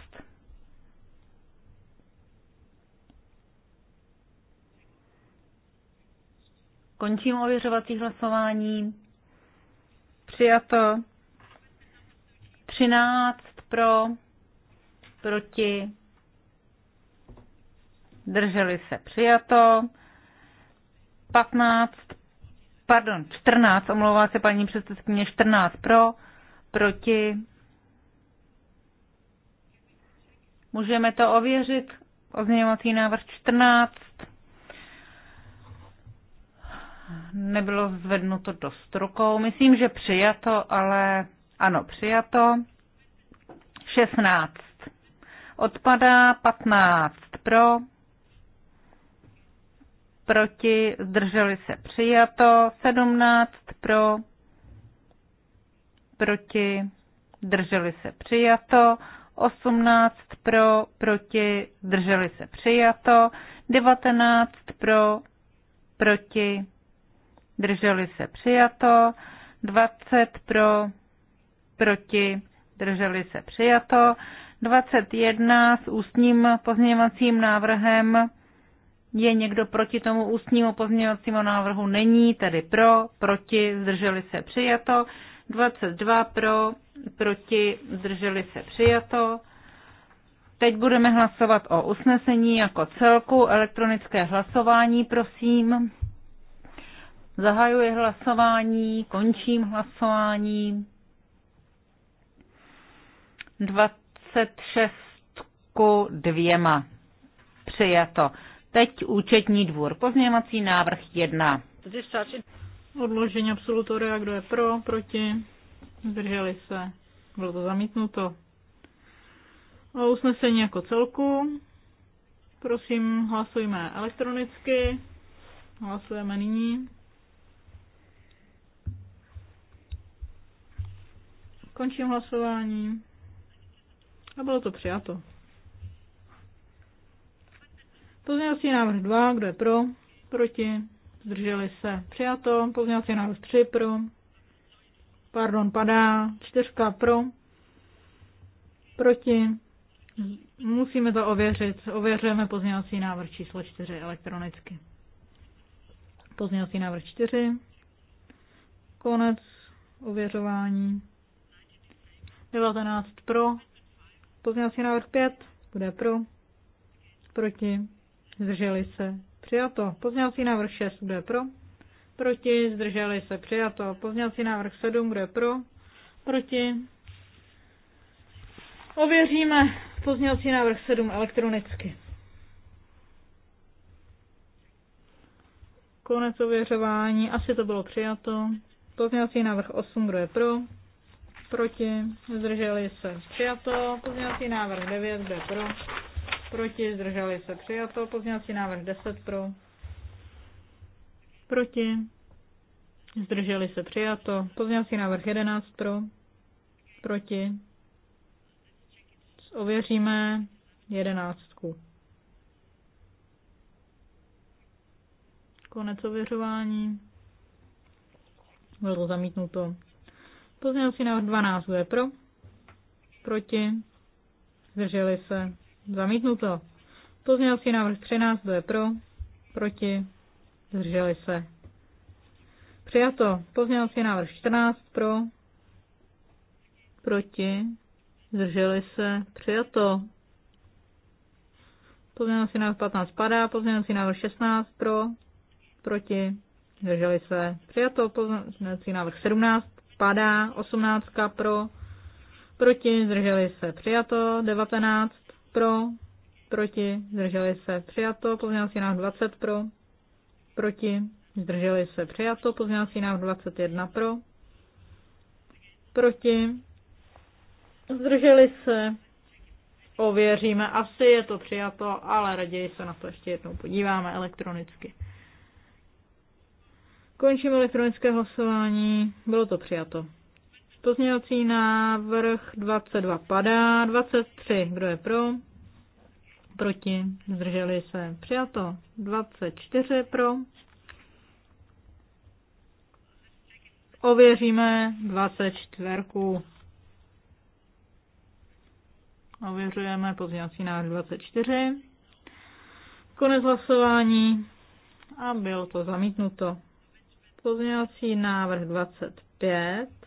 Končím ověřovací hlasování. Přijato. 13 pro, proti, drželi se přijato. 15, pardon, 14, omlouvá se paní předsedkyně, 14 pro, proti. Můžeme to ověřit, ozněvací návrh 14. Nebylo zvednuto dost rukou, myslím, že přijato, ale ano, přijato. 16. Odpadá 15 pro, proti, zdrželi se přijato, 17 pro, proti, zdrželi se přijato, 18 pro, proti, zdrželi se přijato, 19 pro, proti, drželi se přijato, 20 pro, proti, drželi se přijato, 21 s ústním pozměňovacím návrhem je někdo proti tomu ústnímu pozměňovacímu návrhu? Není, tedy pro, proti, zdrželi se přijato. 22 pro, proti, zdrželi se přijato. Teď budeme hlasovat o usnesení jako celku. Elektronické hlasování, prosím. Zahajuji hlasování, končím hlasování. 26 ku dvěma. Přijato. Teď účetní dvůr. Pozměňovací návrh 1. Odložení absolutoria, kdo je pro, proti, zdrželi se. Bylo to zamítnuto. O usnesení jako celku. Prosím, hlasujme elektronicky. Hlasujeme nyní. Končím hlasování. A bylo to přijato. Pozměňovací návrh 2, kdo je pro? Proti? Zdrželi se. Přijato. Pozměňovací návrh 3 pro. Pardon, padá. Čtyřka pro. Proti. Musíme to ověřit. Ověřujeme pozměňovací návrh číslo 4 elektronicky. Pozměňovací návrh 4. Konec ověřování. 19 pro. Pozměňovací návrh 5. Bude pro. Proti zdrželi se, přijato. Pozměňovací návrh 6, kdo je pro? Proti, zdrželi se, přijato. Pozměňovací návrh 7, kdo je pro? Proti. Ověříme pozměňovací návrh 7 elektronicky. Konec ověřování, asi to bylo přijato. Pozměňovací návrh 8, kdo je pro? Proti, zdrželi se, přijato. Pozměňovací návrh 9, kdo je pro? proti, zdrželi se přijato. Pozměňovací návrh 10 pro, proti, zdrželi se přijato. Pozměňovací návrh 11 pro, proti. Ověříme jedenáctku. Konec ověřování. Bylo to zamítnuto. Pozměňovací návrh 12 je pro, proti, zdrželi se Zamítnuto. Pozměňovací návrh 13, kdo je pro? Proti? Zdrželi se. Přijato. Pozměňovací návrh 14, pro? Proti? Zdrželi se. Přijato. Pozměňovací návrh 15 padá. Pozměňovací návrh 16, pro? Proti? Zdrželi se. Přijato. Pozměňovací návrh 17 padá. 18 pro? Proti? Zdrželi se. Přijato. 19 pro, proti, zdrželi se přijato, pozměňovací návrh 20 pro, proti, zdrželi se přijato, pozměňovací návrh 21 pro, proti, zdrželi se, ověříme, asi je to přijato, ale raději se na to ještě jednou podíváme elektronicky. Končím elektronické hlasování, bylo to přijato. Pozměňovací návrh 22 padá. 23. Kdo je pro? Proti. Zdrželi se. Přijato. 24 pro. Ověříme 24. Ověřujeme pozměňovací návrh 24. Konec hlasování a bylo to zamítnuto. Pozměňovací návrh 25.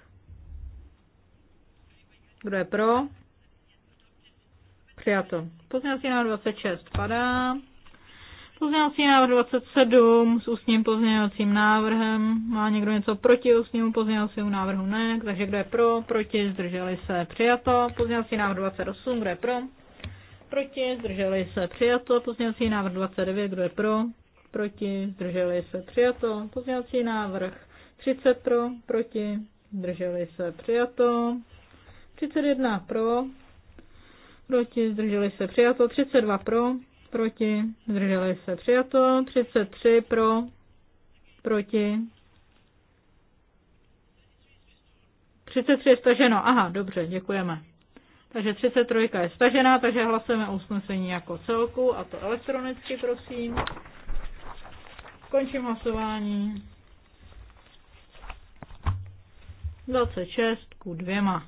Kdo je pro? Přijato. Pozměňovací návrh 26 padá. Pozměňovací návrh 27 s ústním pozměňovacím návrhem. Má někdo něco proti ústnímu pozměňovacímu návrhu? Ne. Takže kdo je pro? Proti? Zdrželi se? Přijato. Pozměňovací návrh 28. Kdo je pro? Proti? Zdrželi se? Přijato. Pozměňovací návrh 29. Kdo je pro? Proti? Zdrželi se? Přijato. Pozměňovací návrh 30 pro? Proti? Zdrželi se? Přijato. 31 pro, proti, zdrželi se přijato, 32 pro, proti, zdrželi se přijato, 33 pro, proti, 33 je staženo, aha, dobře, děkujeme. Takže 33 je stažená, takže hlasujeme o usnesení jako celku a to elektronicky, prosím. Končím hlasování. 26 ku dvěma.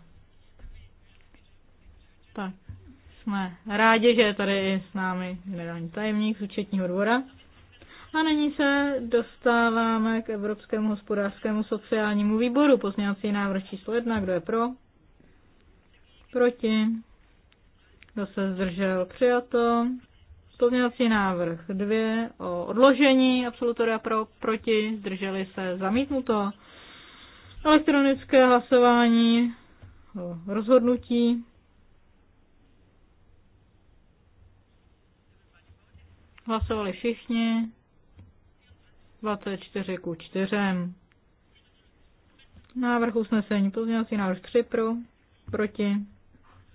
jsme rádi, že je tady i s námi generální tajemník z účetního dvora. A nyní se dostáváme k Evropskému hospodářskému sociálnímu výboru. Pozměňovací návrh číslo jedna. Kdo je pro? Proti? Kdo se zdržel? Přijato. Pozměňovací návrh dvě o odložení absolutoria pro, proti, zdrželi se, zamítnuto. Elektronické hlasování o rozhodnutí Hlasovali všichni. 24 ku 4. Návrh usnesení pozměňovací návrh 3 pro, proti,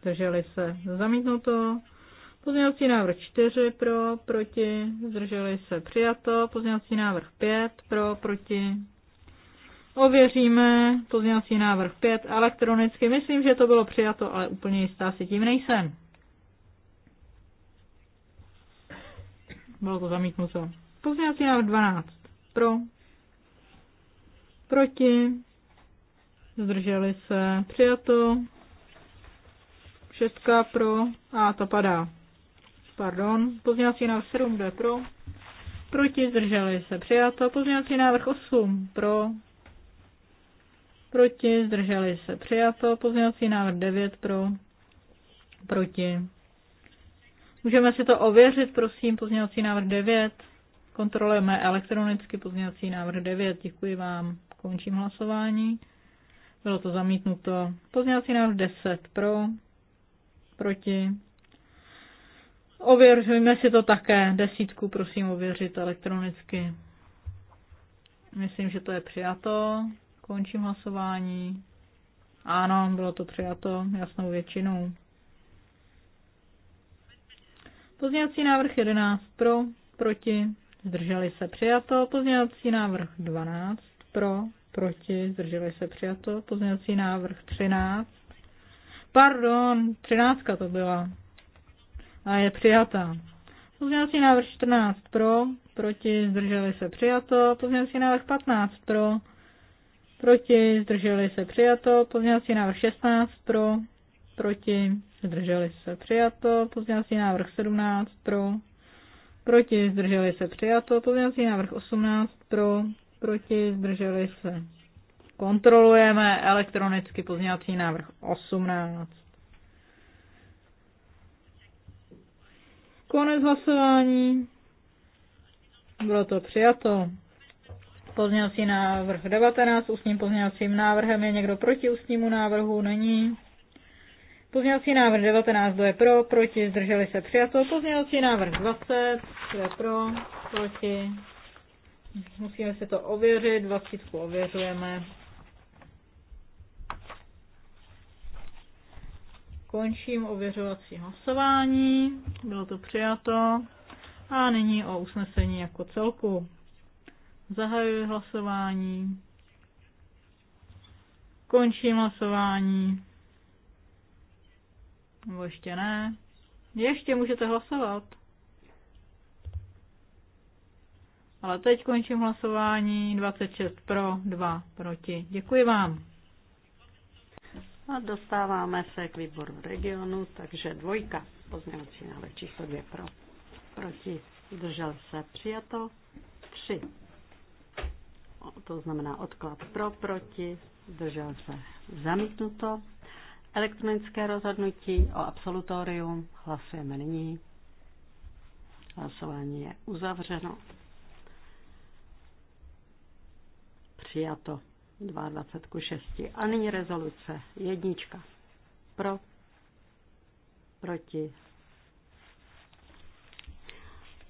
zdrželi se zamítnuto. Pozměňovací návrh 4 pro, proti, zdrželi se přijato. Pozměňovací návrh 5 pro, proti. Ověříme pozměňovací návrh 5 elektronicky. Myslím, že to bylo přijato, ale úplně jistá si tím nejsem. Bylo to zamítnuto. Pozměňovací návrh 12. Pro. Proti. Zdrželi se. Přijato. Šestka pro. A to padá. Pardon. Pozměňovací návrh 7. Kdo je pro? Proti. Zdrželi se. Přijato. Pozměňovací návrh 8. Pro. Proti. Zdrželi se. Přijato. Pozměňovací návrh 9. Pro. Proti Můžeme si to ověřit, prosím, pozměňovací návrh 9. Kontrolujeme elektronicky pozměňovací návrh 9. Děkuji vám. Končím hlasování. Bylo to zamítnuto. Pozměňovací návrh 10 pro, proti. Ověřujeme si to také. Desítku prosím ověřit elektronicky. Myslím, že to je přijato. Končím hlasování. Ano, bylo to přijato jasnou většinou. Pozměňovací návrh 11 pro, proti, zdrželi se přijato. Pozměňovací návrh 12 pro, proti, zdrželi se přijato. Pozměňovací návrh 13. Pardon, 13 to byla. A je přijata. Pozměňovací návrh 14 pro, proti, zdrželi se přijato. Pozměňovací návrh 15 pro, proti, zdrželi se přijato. Pozměňovací návrh 16 pro, proti, zdrželi se přijato, pozměňovací návrh 17 pro, proti, zdrželi se přijato, pozměňovací návrh 18 pro, proti, zdrželi se. Kontrolujeme elektronicky pozměňovací návrh 18. Konec hlasování. Bylo to přijato. Pozměňovací návrh 19 ústním pozměňovacím návrhem. Je někdo proti ústnímu návrhu? Není. Pozměňovací návrh 19, kdo je pro, proti, zdrželi se přijato. Pozměňovací návrh 20, kdo je pro, proti. Musíme se to ověřit, 20 ověřujeme. Končím ověřovací hlasování, bylo to přijato. A nyní o usnesení jako celku. Zahajuji hlasování. Končím hlasování. Nebo ještě ne. Ještě můžete hlasovat. Ale teď končím hlasování. 26 pro, 2 proti. Děkuji vám. A dostáváme se k výboru regionu, takže dvojka. Pozměňovací návrh číslo 2 pro. Proti. Držel se. Přijato. 3. To znamená odklad pro, proti. Držel se. Zamítnuto. Elektronické rozhodnutí o absolutorium hlasujeme nyní. Hlasování je uzavřeno. Přijato 22 ku 6. A nyní rezoluce. Jednička. Pro. Proti.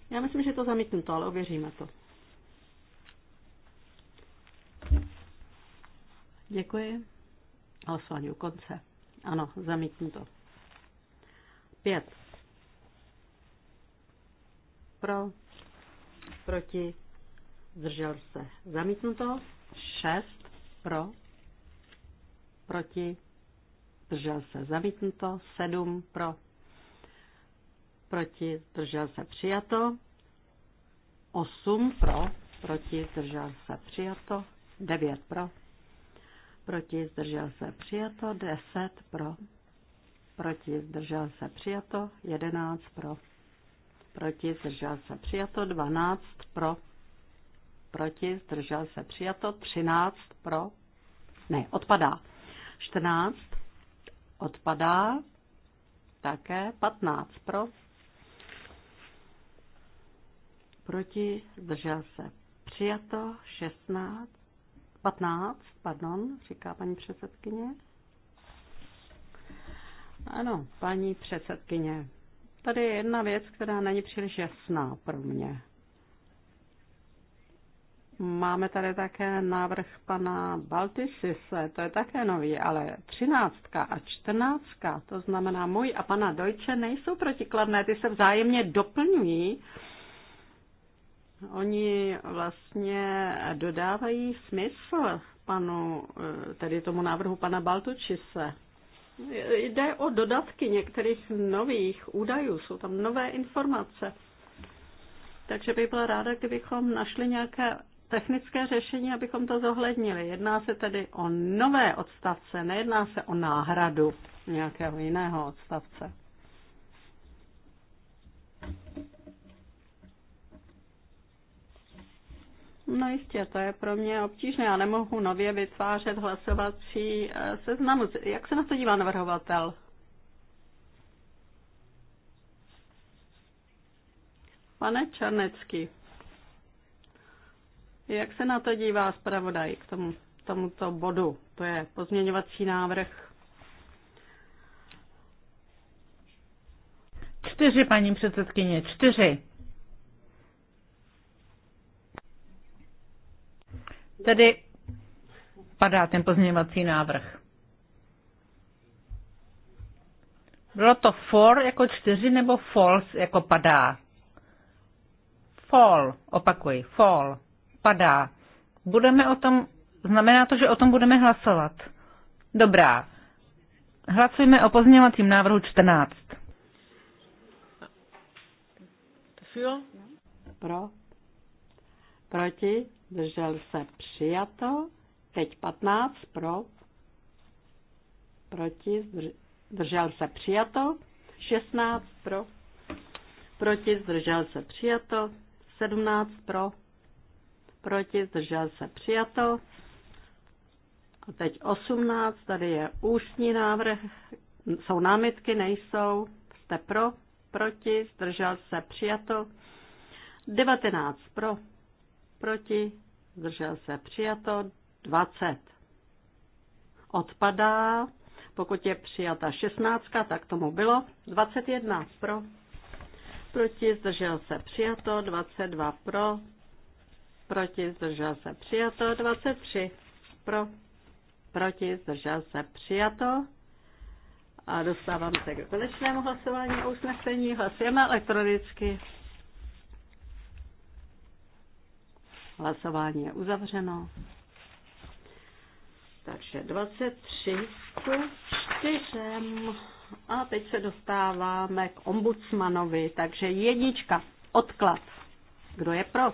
Já myslím, že to zamítnu to, ale ověříme to. Děkuji. Hlasování u konce. Ano, zamítnu to. Pět. Pro, proti, zdržel se. zamítnu to. Šest. Pro, proti, zdržel se. zamítnu to. Sedm. Pro, proti, zdržel se. Přijato. Osm. Pro, proti, zdržel se. Přijato. Devět. Pro, proti, zdržel se přijato, 10 pro, proti, zdržel se přijato, 11 pro, proti, zdržel se přijato, 12 pro, proti, zdržel se přijato, 13 pro, ne, odpadá, 14 odpadá, také 15 pro, proti, zdržel se přijato, 16 15, pardon, říká paní předsedkyně. Ano, paní předsedkyně, tady je jedna věc, která není příliš jasná pro mě. Máme tady také návrh pana Baltisise, to je také nový, ale třináctka a čtrnáctka, to znamená můj a pana Dojče, nejsou protikladné, ty se vzájemně doplňují Oni vlastně dodávají smysl panu, eh, tedy tomu návrhu pana Baltučise. Jde o dodatky některých nových údajů, jsou tam nové informace. Takže bych byla ráda, kdybychom našli nějaké technické řešení, abychom to zohlednili. Jedná se tedy o nové odstavce, nejedná se o náhradu nějakého jiného odstavce. No jistě, to je pro mě obtížné. Já nemohu nově vytvářet hlasovací eh, seznam. Jak se na to dívá navrhovatel? Pane Černecký, jak se na to dívá zpravodaj k tomu, tomuto bodu? To je pozměňovací návrh. Čtyři, paní předsedkyně, čtyři. Tedy padá ten pozměňovací návrh. Bylo to for jako čtyři nebo false jako padá? Fall, opakuji, fall, padá. Budeme o tom, znamená to, že o tom budeme hlasovat. Dobrá. Hlasujeme o pozměňovacím návrhu 14. Pro? Proti? zdržel se přijato, teď 15 pro, proti, zdržel se přijato, 16 pro, proti, zdržel se přijato, 17 pro, proti, zdržel se přijato. A teď 18, tady je ústní návrh, jsou námitky, nejsou, jste pro, proti, zdržel se přijato, 19 pro, proti, zdržel se přijato 20. Odpadá, pokud je přijata 16, tak tomu bylo 21 pro, proti, zdržel se přijato 22 pro, proti, zdržel se přijato 23 pro, proti, zdržel se přijato a dostávám se k konečnému hlasování o usnesení. Hlasujeme elektronicky. Hlasování je uzavřeno. Takže 23 ku 4. A teď se dostáváme k ombudsmanovi. Takže jednička, odklad. Kdo je pro?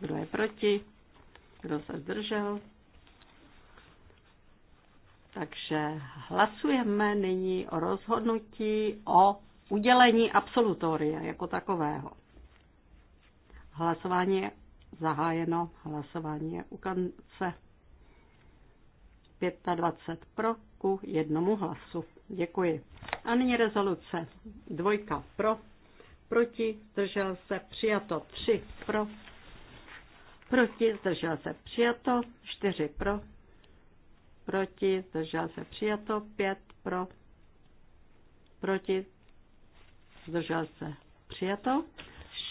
Kdo je proti? Kdo se zdržel? Takže hlasujeme nyní o rozhodnutí o udělení absolutoria jako takového. Hlasování je zahájeno, hlasování je u konce. 25 pro ku jednomu hlasu. Děkuji. A nyní rezoluce. Dvojka pro, proti, zdržel se, přijato. Tři pro, proti, zdržel se, přijato. Čtyři pro, proti, zdržel se, přijato. Pět pro, proti, zdržel se, přijato.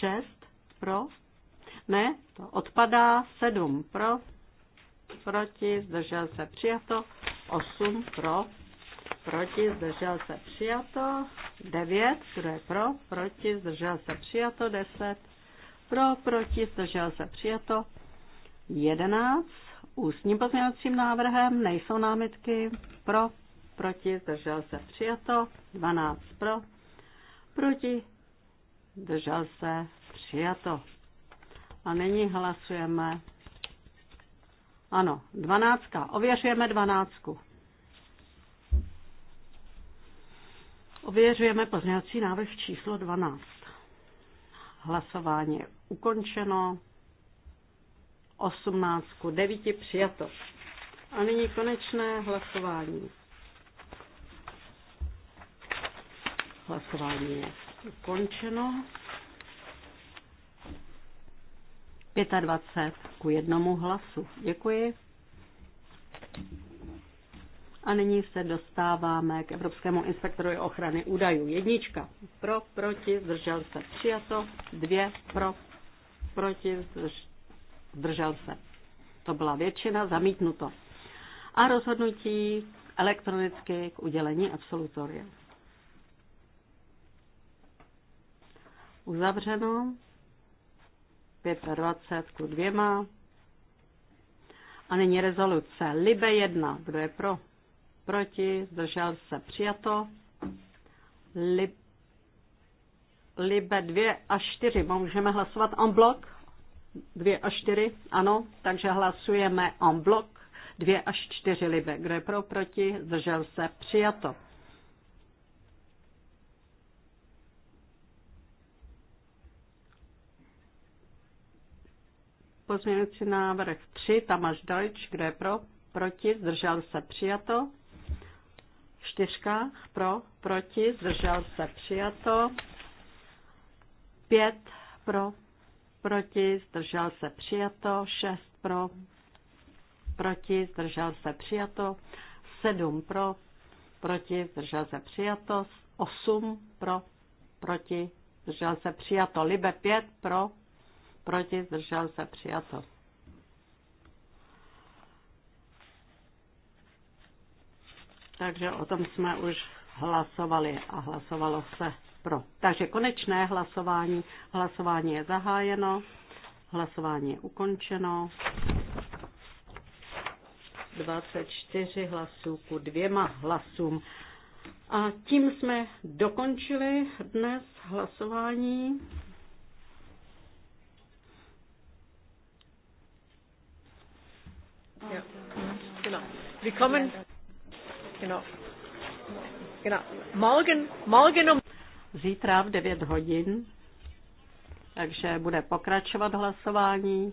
Šest pro, ne, to odpadá. 7 pro, proti, zdržel se přijato. 8 pro, proti, zdržel se přijato. 9, kdo je pro, proti, zdržel se přijato. 10 pro, proti, zdržel se přijato. 11 ústním pozměňovacím návrhem, nejsou námitky, pro, proti, zdržel se přijato, 12 pro, proti, zdržel se přijato. A nyní hlasujeme. Ano, dvanáctka. Ověřujeme dvanáctku. Ověřujeme pozměňovací návrh číslo 12. Hlasování je ukončeno. 18 9 přijato. A nyní konečné hlasování. Hlasování je ukončeno. 25 ku jednomu hlasu. Děkuji. A nyní se dostáváme k Evropskému inspektoru ochrany údajů. Jednička pro, proti, zdržel se, přijato. Dvě pro, proti, zdržel se. To byla většina, zamítnuto. A rozhodnutí elektronicky k udělení absolutoria. Uzavřeno. 25 ku dvěma. A nyní rezoluce. Libe 1. Kdo je pro? Proti? Zdržel se? Přijato. Lib, libe 2 a 4. Můžeme hlasovat en bloc? 2 a 4? Ano. Takže hlasujeme en bloc. 2 až 4 libe. Kdo je pro? Proti? Zdržel se? Přijato. Pozměňující návrh 3, Tamáš Dojč, kde je pro, proti, zdržel se přijato. Čtyřka, pro, proti, zdržel se přijato. Pět, pro, proti, zdržel se přijato. Šest, pro, proti, zdržel se přijato. Sedm, pro, proti, zdržel se přijato. Osm, pro, proti, zdržel se přijato. Libe pět, pro, proti, zdržel se, přijato. Takže o tom jsme už hlasovali a hlasovalo se pro. Takže konečné hlasování. Hlasování je zahájeno, hlasování je ukončeno. 24 hlasů ku dvěma hlasům. A tím jsme dokončili dnes hlasování. Ja. Genau. Wir kommen. Genau. Genau. Morgen, morgen um. Zítra v 9 hodin. Takže bude pokračovat hlasování.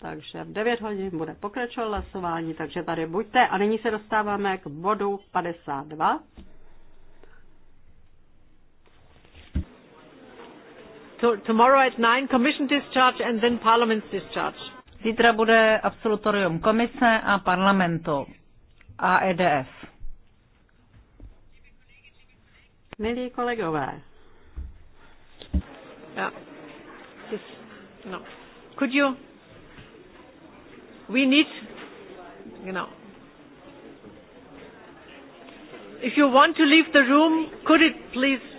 Takže v 9 hodin bude pokračovat hlasování, takže tady buďte. A nyní se dostáváme k bodu 52. tomorrow at 9 commission discharge and then parliament's discharge. Zítra bude absolutorium komise a parlamentu a EDF. Milí kolegové. Ja. This, no. Could you? We need. you know. If you want to leave the room, could it please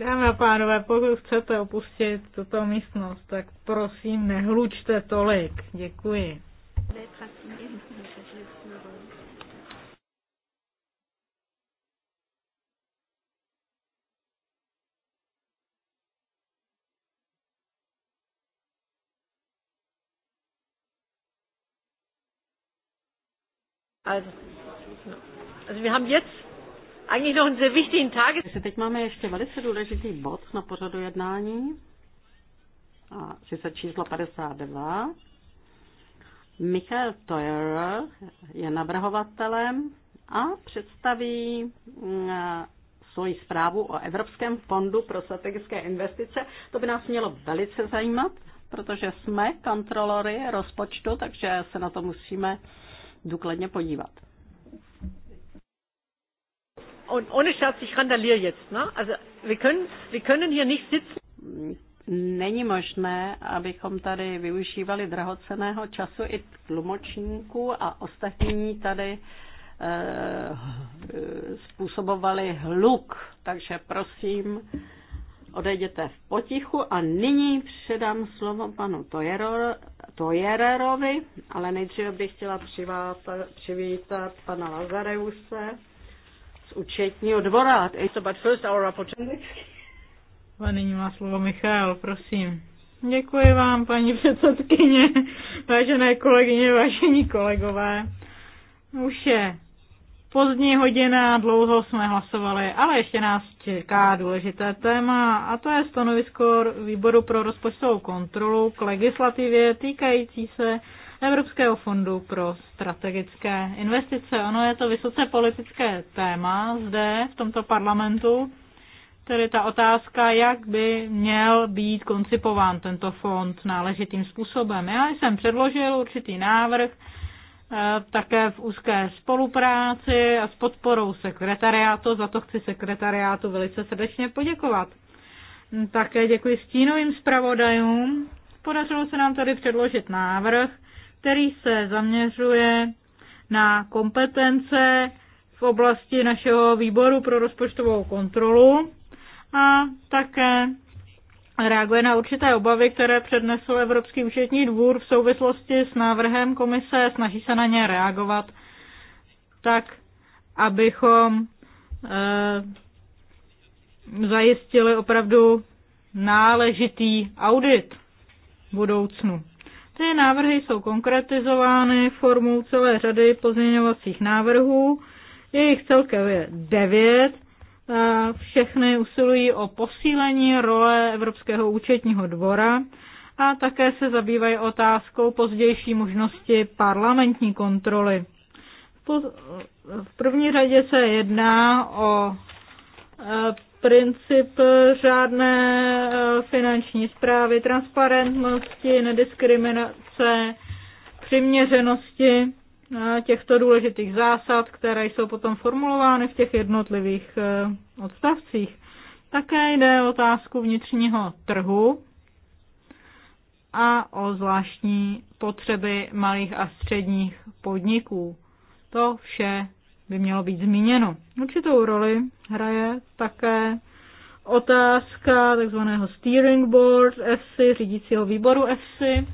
Dámy a pánové, pokud chcete opustit tuto místnost, tak prosím nehlučte tolik. Děkuji. Also, also wir haben jetzt ani do einen sehr wichtigen Takže teď máme ještě velice důležitý bod na pořadu jednání. A sice číslo 52. Michael Toyer je navrhovatelem a představí mm, svoji zprávu o Evropském fondu pro strategické investice. To by nás mělo velice zajímat, protože jsme kontrolory rozpočtu, takže se na to musíme důkladně podívat und ohne Scherz, ich randaliere jetzt. Ne? Also wir können, wir können hier nicht sitzen. Není možné, abychom tady využívali drahoceného času i tlumočníků a ostatní tady eh, způsobovali hluk. Takže prosím, odejděte v potichu a nyní předám slovo panu Tojererovi, ale nejdříve bych chtěla přivát, přivítat pana Lazareuse z účetního dvora. A nyní má slovo Michal, prosím. Děkuji vám, paní předsedkyně, vážené kolegyně, vážení kolegové. Už je pozdní hodina, dlouho jsme hlasovali, ale ještě nás čeká důležité téma a to je stanovisko Výboru pro rozpočtovou kontrolu k legislativě týkající se Evropského fondu pro strategické investice. Ono je to vysoce politické téma zde v tomto parlamentu, tedy ta otázka, jak by měl být koncipován tento fond náležitým způsobem. Já jsem předložil určitý návrh, eh, také v úzké spolupráci a s podporou sekretariátu. Za to chci sekretariátu velice srdečně poděkovat. Také děkuji stínovým zpravodajům. Podařilo se nám tady předložit návrh, který se zaměřuje na kompetence v oblasti našeho výboru pro rozpočtovou kontrolu a také reaguje na určité obavy, které přednesl Evropský účetní dvůr v souvislosti s návrhem komise, snaží se na ně reagovat tak, abychom e, zajistili opravdu náležitý audit v budoucnu. Ty návrhy jsou konkretizovány formou celé řady pozměňovacích návrhů. Je jich celkově devět. Všechny usilují o posílení role Evropského účetního dvora a také se zabývají otázkou pozdější možnosti parlamentní kontroly. V první řadě se jedná o e, princip řádné eh, finanční zprávy, transparentnosti, nediskriminace, přiměřenosti eh, těchto důležitých zásad, které jsou potom formulovány v těch jednotlivých eh, odstavcích. Také jde o otázku vnitřního trhu a o zvláštní potřeby malých a středních podniků. To vše by mělo být zmíněno. Určitou roli hraje také otázka takzvaného steering board FC, řídícího výboru FC.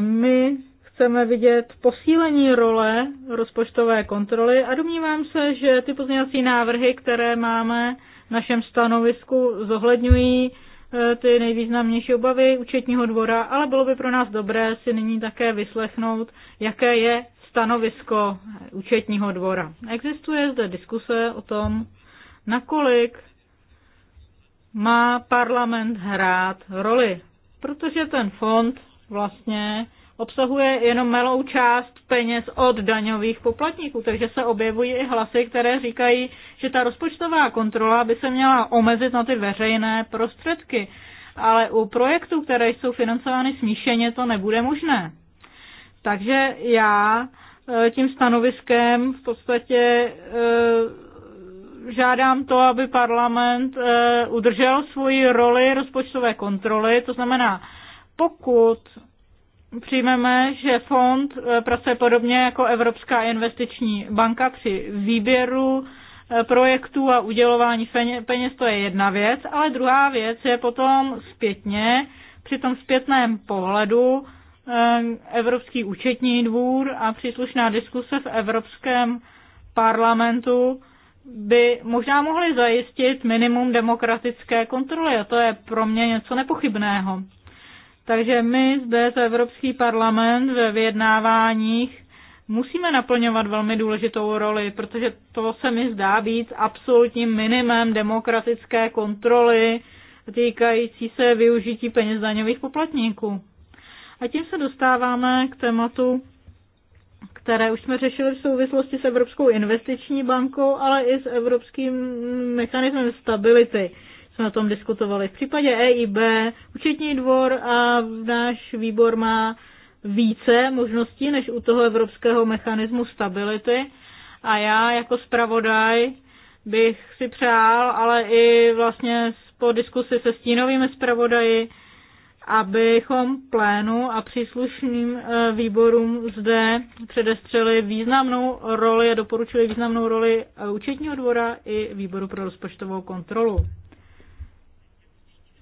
My chceme vidět posílení role rozpočtové kontroly a domnívám se, že ty pozměňovací návrhy, které máme v našem stanovisku, zohledňují e, ty nejvýznamnější obavy účetního dvora, ale bylo by pro nás dobré si nyní také vyslechnout, jaké je stanovisko účetního dvora. Existuje zde diskuse o tom, nakolik má parlament hrát roli, protože ten fond vlastně obsahuje jenom malou část peněz od daňových poplatníků, takže se objevují i hlasy, které říkají, že ta rozpočtová kontrola by se měla omezit na ty veřejné prostředky, ale u projektů, které jsou financovány smíšeně, to nebude možné. Takže já e, tím stanoviskem v podstatě e, žádám to, aby parlament e, udržel svoji roli rozpočtové kontroly, to znamená, pokud přijmeme, že fond pracuje podobně jako Evropská investiční banka při výběru projektů a udělování peněz, to je jedna věc, ale druhá věc je potom zpětně, při tom zpětném pohledu Eh, Evropský účetní dvůr a příslušná diskuse v Evropském parlamentu by možná mohly zajistit minimum demokratické kontroly a to je pro mě něco nepochybného. Takže my zde z Evropský parlament ve vyjednáváních musíme naplňovat velmi důležitou roli, protože to se mi zdá být absolutním minimem demokratické kontroly týkající se využití peněz daňových poplatníků. A tím se dostáváme k tématu, které už jsme řešili v souvislosti s Evropskou investiční bankou, ale i s Evropským mechanismem stability. Jsme o tom diskutovali. V případě EIB účetní dvor a náš výbor má více možností než u toho Evropského mechanismu stability. A já jako zpravodaj bych si přál, ale i vlastně po diskusi se stínovými zpravodaji, abychom plénu a příslušným eh, výborům zde předestřeli významnou roli a doporučili významnou roli eh, účetního dvora i výboru pro rozpočtovou kontrolu.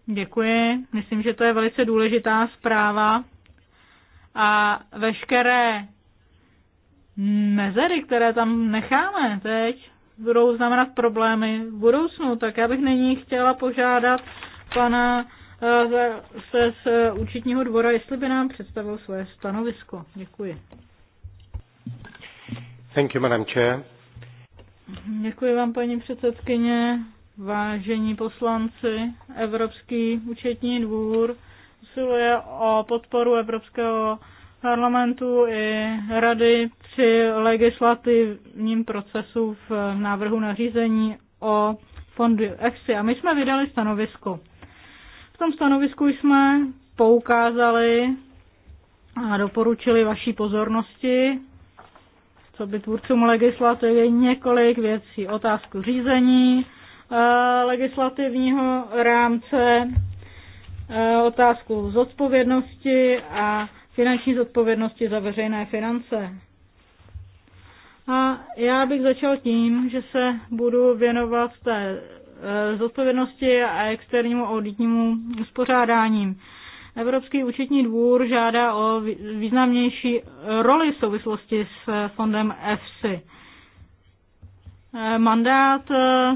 Děkuji. Myslím, že to je velice důležitá zpráva a veškeré mezery, které tam necháme teď, budou znamenat problémy v budoucnu, tak já bych nyní chtěla požádat pana se eh, z eh, účetního dvora, jestli by nám představil svoje stanovisko. Děkuji. Thank you, Madam Chair. Děkuji vám, paní předsedkyně. Vážení poslanci, Evropský účetní dvůr usiluje o podporu Evropského parlamentu i rady při legislativním procesu v návrhu nařízení o fondu EFSI. A my jsme vydali stanovisko tom stanovisku jsme poukázali a doporučili vaší pozornosti, co by tvůrcům legislativy několik věcí. Otázku řízení, eh, legislativního rámce, eh, otázku zodpovědnosti a finanční zodpovědnosti za veřejné finance. A já bych začal tím, že se budu věnovat té zodpovědnosti a externímu auditnímu uspořádáním. Evropský účetní dvůr žádá o významnější roli v souvislosti s eh, fondem EFSI. Eh, mandát eh,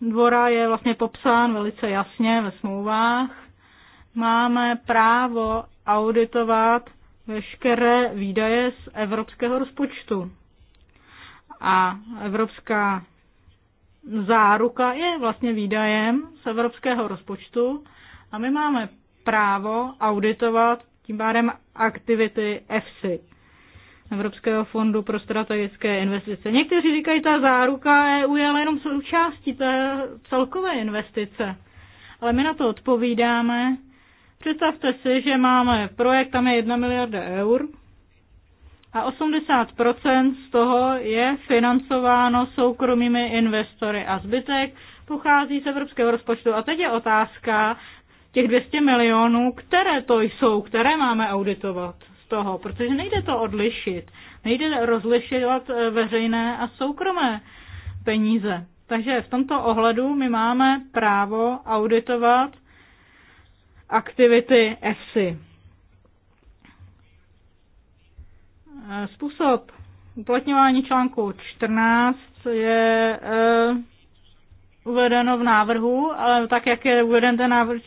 dvora je vlastně popsán velice jasně ve smlouvách. Máme právo auditovat veškeré výdaje z evropského rozpočtu. A Evropská záruka je vlastně výdajem z evropského rozpočtu a my máme právo auditovat tím pádem aktivity EFSI, Evropského fondu pro strategické investice. Někteří říkají, ta záruka EU je ale jenom součástí té celkové investice. Ale my na to odpovídáme. Představte si, že máme projekt, tam je 1 miliarda eur, a 80% z toho je financováno soukromými investory a zbytek pochází z evropského rozpočtu. A teď je otázka těch 200 milionů, které to jsou, které máme auditovat z toho, protože nejde to odlišit. Nejde rozlišovat eh, veřejné a soukromé peníze. Takže v tomto ohledu my máme právo auditovat aktivity EFSI. Způsob uplatňování článku 14 je eh, uvedeno v návrhu, ale tak, jak je uveden ten návrh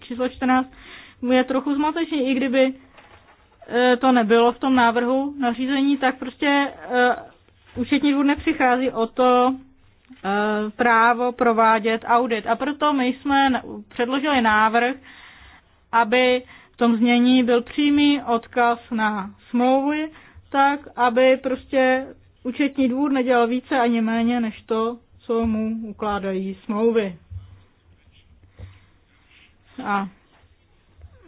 číslo 14, je trochu zmatečný, i kdyby eh, to nebylo v tom návrhu nařízení, tak prostě eh, účetní dvůr nepřichází o to právo provádět audit. A proto my jsme předložili návrh, aby v tom znění byl přímý odkaz na smlouvy, tak aby prostě účetní dvůr nedělal více ani méně než to, co mu ukládají smlouvy. A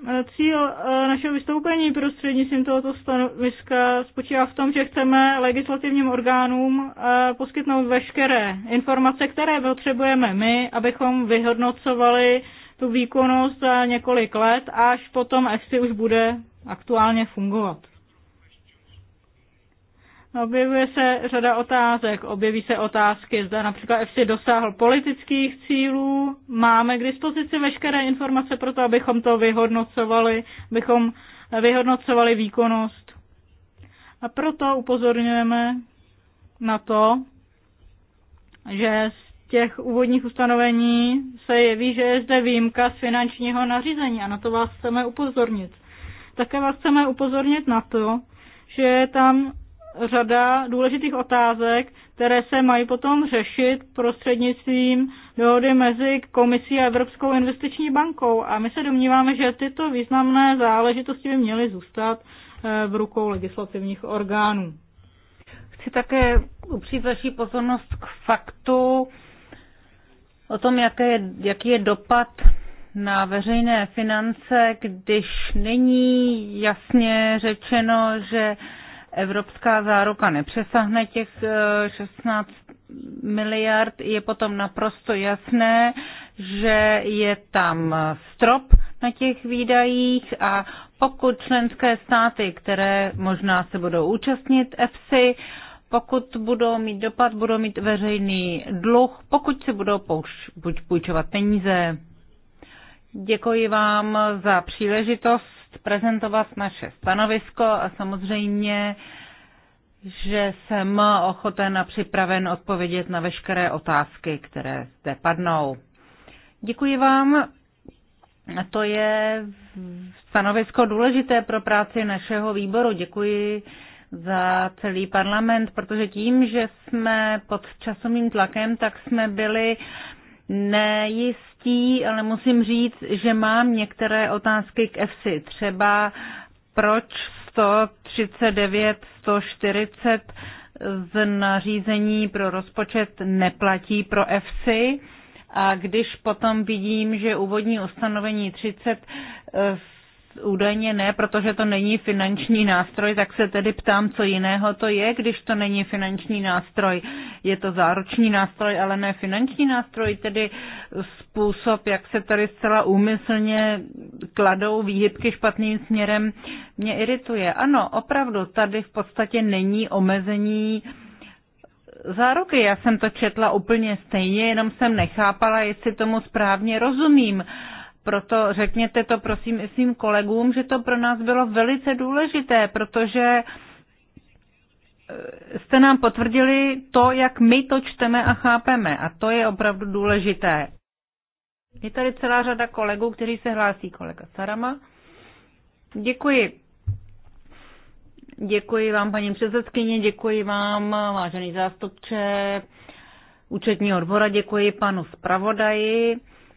e, cíl e, našeho vystoupení prostřednictvím tohoto stanoviska spočívá v tom, že chceme legislativním orgánům e, poskytnout veškeré informace, které potřebujeme my, abychom vyhodnocovali tu výkonnost eh, několik let, až potom EFSI už bude aktuálně fungovat. Objevuje se řada otázek. Objeví se otázky, zda například EFSI dosáhl politických cílů. Máme k dispozici veškeré informace pro to, abychom to vyhodnocovali, abychom vyhodnocovali výkonnost. A proto upozorňujeme na to, že těch úvodních ustanovení se jeví, že je zde výjimka z finančního nařízení a na to vás chceme upozornit. Také vás chceme upozornit na to, že je tam řada důležitých otázek, které se mají potom řešit prostřednictvím dohody mezi Komisí a Evropskou investiční bankou. A my se domníváme, že tyto významné záležitosti by měly zůstat eh, v rukou legislativních orgánů. Chci také upřít vaší pozornost k faktu, o tom, jaké je, jaký je dopad na veřejné finance, když není jasně řečeno, že evropská záruka nepřesahne těch 16 eh, miliard, je potom naprosto jasné, že je tam strop na těch výdajích a pokud členské státy, které možná se budou účastnit EFSI, pokud budou mít dopad, budou mít veřejný dluh, pokud si budou pouš, buď půjčovat peníze. Děkuji vám za příležitost prezentovat naše stanovisko a samozřejmě, že jsem ochoten a připraven odpovědět na veškeré otázky, které zde padnou. Děkuji vám. To je stanovisko důležité pro práci našeho výboru. Děkuji za celý parlament, protože tím, že jsme pod časovým tlakem, tak jsme byli nejistí, ale musím říct, že mám některé otázky k EFSI. Třeba proč 139, 140 z nařízení pro rozpočet neplatí pro EFSI. A když potom vidím, že úvodní ustanovení 30 v eh, Údajně ne, protože to není finanční nástroj, tak se tedy ptám, co jiného to je, když to není finanční nástroj. Je to záruční nástroj, ale ne finanční nástroj, tedy způsob, jak se tady zcela úmyslně kladou výhybky špatným směrem, mě irituje. Ano, opravdu, tady v podstatě není omezení záruky. Já jsem to četla úplně stejně, jenom jsem nechápala, jestli tomu správně rozumím. Uh, proto řekněte to prosím i svým kolegům, že to pro nás bylo velice důležité, protože e, jste nám potvrdili to, jak my to čteme a chápeme. A to je opravdu důležité. Je tady celá řada kolegů, kteří se hlásí. Kolega Sarama. Děkuji. Děkuji vám, paní předsedkyně, děkuji vám, vážený zástupče účetního odbora, děkuji panu zpravodaji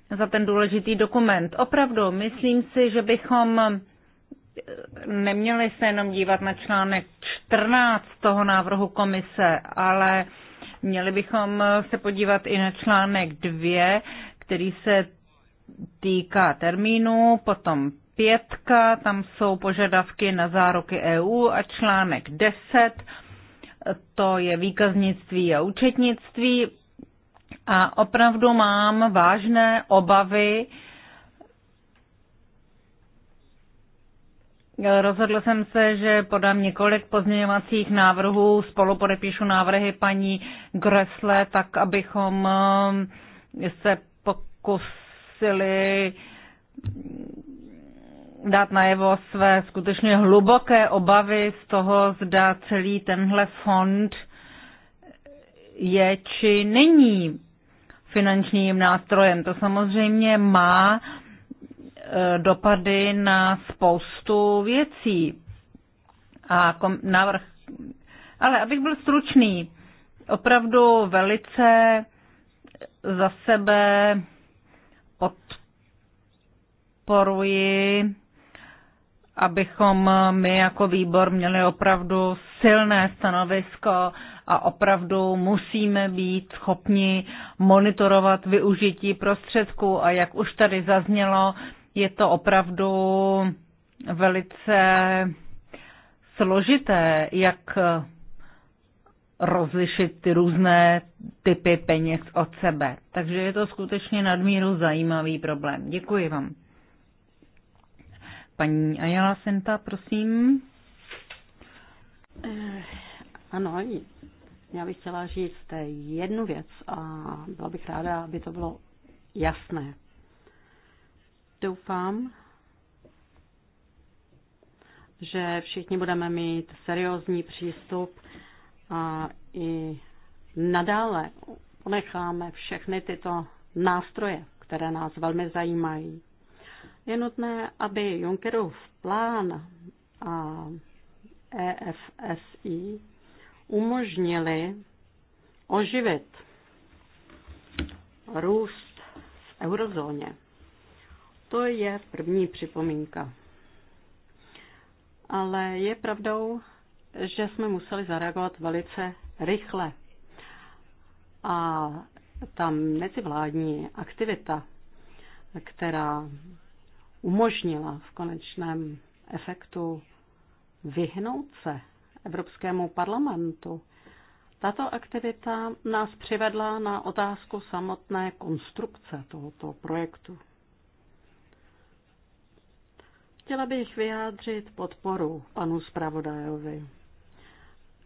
za ten důležitý dokument. Opravdu, myslím si, že bychom eh, neměli se jenom dívat na článek 14 toho návrhu komise, ale měli bychom eh, se podívat i na článek 2, který se týká termínu, potom pětka, tam jsou požadavky na záruky EU a článek 10, to je výkaznictví a účetnictví a opravdu mám vážné obavy. Rozhodl jsem se, že podám několik pozměňovacích návrhů, spolu podepíšu návrhy paní Gresle, tak abychom um, se pokusili dát najevo své skutečně hluboké obavy z toho, zda celý tenhle fond je či není finančním nástrojem. To samozřejmě má e, dopady na spoustu věcí. A kom, návrh. Ale abych byl stručný, opravdu velice za sebe odporuji, abychom my jako výbor měli opravdu silné stanovisko a opravdu musíme být schopni monitorovat využití prostředků a jak už tady zaznělo, je to opravdu velice složité, jak rozlišit ty různé typy peněz od sebe. Takže je to skutečně nadmíru zajímavý problém. Děkuji vám. Paní Ajala Senta, prosím. Eh, ano, já bych chtěla říct jednu věc a byla bych ráda, aby to bylo jasné. Doufám, že všichni budeme mít seriózní přístup a i nadále ponecháme všechny tyto nástroje, které nás velmi zajímají. Je nutné, aby Junckerův plán a EFSI umožnili oživit růst v eurozóně. To je první připomínka. Ale je pravdou, že jsme museli zareagovat velice rychle. A ta mezivládní aktivita, která umožnila v konečném efektu vyhnout se Evropskému parlamentu. Tato aktivita nás přivedla na otázku samotné konstrukce tohoto projektu. Chtěla bych vyjádřit podporu panu zpravodajovi,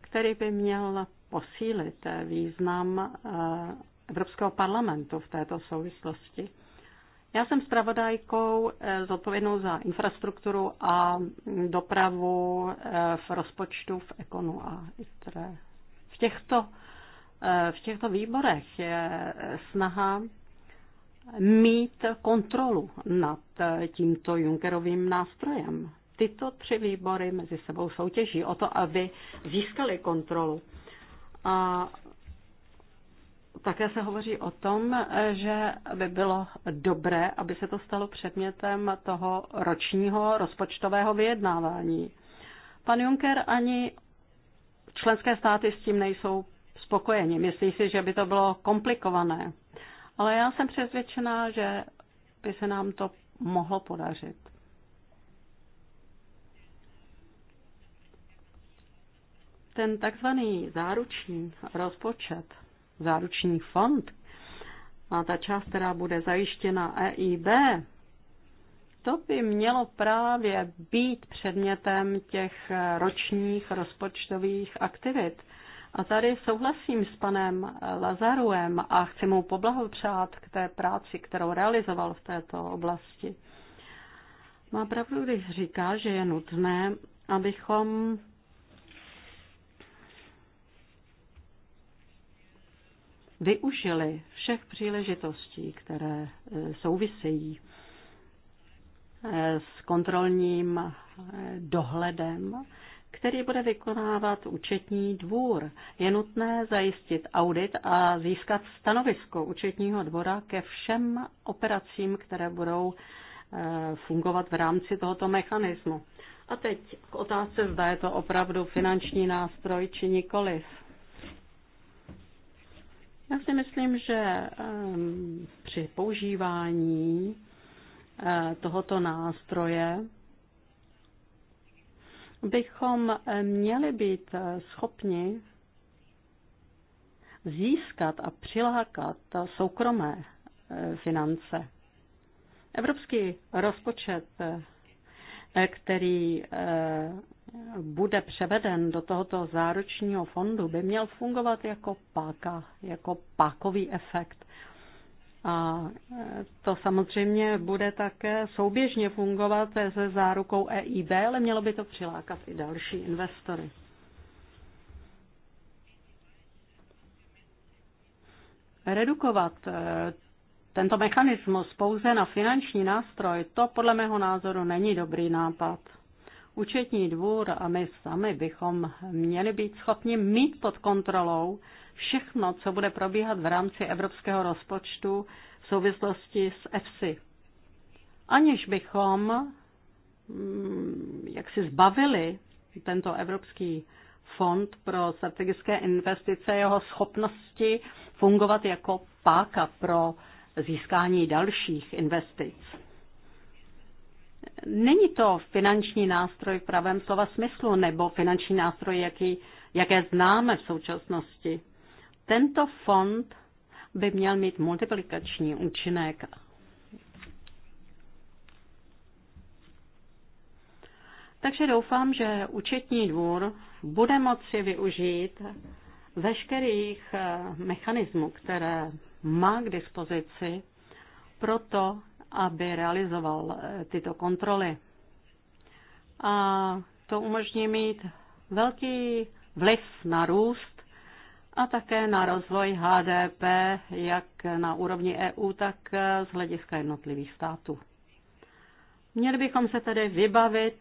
který by měl posílit význam eh, Evropského parlamentu v této souvislosti. Já jsem zpravodajkou eh, zodpovědnou za infrastrukturu a dopravu eh, v rozpočtu v Ekonu a ITRE. V těchto, eh, v těchto výborech je snaha mít kontrolu nad tímto Junckerovým nástrojem. Tyto tři výbory mezi sebou soutěží o to, aby získali kontrolu. A také se hovoří o tom, že by bylo dobré, aby se to stalo předmětem toho ročního rozpočtového vyjednávání. Pan Juncker ani členské státy s tím nejsou spokojeni. Myslí si, že by to bylo komplikované. Ale já jsem přesvědčená, že by se nám to mohlo podařit. Ten takzvaný záruční rozpočet záruční fond a ta část, která bude zajištěna EIB, to by mělo právě být předmětem těch ročních rozpočtových aktivit. A tady souhlasím s panem Lazaruem a chci mu poblahopřát k té práci, kterou realizoval v této oblasti. Má pravdu, když říká, že je nutné, abychom využili všech příležitostí, které eh, souvisejí eh, s kontrolním eh, dohledem, který bude vykonávat účetní dvůr. Je nutné zajistit audit a získat stanovisko účetního dvora ke všem operacím, které budou fungovat v rámci tohoto mechanismu. A teď k otázce, zda je to opravdu finanční nástroj či nikoliv. Já si myslím, že ehm, při používání eh, tohoto nástroje bychom eh, měli být eh, schopni získat a přilákat soukromé finance. Evropský rozpočet, který bude převeden do tohoto záručního fondu, by měl fungovat jako páka, jako pákový efekt. A e, to samozřejmě bude také souběžně fungovat se zárukou EIB, ale mělo by to přilákat i další investory. Redukovat e, tento mechanismus pouze na finanční nástroj, to podle mého názoru není dobrý nápad. Účetní dvůr a my sami bychom měli být schopni mít pod kontrolou všechno, co bude probíhat v rámci evropského rozpočtu v souvislosti s EFSI. Aniž bychom mm, jak si zbavili tento Evropský fond pro strategické investice, jeho schopnosti fungovat jako páka pro získání dalších investic. Není to finanční nástroj v pravém slova smyslu nebo finanční nástroj, jaký, jaké známe v současnosti. Tento fond by měl mít multiplikační účinek. Takže doufám, že účetní dvůr bude moci využít veškerých eh, mechanismů, které má k dispozici, proto, aby realizoval eh, tyto kontroly. A to umožní mít velký vliv na růst a také na rozvoj HDP, jak na úrovni EU, tak eh, z hlediska jednotlivých států. Měli bychom se tedy vybavit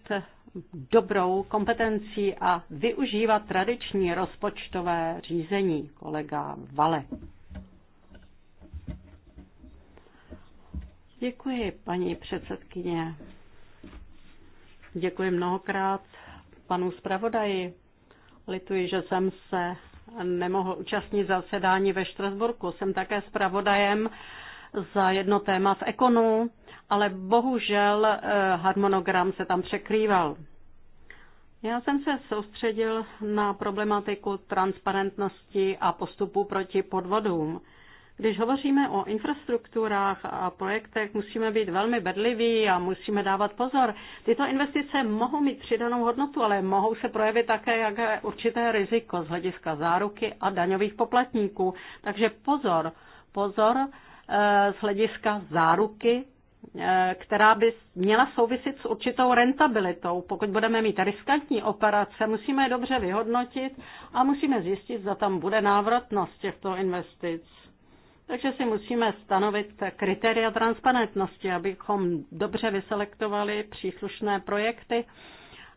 dobrou kompetencí a využívat tradiční rozpočtové řízení, kolega Vale. Děkuji, paní předsedkyně. Děkuji mnohokrát panu zpravodaji. Lituji, že jsem se nemohl účastnit zasedání ve Štrasburku. Jsem také zpravodajem za jedno téma v Ekonu, ale bohužel eh, harmonogram se tam překrýval. Já jsem se soustředil na problematiku transparentnosti a postupu proti podvodům. Když hovoříme o infrastrukturách a projektech, musíme být velmi bedliví a musíme dávat pozor. Tyto investice mohou mít přidanou hodnotu, ale mohou se projevit také jako určité riziko z hlediska záruky a daňových poplatníků. Takže pozor, pozor eh, z hlediska záruky eh, která by měla souviset s určitou rentabilitou. Pokud budeme mít riskantní operace, musíme je dobře vyhodnotit a musíme zjistit, zda tam bude návratnost těchto investic. Takže si musíme stanovit kritéria transparentnosti, abychom dobře vyselektovali příslušné projekty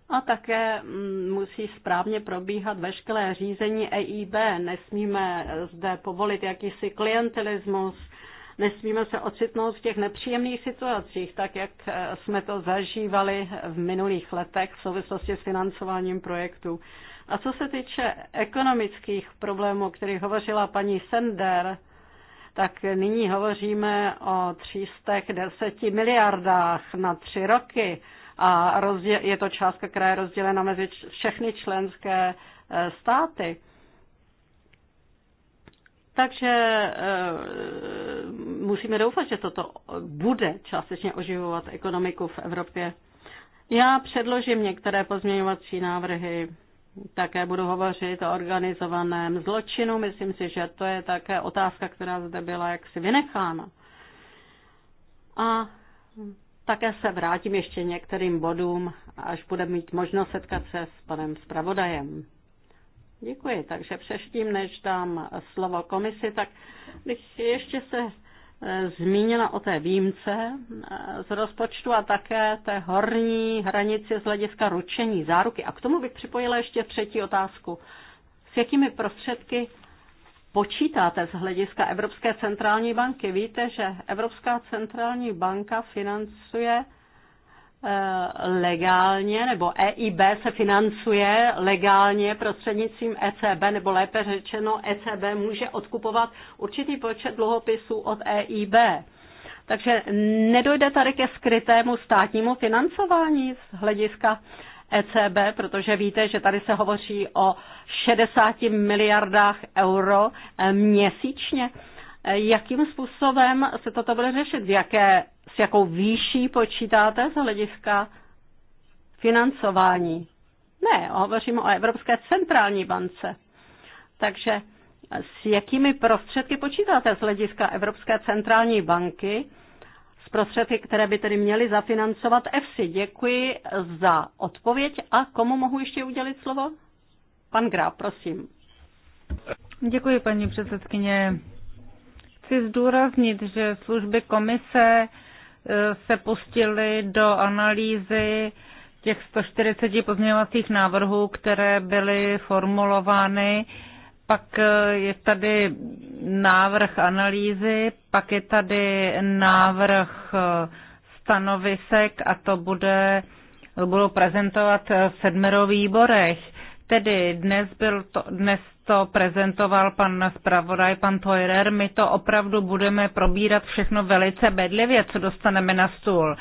a také mm, musí správně probíhat veškeré řízení EIB. Nesmíme zde povolit jakýsi klientelismus, nesmíme se ocitnout v těch nepříjemných situacích, tak jak eh, jsme to zažívali v minulých letech v souvislosti s financováním projektů. A co se týče ekonomických problémů, o kterých hovořila paní Sender, tak nyní hovoříme o 310 miliardách na tři roky a je to částka, která je rozdělena mezi všechny členské e, státy. Takže e, musíme doufat, že toto bude částečně oživovat ekonomiku v Evropě. Já předložím některé pozměňovací návrhy také budu hovořit o organizovaném zločinu. Myslím si, že to je také otázka, která zde byla jaksi vynechána. A také se vrátím ještě některým bodům, až budeme mít možnost setkat se s panem zpravodajem. Děkuji. Takže přeštím, než dám slovo komisi, tak bych ještě se Eh, zmínila o té výjimce eh, z rozpočtu a také té horní hranici z hlediska ručení záruky. A k tomu bych připojila ještě třetí otázku. S jakými prostředky počítáte z hlediska Evropské centrální banky? Víte, že Evropská centrální banka financuje Eh, legálně, nebo EIB se financuje legálně prostřednictvím ECB, nebo lépe řečeno ECB může odkupovat určitý počet dluhopisů od EIB. Takže nedojde tady ke skrytému státnímu financování z hlediska ECB, protože víte, že tady se hovoří o 60 miliardách euro eh, měsíčně. Eh, jakým způsobem se toto bude řešit? V jaké s jakou výší počítáte z hlediska financování. Ne, hovořím o Evropské centrální bance. Takže s jakými prostředky počítáte z hlediska Evropské centrální banky, s prostředky, které by tedy měly zafinancovat EFSI? Děkuji za odpověď a komu mohu ještě udělit slovo? Pan Grá, prosím. Děkuji, paní předsedkyně. Chci zdůraznit, že služby komise Eh, se pustili do analýzy těch 140 pozměňovacích návrhů, které byly formulovány. Pak eh, je tady návrh analýzy, pak je tady návrh eh, stanovisek a to bude, budou prezentovat v sedmero výborech. Tedy dnes, byl to, dnes to prezentoval pan zpravodaj, pan Toirer, my to opravdu budeme probírat všechno velice bedlivě, co dostaneme na stůl.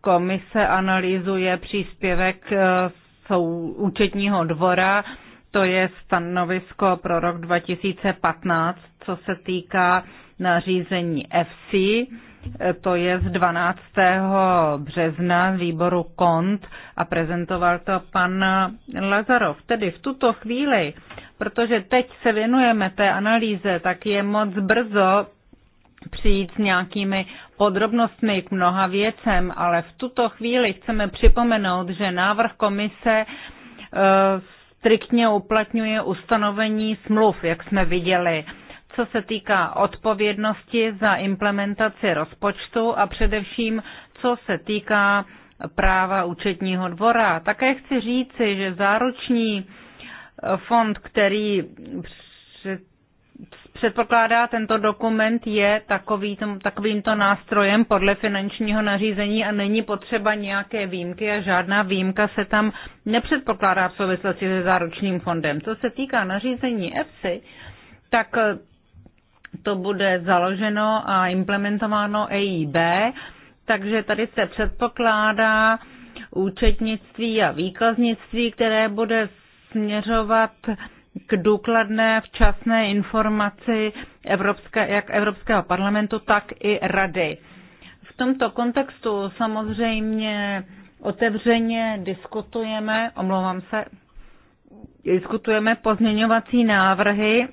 Komise analýzuje příspěvek eh, sou, účetního dvora, to je stanovisko pro rok 2015, co se týká nařízení FC, eh, to je z 12. března z výboru KONT a prezentoval to pan Lazarov. Tedy v tuto chvíli protože teď se věnujeme té analýze, tak je moc brzo přijít s nějakými podrobnostmi k mnoha věcem, ale v tuto chvíli chceme připomenout, že návrh komise e, striktně uplatňuje ustanovení smluv, jak jsme viděli co se týká odpovědnosti za implementaci rozpočtu a především co se týká práva účetního dvora. Také chci říci, že záruční fond, který předpokládá tento dokument, je takový, takovýmto nástrojem podle finančního nařízení a není potřeba nějaké výjimky a žádná výjimka se tam nepředpokládá v souvislosti se záručním fondem. Co se týká nařízení EFSI, tak eh, to bude založeno a implementováno EIB, takže tady se předpokládá účetnictví a výkaznictví, které bude směřovat k důkladné včasné informaci Evropské, jak Evropského parlamentu, tak i Rady. V tomto kontextu samozřejmě otevřeně diskutujeme, omlouvám se, diskutujeme pozměňovací návrhy,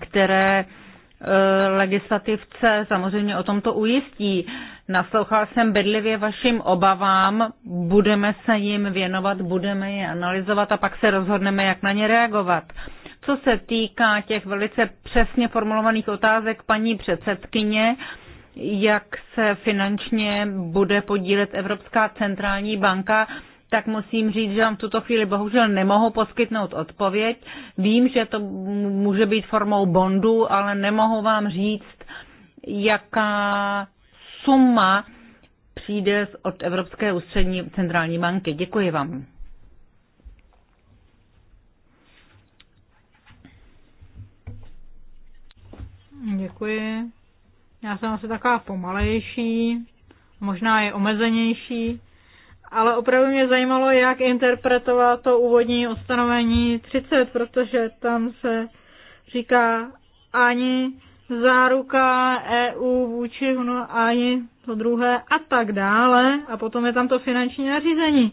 které eh, legislativce samozřejmě o tomto ujistí. Naslouchal jsem bedlivě vašim obavám, budeme se jim věnovat, budeme je analyzovat a pak se rozhodneme, jak na ně reagovat. Co se týká těch velice přesně formulovaných otázek paní předsedkyně, jak se finančně bude podílet Evropská centrální banka, tak musím říct, že vám v tuto chvíli bohužel nemohu poskytnout odpověď. Vím, že to může být formou bondu, ale nemohu vám říct, jaká suma přijde od Evropské ústřední centrální banky. Děkuji vám. Děkuji. Já jsem asi taková pomalejší, možná je omezenější, ale opravdu mě zajímalo, jak interpretovat to úvodní ustanovení 30, protože tam se říká ani záruka EU vůči no, ani to druhé a tak dále. A potom je tam to finanční nařízení.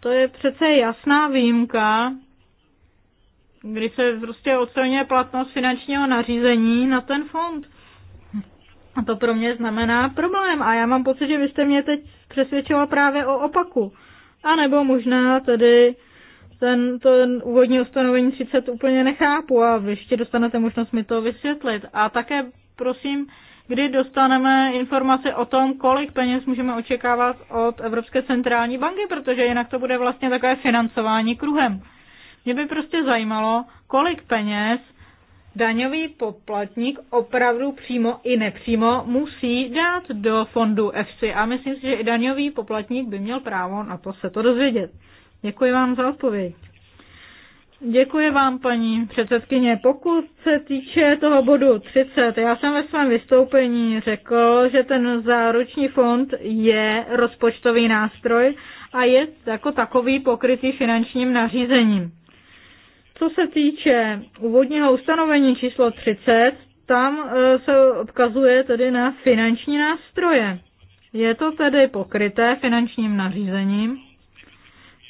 To je přece jasná výjimka, kdy se prostě odstraňuje platnost finančního nařízení na ten fond. A to pro mě znamená problém. A já mám pocit, že vy jste mě teď přesvědčila právě o opaku. A nebo možná tedy ten, ten úvodní ustanovení 30 úplně nechápu a vy ještě dostanete možnost mi to vysvětlit. A také prosím, kdy dostaneme informace o tom, kolik peněz můžeme očekávat od Evropské centrální banky, protože jinak to bude vlastně takové financování kruhem. Mě by prostě zajímalo, kolik peněz daňový poplatník opravdu přímo i nepřímo musí dát do fondu FC a myslím si, že i daňový poplatník by měl právo na to se to dozvědět. Děkuji vám za odpověď. Děkuji vám, paní předsedkyně. Pokud se týče toho bodu 30, já jsem ve svém vystoupení řekl, že ten záruční fond je rozpočtový nástroj a je jako takový pokrytý finančním nařízením. Co se týče úvodního ustanovení číslo 30, tam e, se odkazuje tedy na finanční nástroje. Je to tedy pokryté finančním nařízením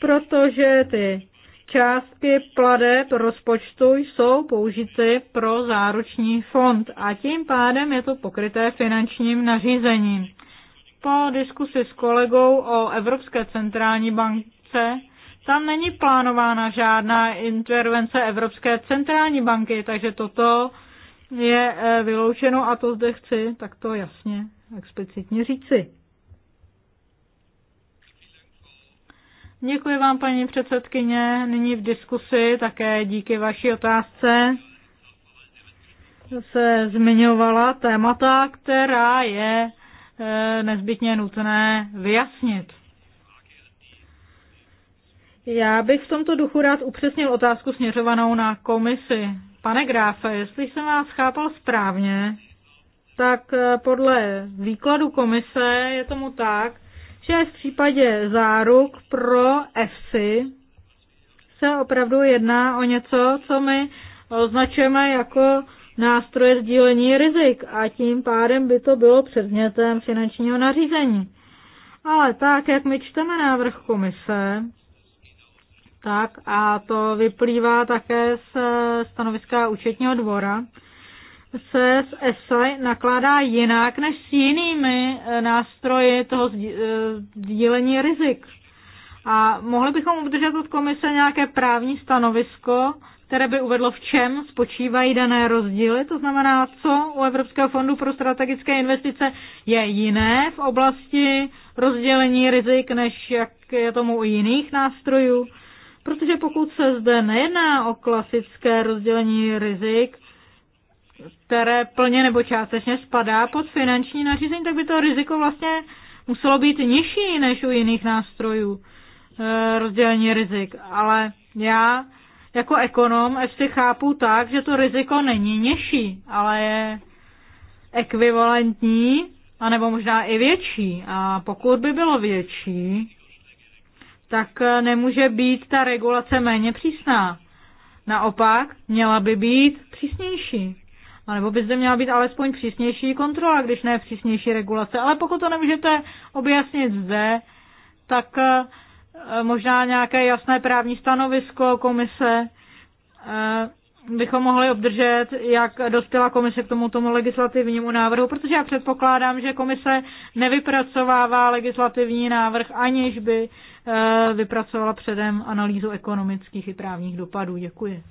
protože ty částky pladeb rozpočtu jsou použity pro záruční fond a tím pádem je to pokryté finančním nařízením. Po diskusi s kolegou o Evropské centrální bance, tam není plánována žádná intervence Evropské centrální banky, takže toto je eh, vyloučeno a to zde chci takto jasně explicitně říci. Děkuji vám, paní předsedkyně. Nyní v diskusi také díky vaší otázce se zmiňovala témata, která je e, nezbytně nutné vyjasnit. Já bych v tomto duchu rád upřesnil otázku směřovanou na komisi. Pane Gráfe, jestli jsem vás chápal správně, tak e, podle výkladu komise je tomu tak, že v případě záruk pro EFSI se opravdu jedná o něco, co my označujeme jako nástroje sdílení rizik a tím pádem by to bylo předmětem finančního nařízení. Ale tak, jak my čteme návrh komise, tak a to vyplývá také z stanoviska účetního dvora, se s ESI nakládá jinak než s jinými eh, nástroji toho eh, sdílení rizik. A mohli bychom obdržet od komise nějaké právní stanovisko, které by uvedlo, v čem spočívají dané rozdíly, to znamená, co u Evropského fondu pro strategické investice je jiné v oblasti rozdělení rizik, než jak je tomu u jiných nástrojů. Protože pokud se zde nejedná o klasické rozdělení rizik, které plně nebo částečně spadá pod finanční nařízení, tak by to riziko vlastně muselo být nižší než u jiných nástrojů e, rozdělení rizik. Ale já jako ekonom EFSI chápu tak, že to riziko není nižší, ale je ekvivalentní, a nebo možná i větší. A pokud by bylo větší, tak e, nemůže být ta regulace méně přísná. Naopak, měla by být přísnější. A nebo by zde měla být alespoň přísnější kontrola, když ne přísnější regulace. Ale pokud to nemůžete objasnit zde, tak eh, možná nějaké jasné právní stanovisko komise eh, bychom mohli obdržet, jak dospěla komise k tomuto tomu legislativnímu návrhu, protože já předpokládám, že komise nevypracovává legislativní návrh, aniž by eh, vypracovala předem analýzu ekonomických i právních dopadů. Děkuji.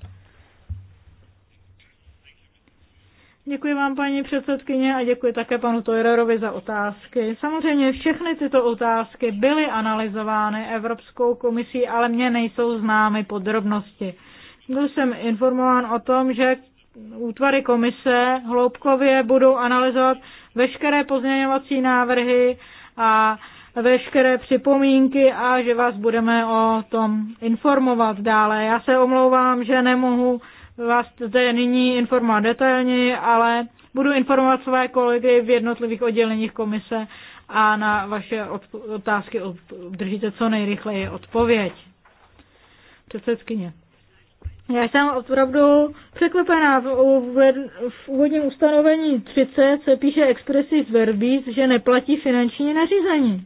Děkuji vám, paní předsedkyně, a děkuji také panu Toirerovi za otázky. Samozřejmě všechny tyto otázky byly analyzovány Evropskou komisí, ale mně nejsou známy podrobnosti. Byl jsem informován o tom, že útvary komise hloubkově budou analyzovat veškeré pozměňovací návrhy a veškeré připomínky a že vás budeme o tom informovat dále. Já se omlouvám, že nemohu vás zde nyní informovat detailněji, ale budu informovat své kolegy v jednotlivých odděleních komise a na vaše otázky obdržíte co nejrychleji odpověď. Předsedkyně. Já jsem opravdu překvapená. V úvodním ustanovení 30 se píše expressis verbis, že neplatí finanční nařízení.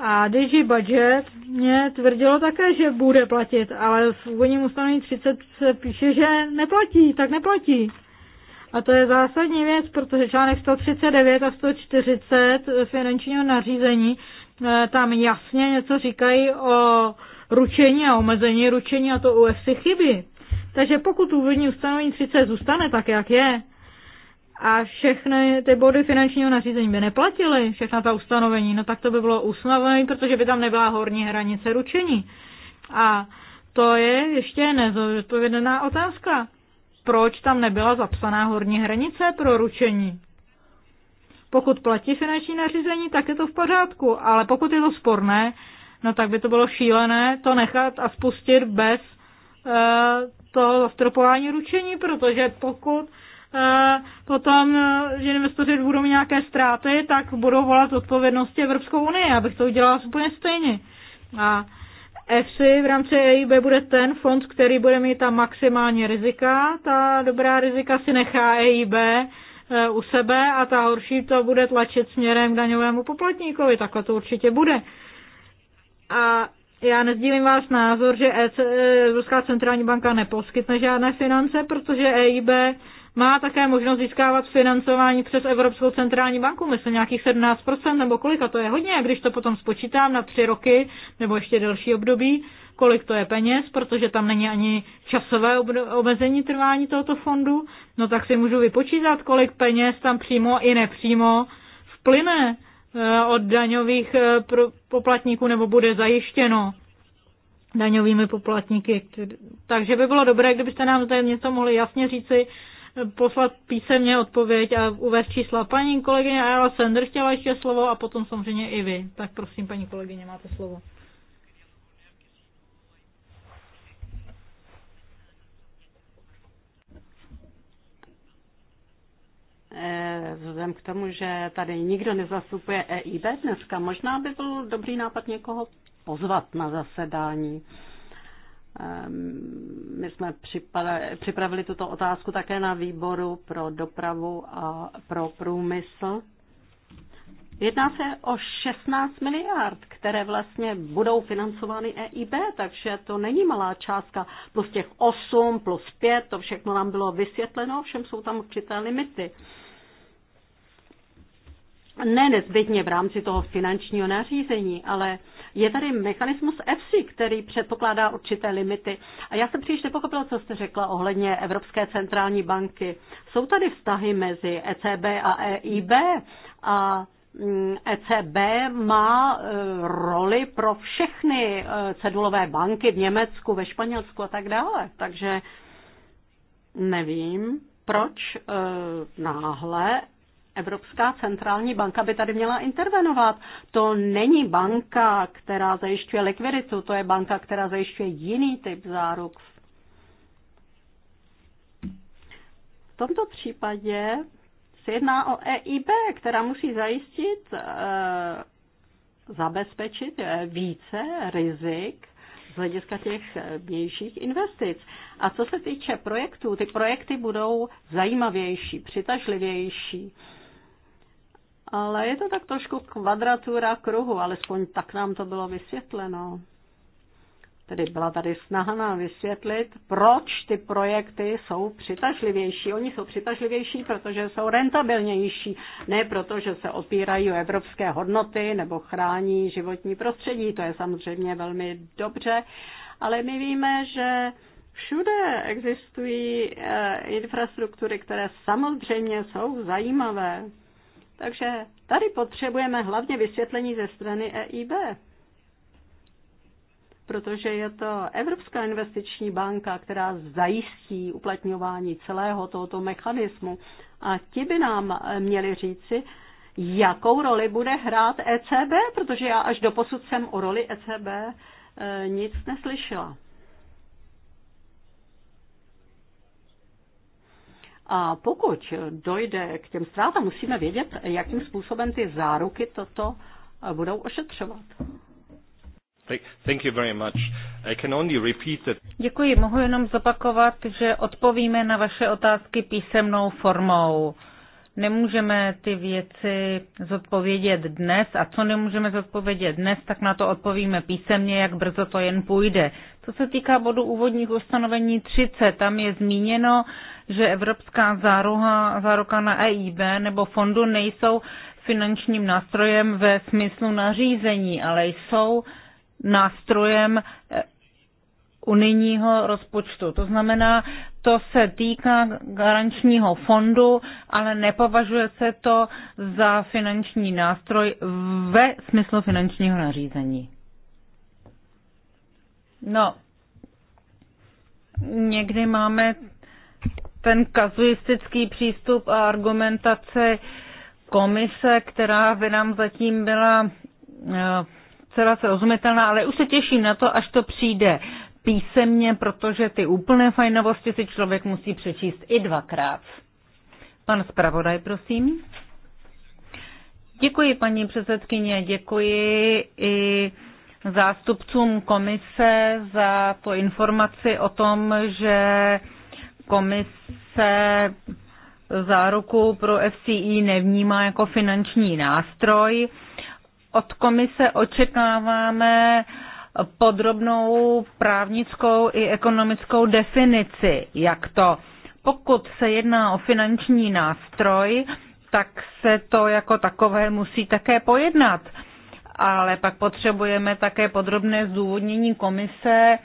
A Digi Budget mě tvrdilo také, že bude platit, ale v úvodním ustanovení 30 se píše, že neplatí, tak neplatí. A to je zásadní věc, protože článek 139 a 140 finančního nařízení eh, tam jasně něco říkají o ručení a omezení ručení a to u EFSI chyby. Takže pokud úvodní ustanovení 30 zůstane tak, jak je, a všechny ty body finančního nařízení by neplatily, všechna ta ustanovení, no tak to by bylo usnavené, protože by tam nebyla horní hranice ručení. A to je ještě nezodpovědná otázka. Proč tam nebyla zapsaná horní hranice pro ručení? Pokud platí finanční nařízení, tak je to v pořádku, ale pokud je to sporné, no tak by to bylo šílené to nechat a spustit bez e, toho zastropování ručení, protože pokud E, potom, e, že investoři budou mít nějaké ztráty, tak budou volat odpovědnosti Evropskou unii. abych to udělala úplně stejně. A EFSI v rámci EIB bude ten fond, který bude mít ta maximální rizika. Ta dobrá rizika si nechá EIB e, u sebe a ta horší to bude tlačit směrem k daňovému poplatníkovi. Takhle to určitě bude. A já nezdílím váš názor, že Evropská centrální banka neposkytne žádné finance, protože EIB má také možnost získávat financování přes Evropskou centrální banku, myslím nějakých 17% nebo kolik, a to je hodně, a když to potom spočítám na tři roky nebo ještě delší období, kolik to je peněz, protože tam není ani časové omezení trvání tohoto fondu, no tak si můžu vypočítat, kolik peněz tam přímo i nepřímo vplyne eh, od daňových eh, poplatníků nebo bude zajištěno daňovými poplatníky. Takže by bylo dobré, kdybyste nám tady něco mohli jasně říci, poslat písemně odpověď a uvést čísla. Paní kolegyně Ayala Sender chtěla ještě slovo a potom samozřejmě i vy. Tak prosím, paní kolegyně, máte slovo. Eh, vzhledem k tomu, že tady nikdo nezastupuje EIB dneska, možná by byl dobrý nápad někoho pozvat na zasedání. Ehm, my jsme připravili tuto otázku také na výboru pro dopravu a pro průmysl. Jedná se o 16 miliard, které vlastně budou financovány EIB, takže to není malá částka. Plus těch 8, plus 5, to všechno nám bylo vysvětleno, všem jsou tam určité limity. Ne nezbytně v rámci toho finančního nařízení, ale je tady mechanismus EFSI, který předpokládá určité limity. A já jsem příliš nepochopila, co jste řekla ohledně Evropské centrální banky. Jsou tady vztahy mezi ECB a EIB a mm, ECB má e, roli pro všechny e, cedulové banky v Německu, ve Španělsku a tak dále. Takže nevím, proč e, náhle Evropská centrální banka by tady měla intervenovat. To není banka, která zajišťuje likviditu, to je banka, která zajišťuje jiný typ záruk. V tomto případě se jedná o EIB, která musí zajistit, eh, zabezpečit eh, více rizik z hlediska těch eh, vnějších investic. A co se týče projektů, ty projekty budou zajímavější, přitažlivější. Ale je to tak trošku kvadratura kruhu, alespoň tak nám to bylo vysvětleno. Tedy byla tady snaha nám vysvětlit, proč ty projekty jsou přitažlivější. Oni jsou přitažlivější, protože jsou rentabilnější, ne proto, že se opírají o evropské hodnoty nebo chrání životní prostředí. To je samozřejmě velmi dobře, ale my víme, že všude existují eh, infrastruktury, které samozřejmě jsou zajímavé. Takže tady potřebujeme hlavně vysvětlení ze strany EIB, protože je to Evropská investiční banka, která zajistí uplatňování celého tohoto mechanismu. A ti by nám měli říci, jakou roli bude hrát ECB, protože já až do posud jsem o roli ECB eh, nic neslyšela. A pokud dojde k těm ztrátám, musíme vědět, jakým způsobem ty záruky toto eh, budou ošetřovat. Thank you very much. I can only repeat that... Děkuji, mohu jenom zopakovat, že odpovíme na vaše otázky písemnou formou. Nemůžeme ty věci zodpovědět dnes a co nemůžeme zodpovědět dnes, tak na to odpovíme písemně, jak brzo to jen půjde. Co se týká bodu úvodních ustanovení 30, tam je zmíněno, že evropská záruha, záruka na EIB nebo fondu nejsou finančním nástrojem ve smyslu nařízení, ale jsou nástrojem eh, unijního rozpočtu. To znamená, to se týká garančního fondu, ale nepovažuje se to za finanční nástroj ve smyslu finančního nařízení. No, někdy máme ten kazuistický přístup a argumentace komise, která by nám zatím byla eh, celá srozumitelná, ale už se těším na to, až to přijde písemně, protože ty úplné fajnovosti si člověk musí přečíst i dvakrát. Pan zpravodaj, prosím. Děkuji, paní předsedkyně, děkuji i zástupcům komise za tu informaci o tom, že komise záruku pro FCI nevnímá jako finanční nástroj. Od komise očekáváme podrobnou právnickou i ekonomickou definici, jak to. Pokud se jedná o finanční nástroj, tak se to jako takové musí také pojednat ale pak potřebujeme také podrobné zdůvodnění komise,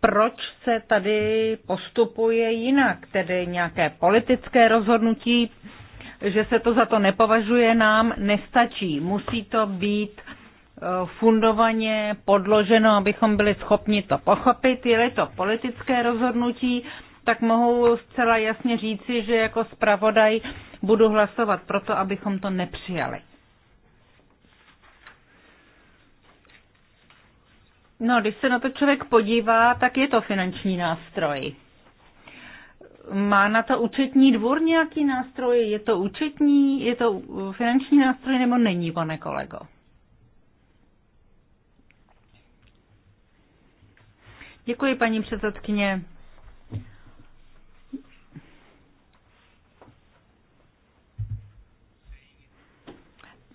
proč se tady postupuje jinak, tedy nějaké politické rozhodnutí, že se to za to nepovažuje nám, nestačí. Musí to být eh, fundovaně podloženo, abychom byli schopni to pochopit. Je to politické rozhodnutí, tak mohu zcela jasně říci, že jako zpravodaj budu hlasovat proto, abychom to nepřijali. No, když se na to člověk podívá, tak je to finanční nástroj. Má na to účetní dvůr nějaký nástroj? Je to účetní, je to finanční nástroj nebo není, pane kolego? Děkuji, paní předsedkyně.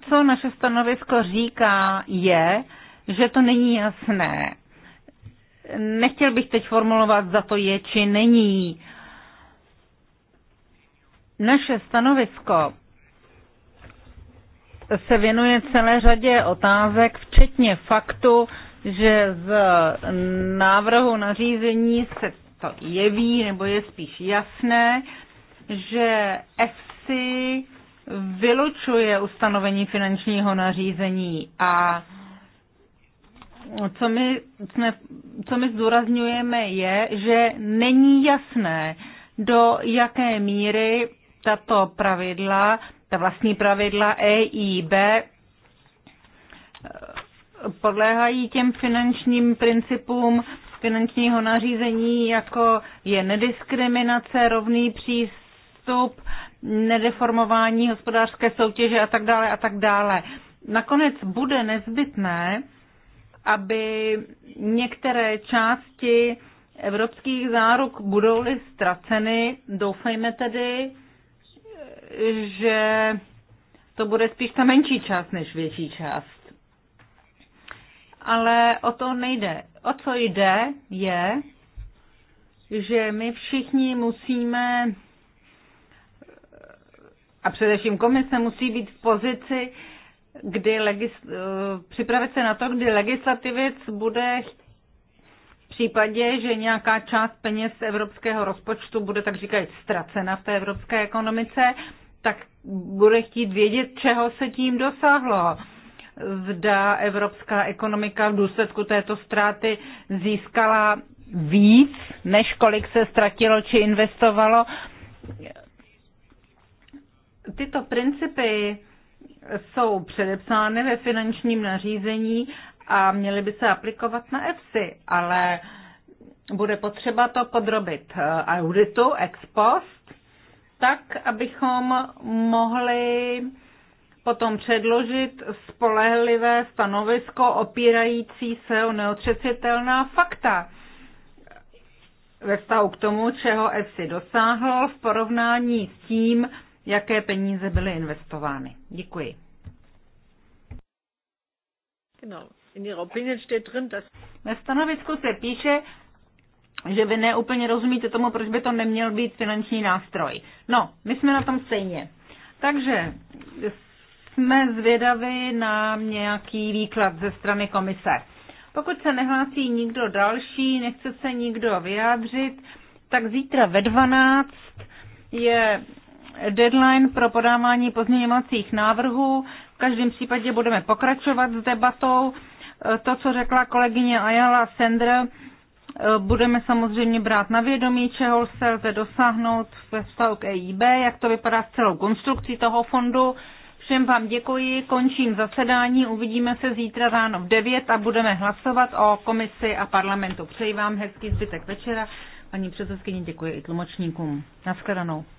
Co naše stanovisko říká je, že to není jasné. Nechtěl bych teď formulovat, za to je či není. Naše stanovisko se věnuje celé řadě otázek, včetně faktu, že z návrhu nařízení se to jeví, nebo je spíš jasné, že FC vylučuje ustanovení finančního nařízení a co my, jsme, co my zdůrazňujeme, je, že není jasné, do jaké míry tato pravidla, ta vlastní pravidla EIB eh, podléhají těm finančním principům finančního nařízení, jako je nediskriminace, rovný přístup, nedeformování hospodářské soutěže a tak dále a tak dále. Nakonec bude nezbytné, aby některé části evropských záruk budou-li ztraceny, doufejme tedy, že to bude spíš ta menší část než větší část. Ale o to nejde. O co jde, je, že my všichni musíme, a především komise musí být v pozici, kdy legis, eh, připravit se na to, kdy legislativec bude v případě, že nějaká část peněz z evropského rozpočtu bude tak říkajíc ztracena v té evropské ekonomice, tak bude chtít vědět, čeho se tím dosáhlo. Zda evropská ekonomika v důsledku této ztráty získala víc, než kolik se ztratilo či investovalo. Tyto principy jsou předepsány ve finančním nařízení a měly by se aplikovat na EFSI, ale bude potřeba to podrobit eh, auditu ex post, tak, abychom mohli potom předložit spolehlivé stanovisko opírající se o neotřesitelná fakta ve vztahu k tomu, čeho EFSI dosáhl v porovnání s tím, jaké peníze byly investovány. Děkuji. Ve stanovisku se píše, že vy neúplně rozumíte tomu, proč by to neměl být finanční nástroj. No, my jsme na tom stejně. Takže jsme zvědavi na nějaký výklad ze strany komise. Pokud se nehlásí nikdo další, nechce se nikdo vyjádřit, tak zítra ve 12 je deadline pro podávání pozměňovacích návrhů. V každém případě budeme pokračovat s debatou. To, co řekla kolegyně Ayala Sender, budeme samozřejmě brát na vědomí, čeho se lze dosáhnout ve vztahu k EIB, jak to vypadá s celou konstrukcí toho fondu. Všem vám děkuji, končím zasedání, uvidíme se zítra ráno v 9 a budeme hlasovat o komisi a parlamentu. Přeji vám hezký zbytek večera. Paní předsedkyně, děkuji i tlumočníkům. Naschledanou.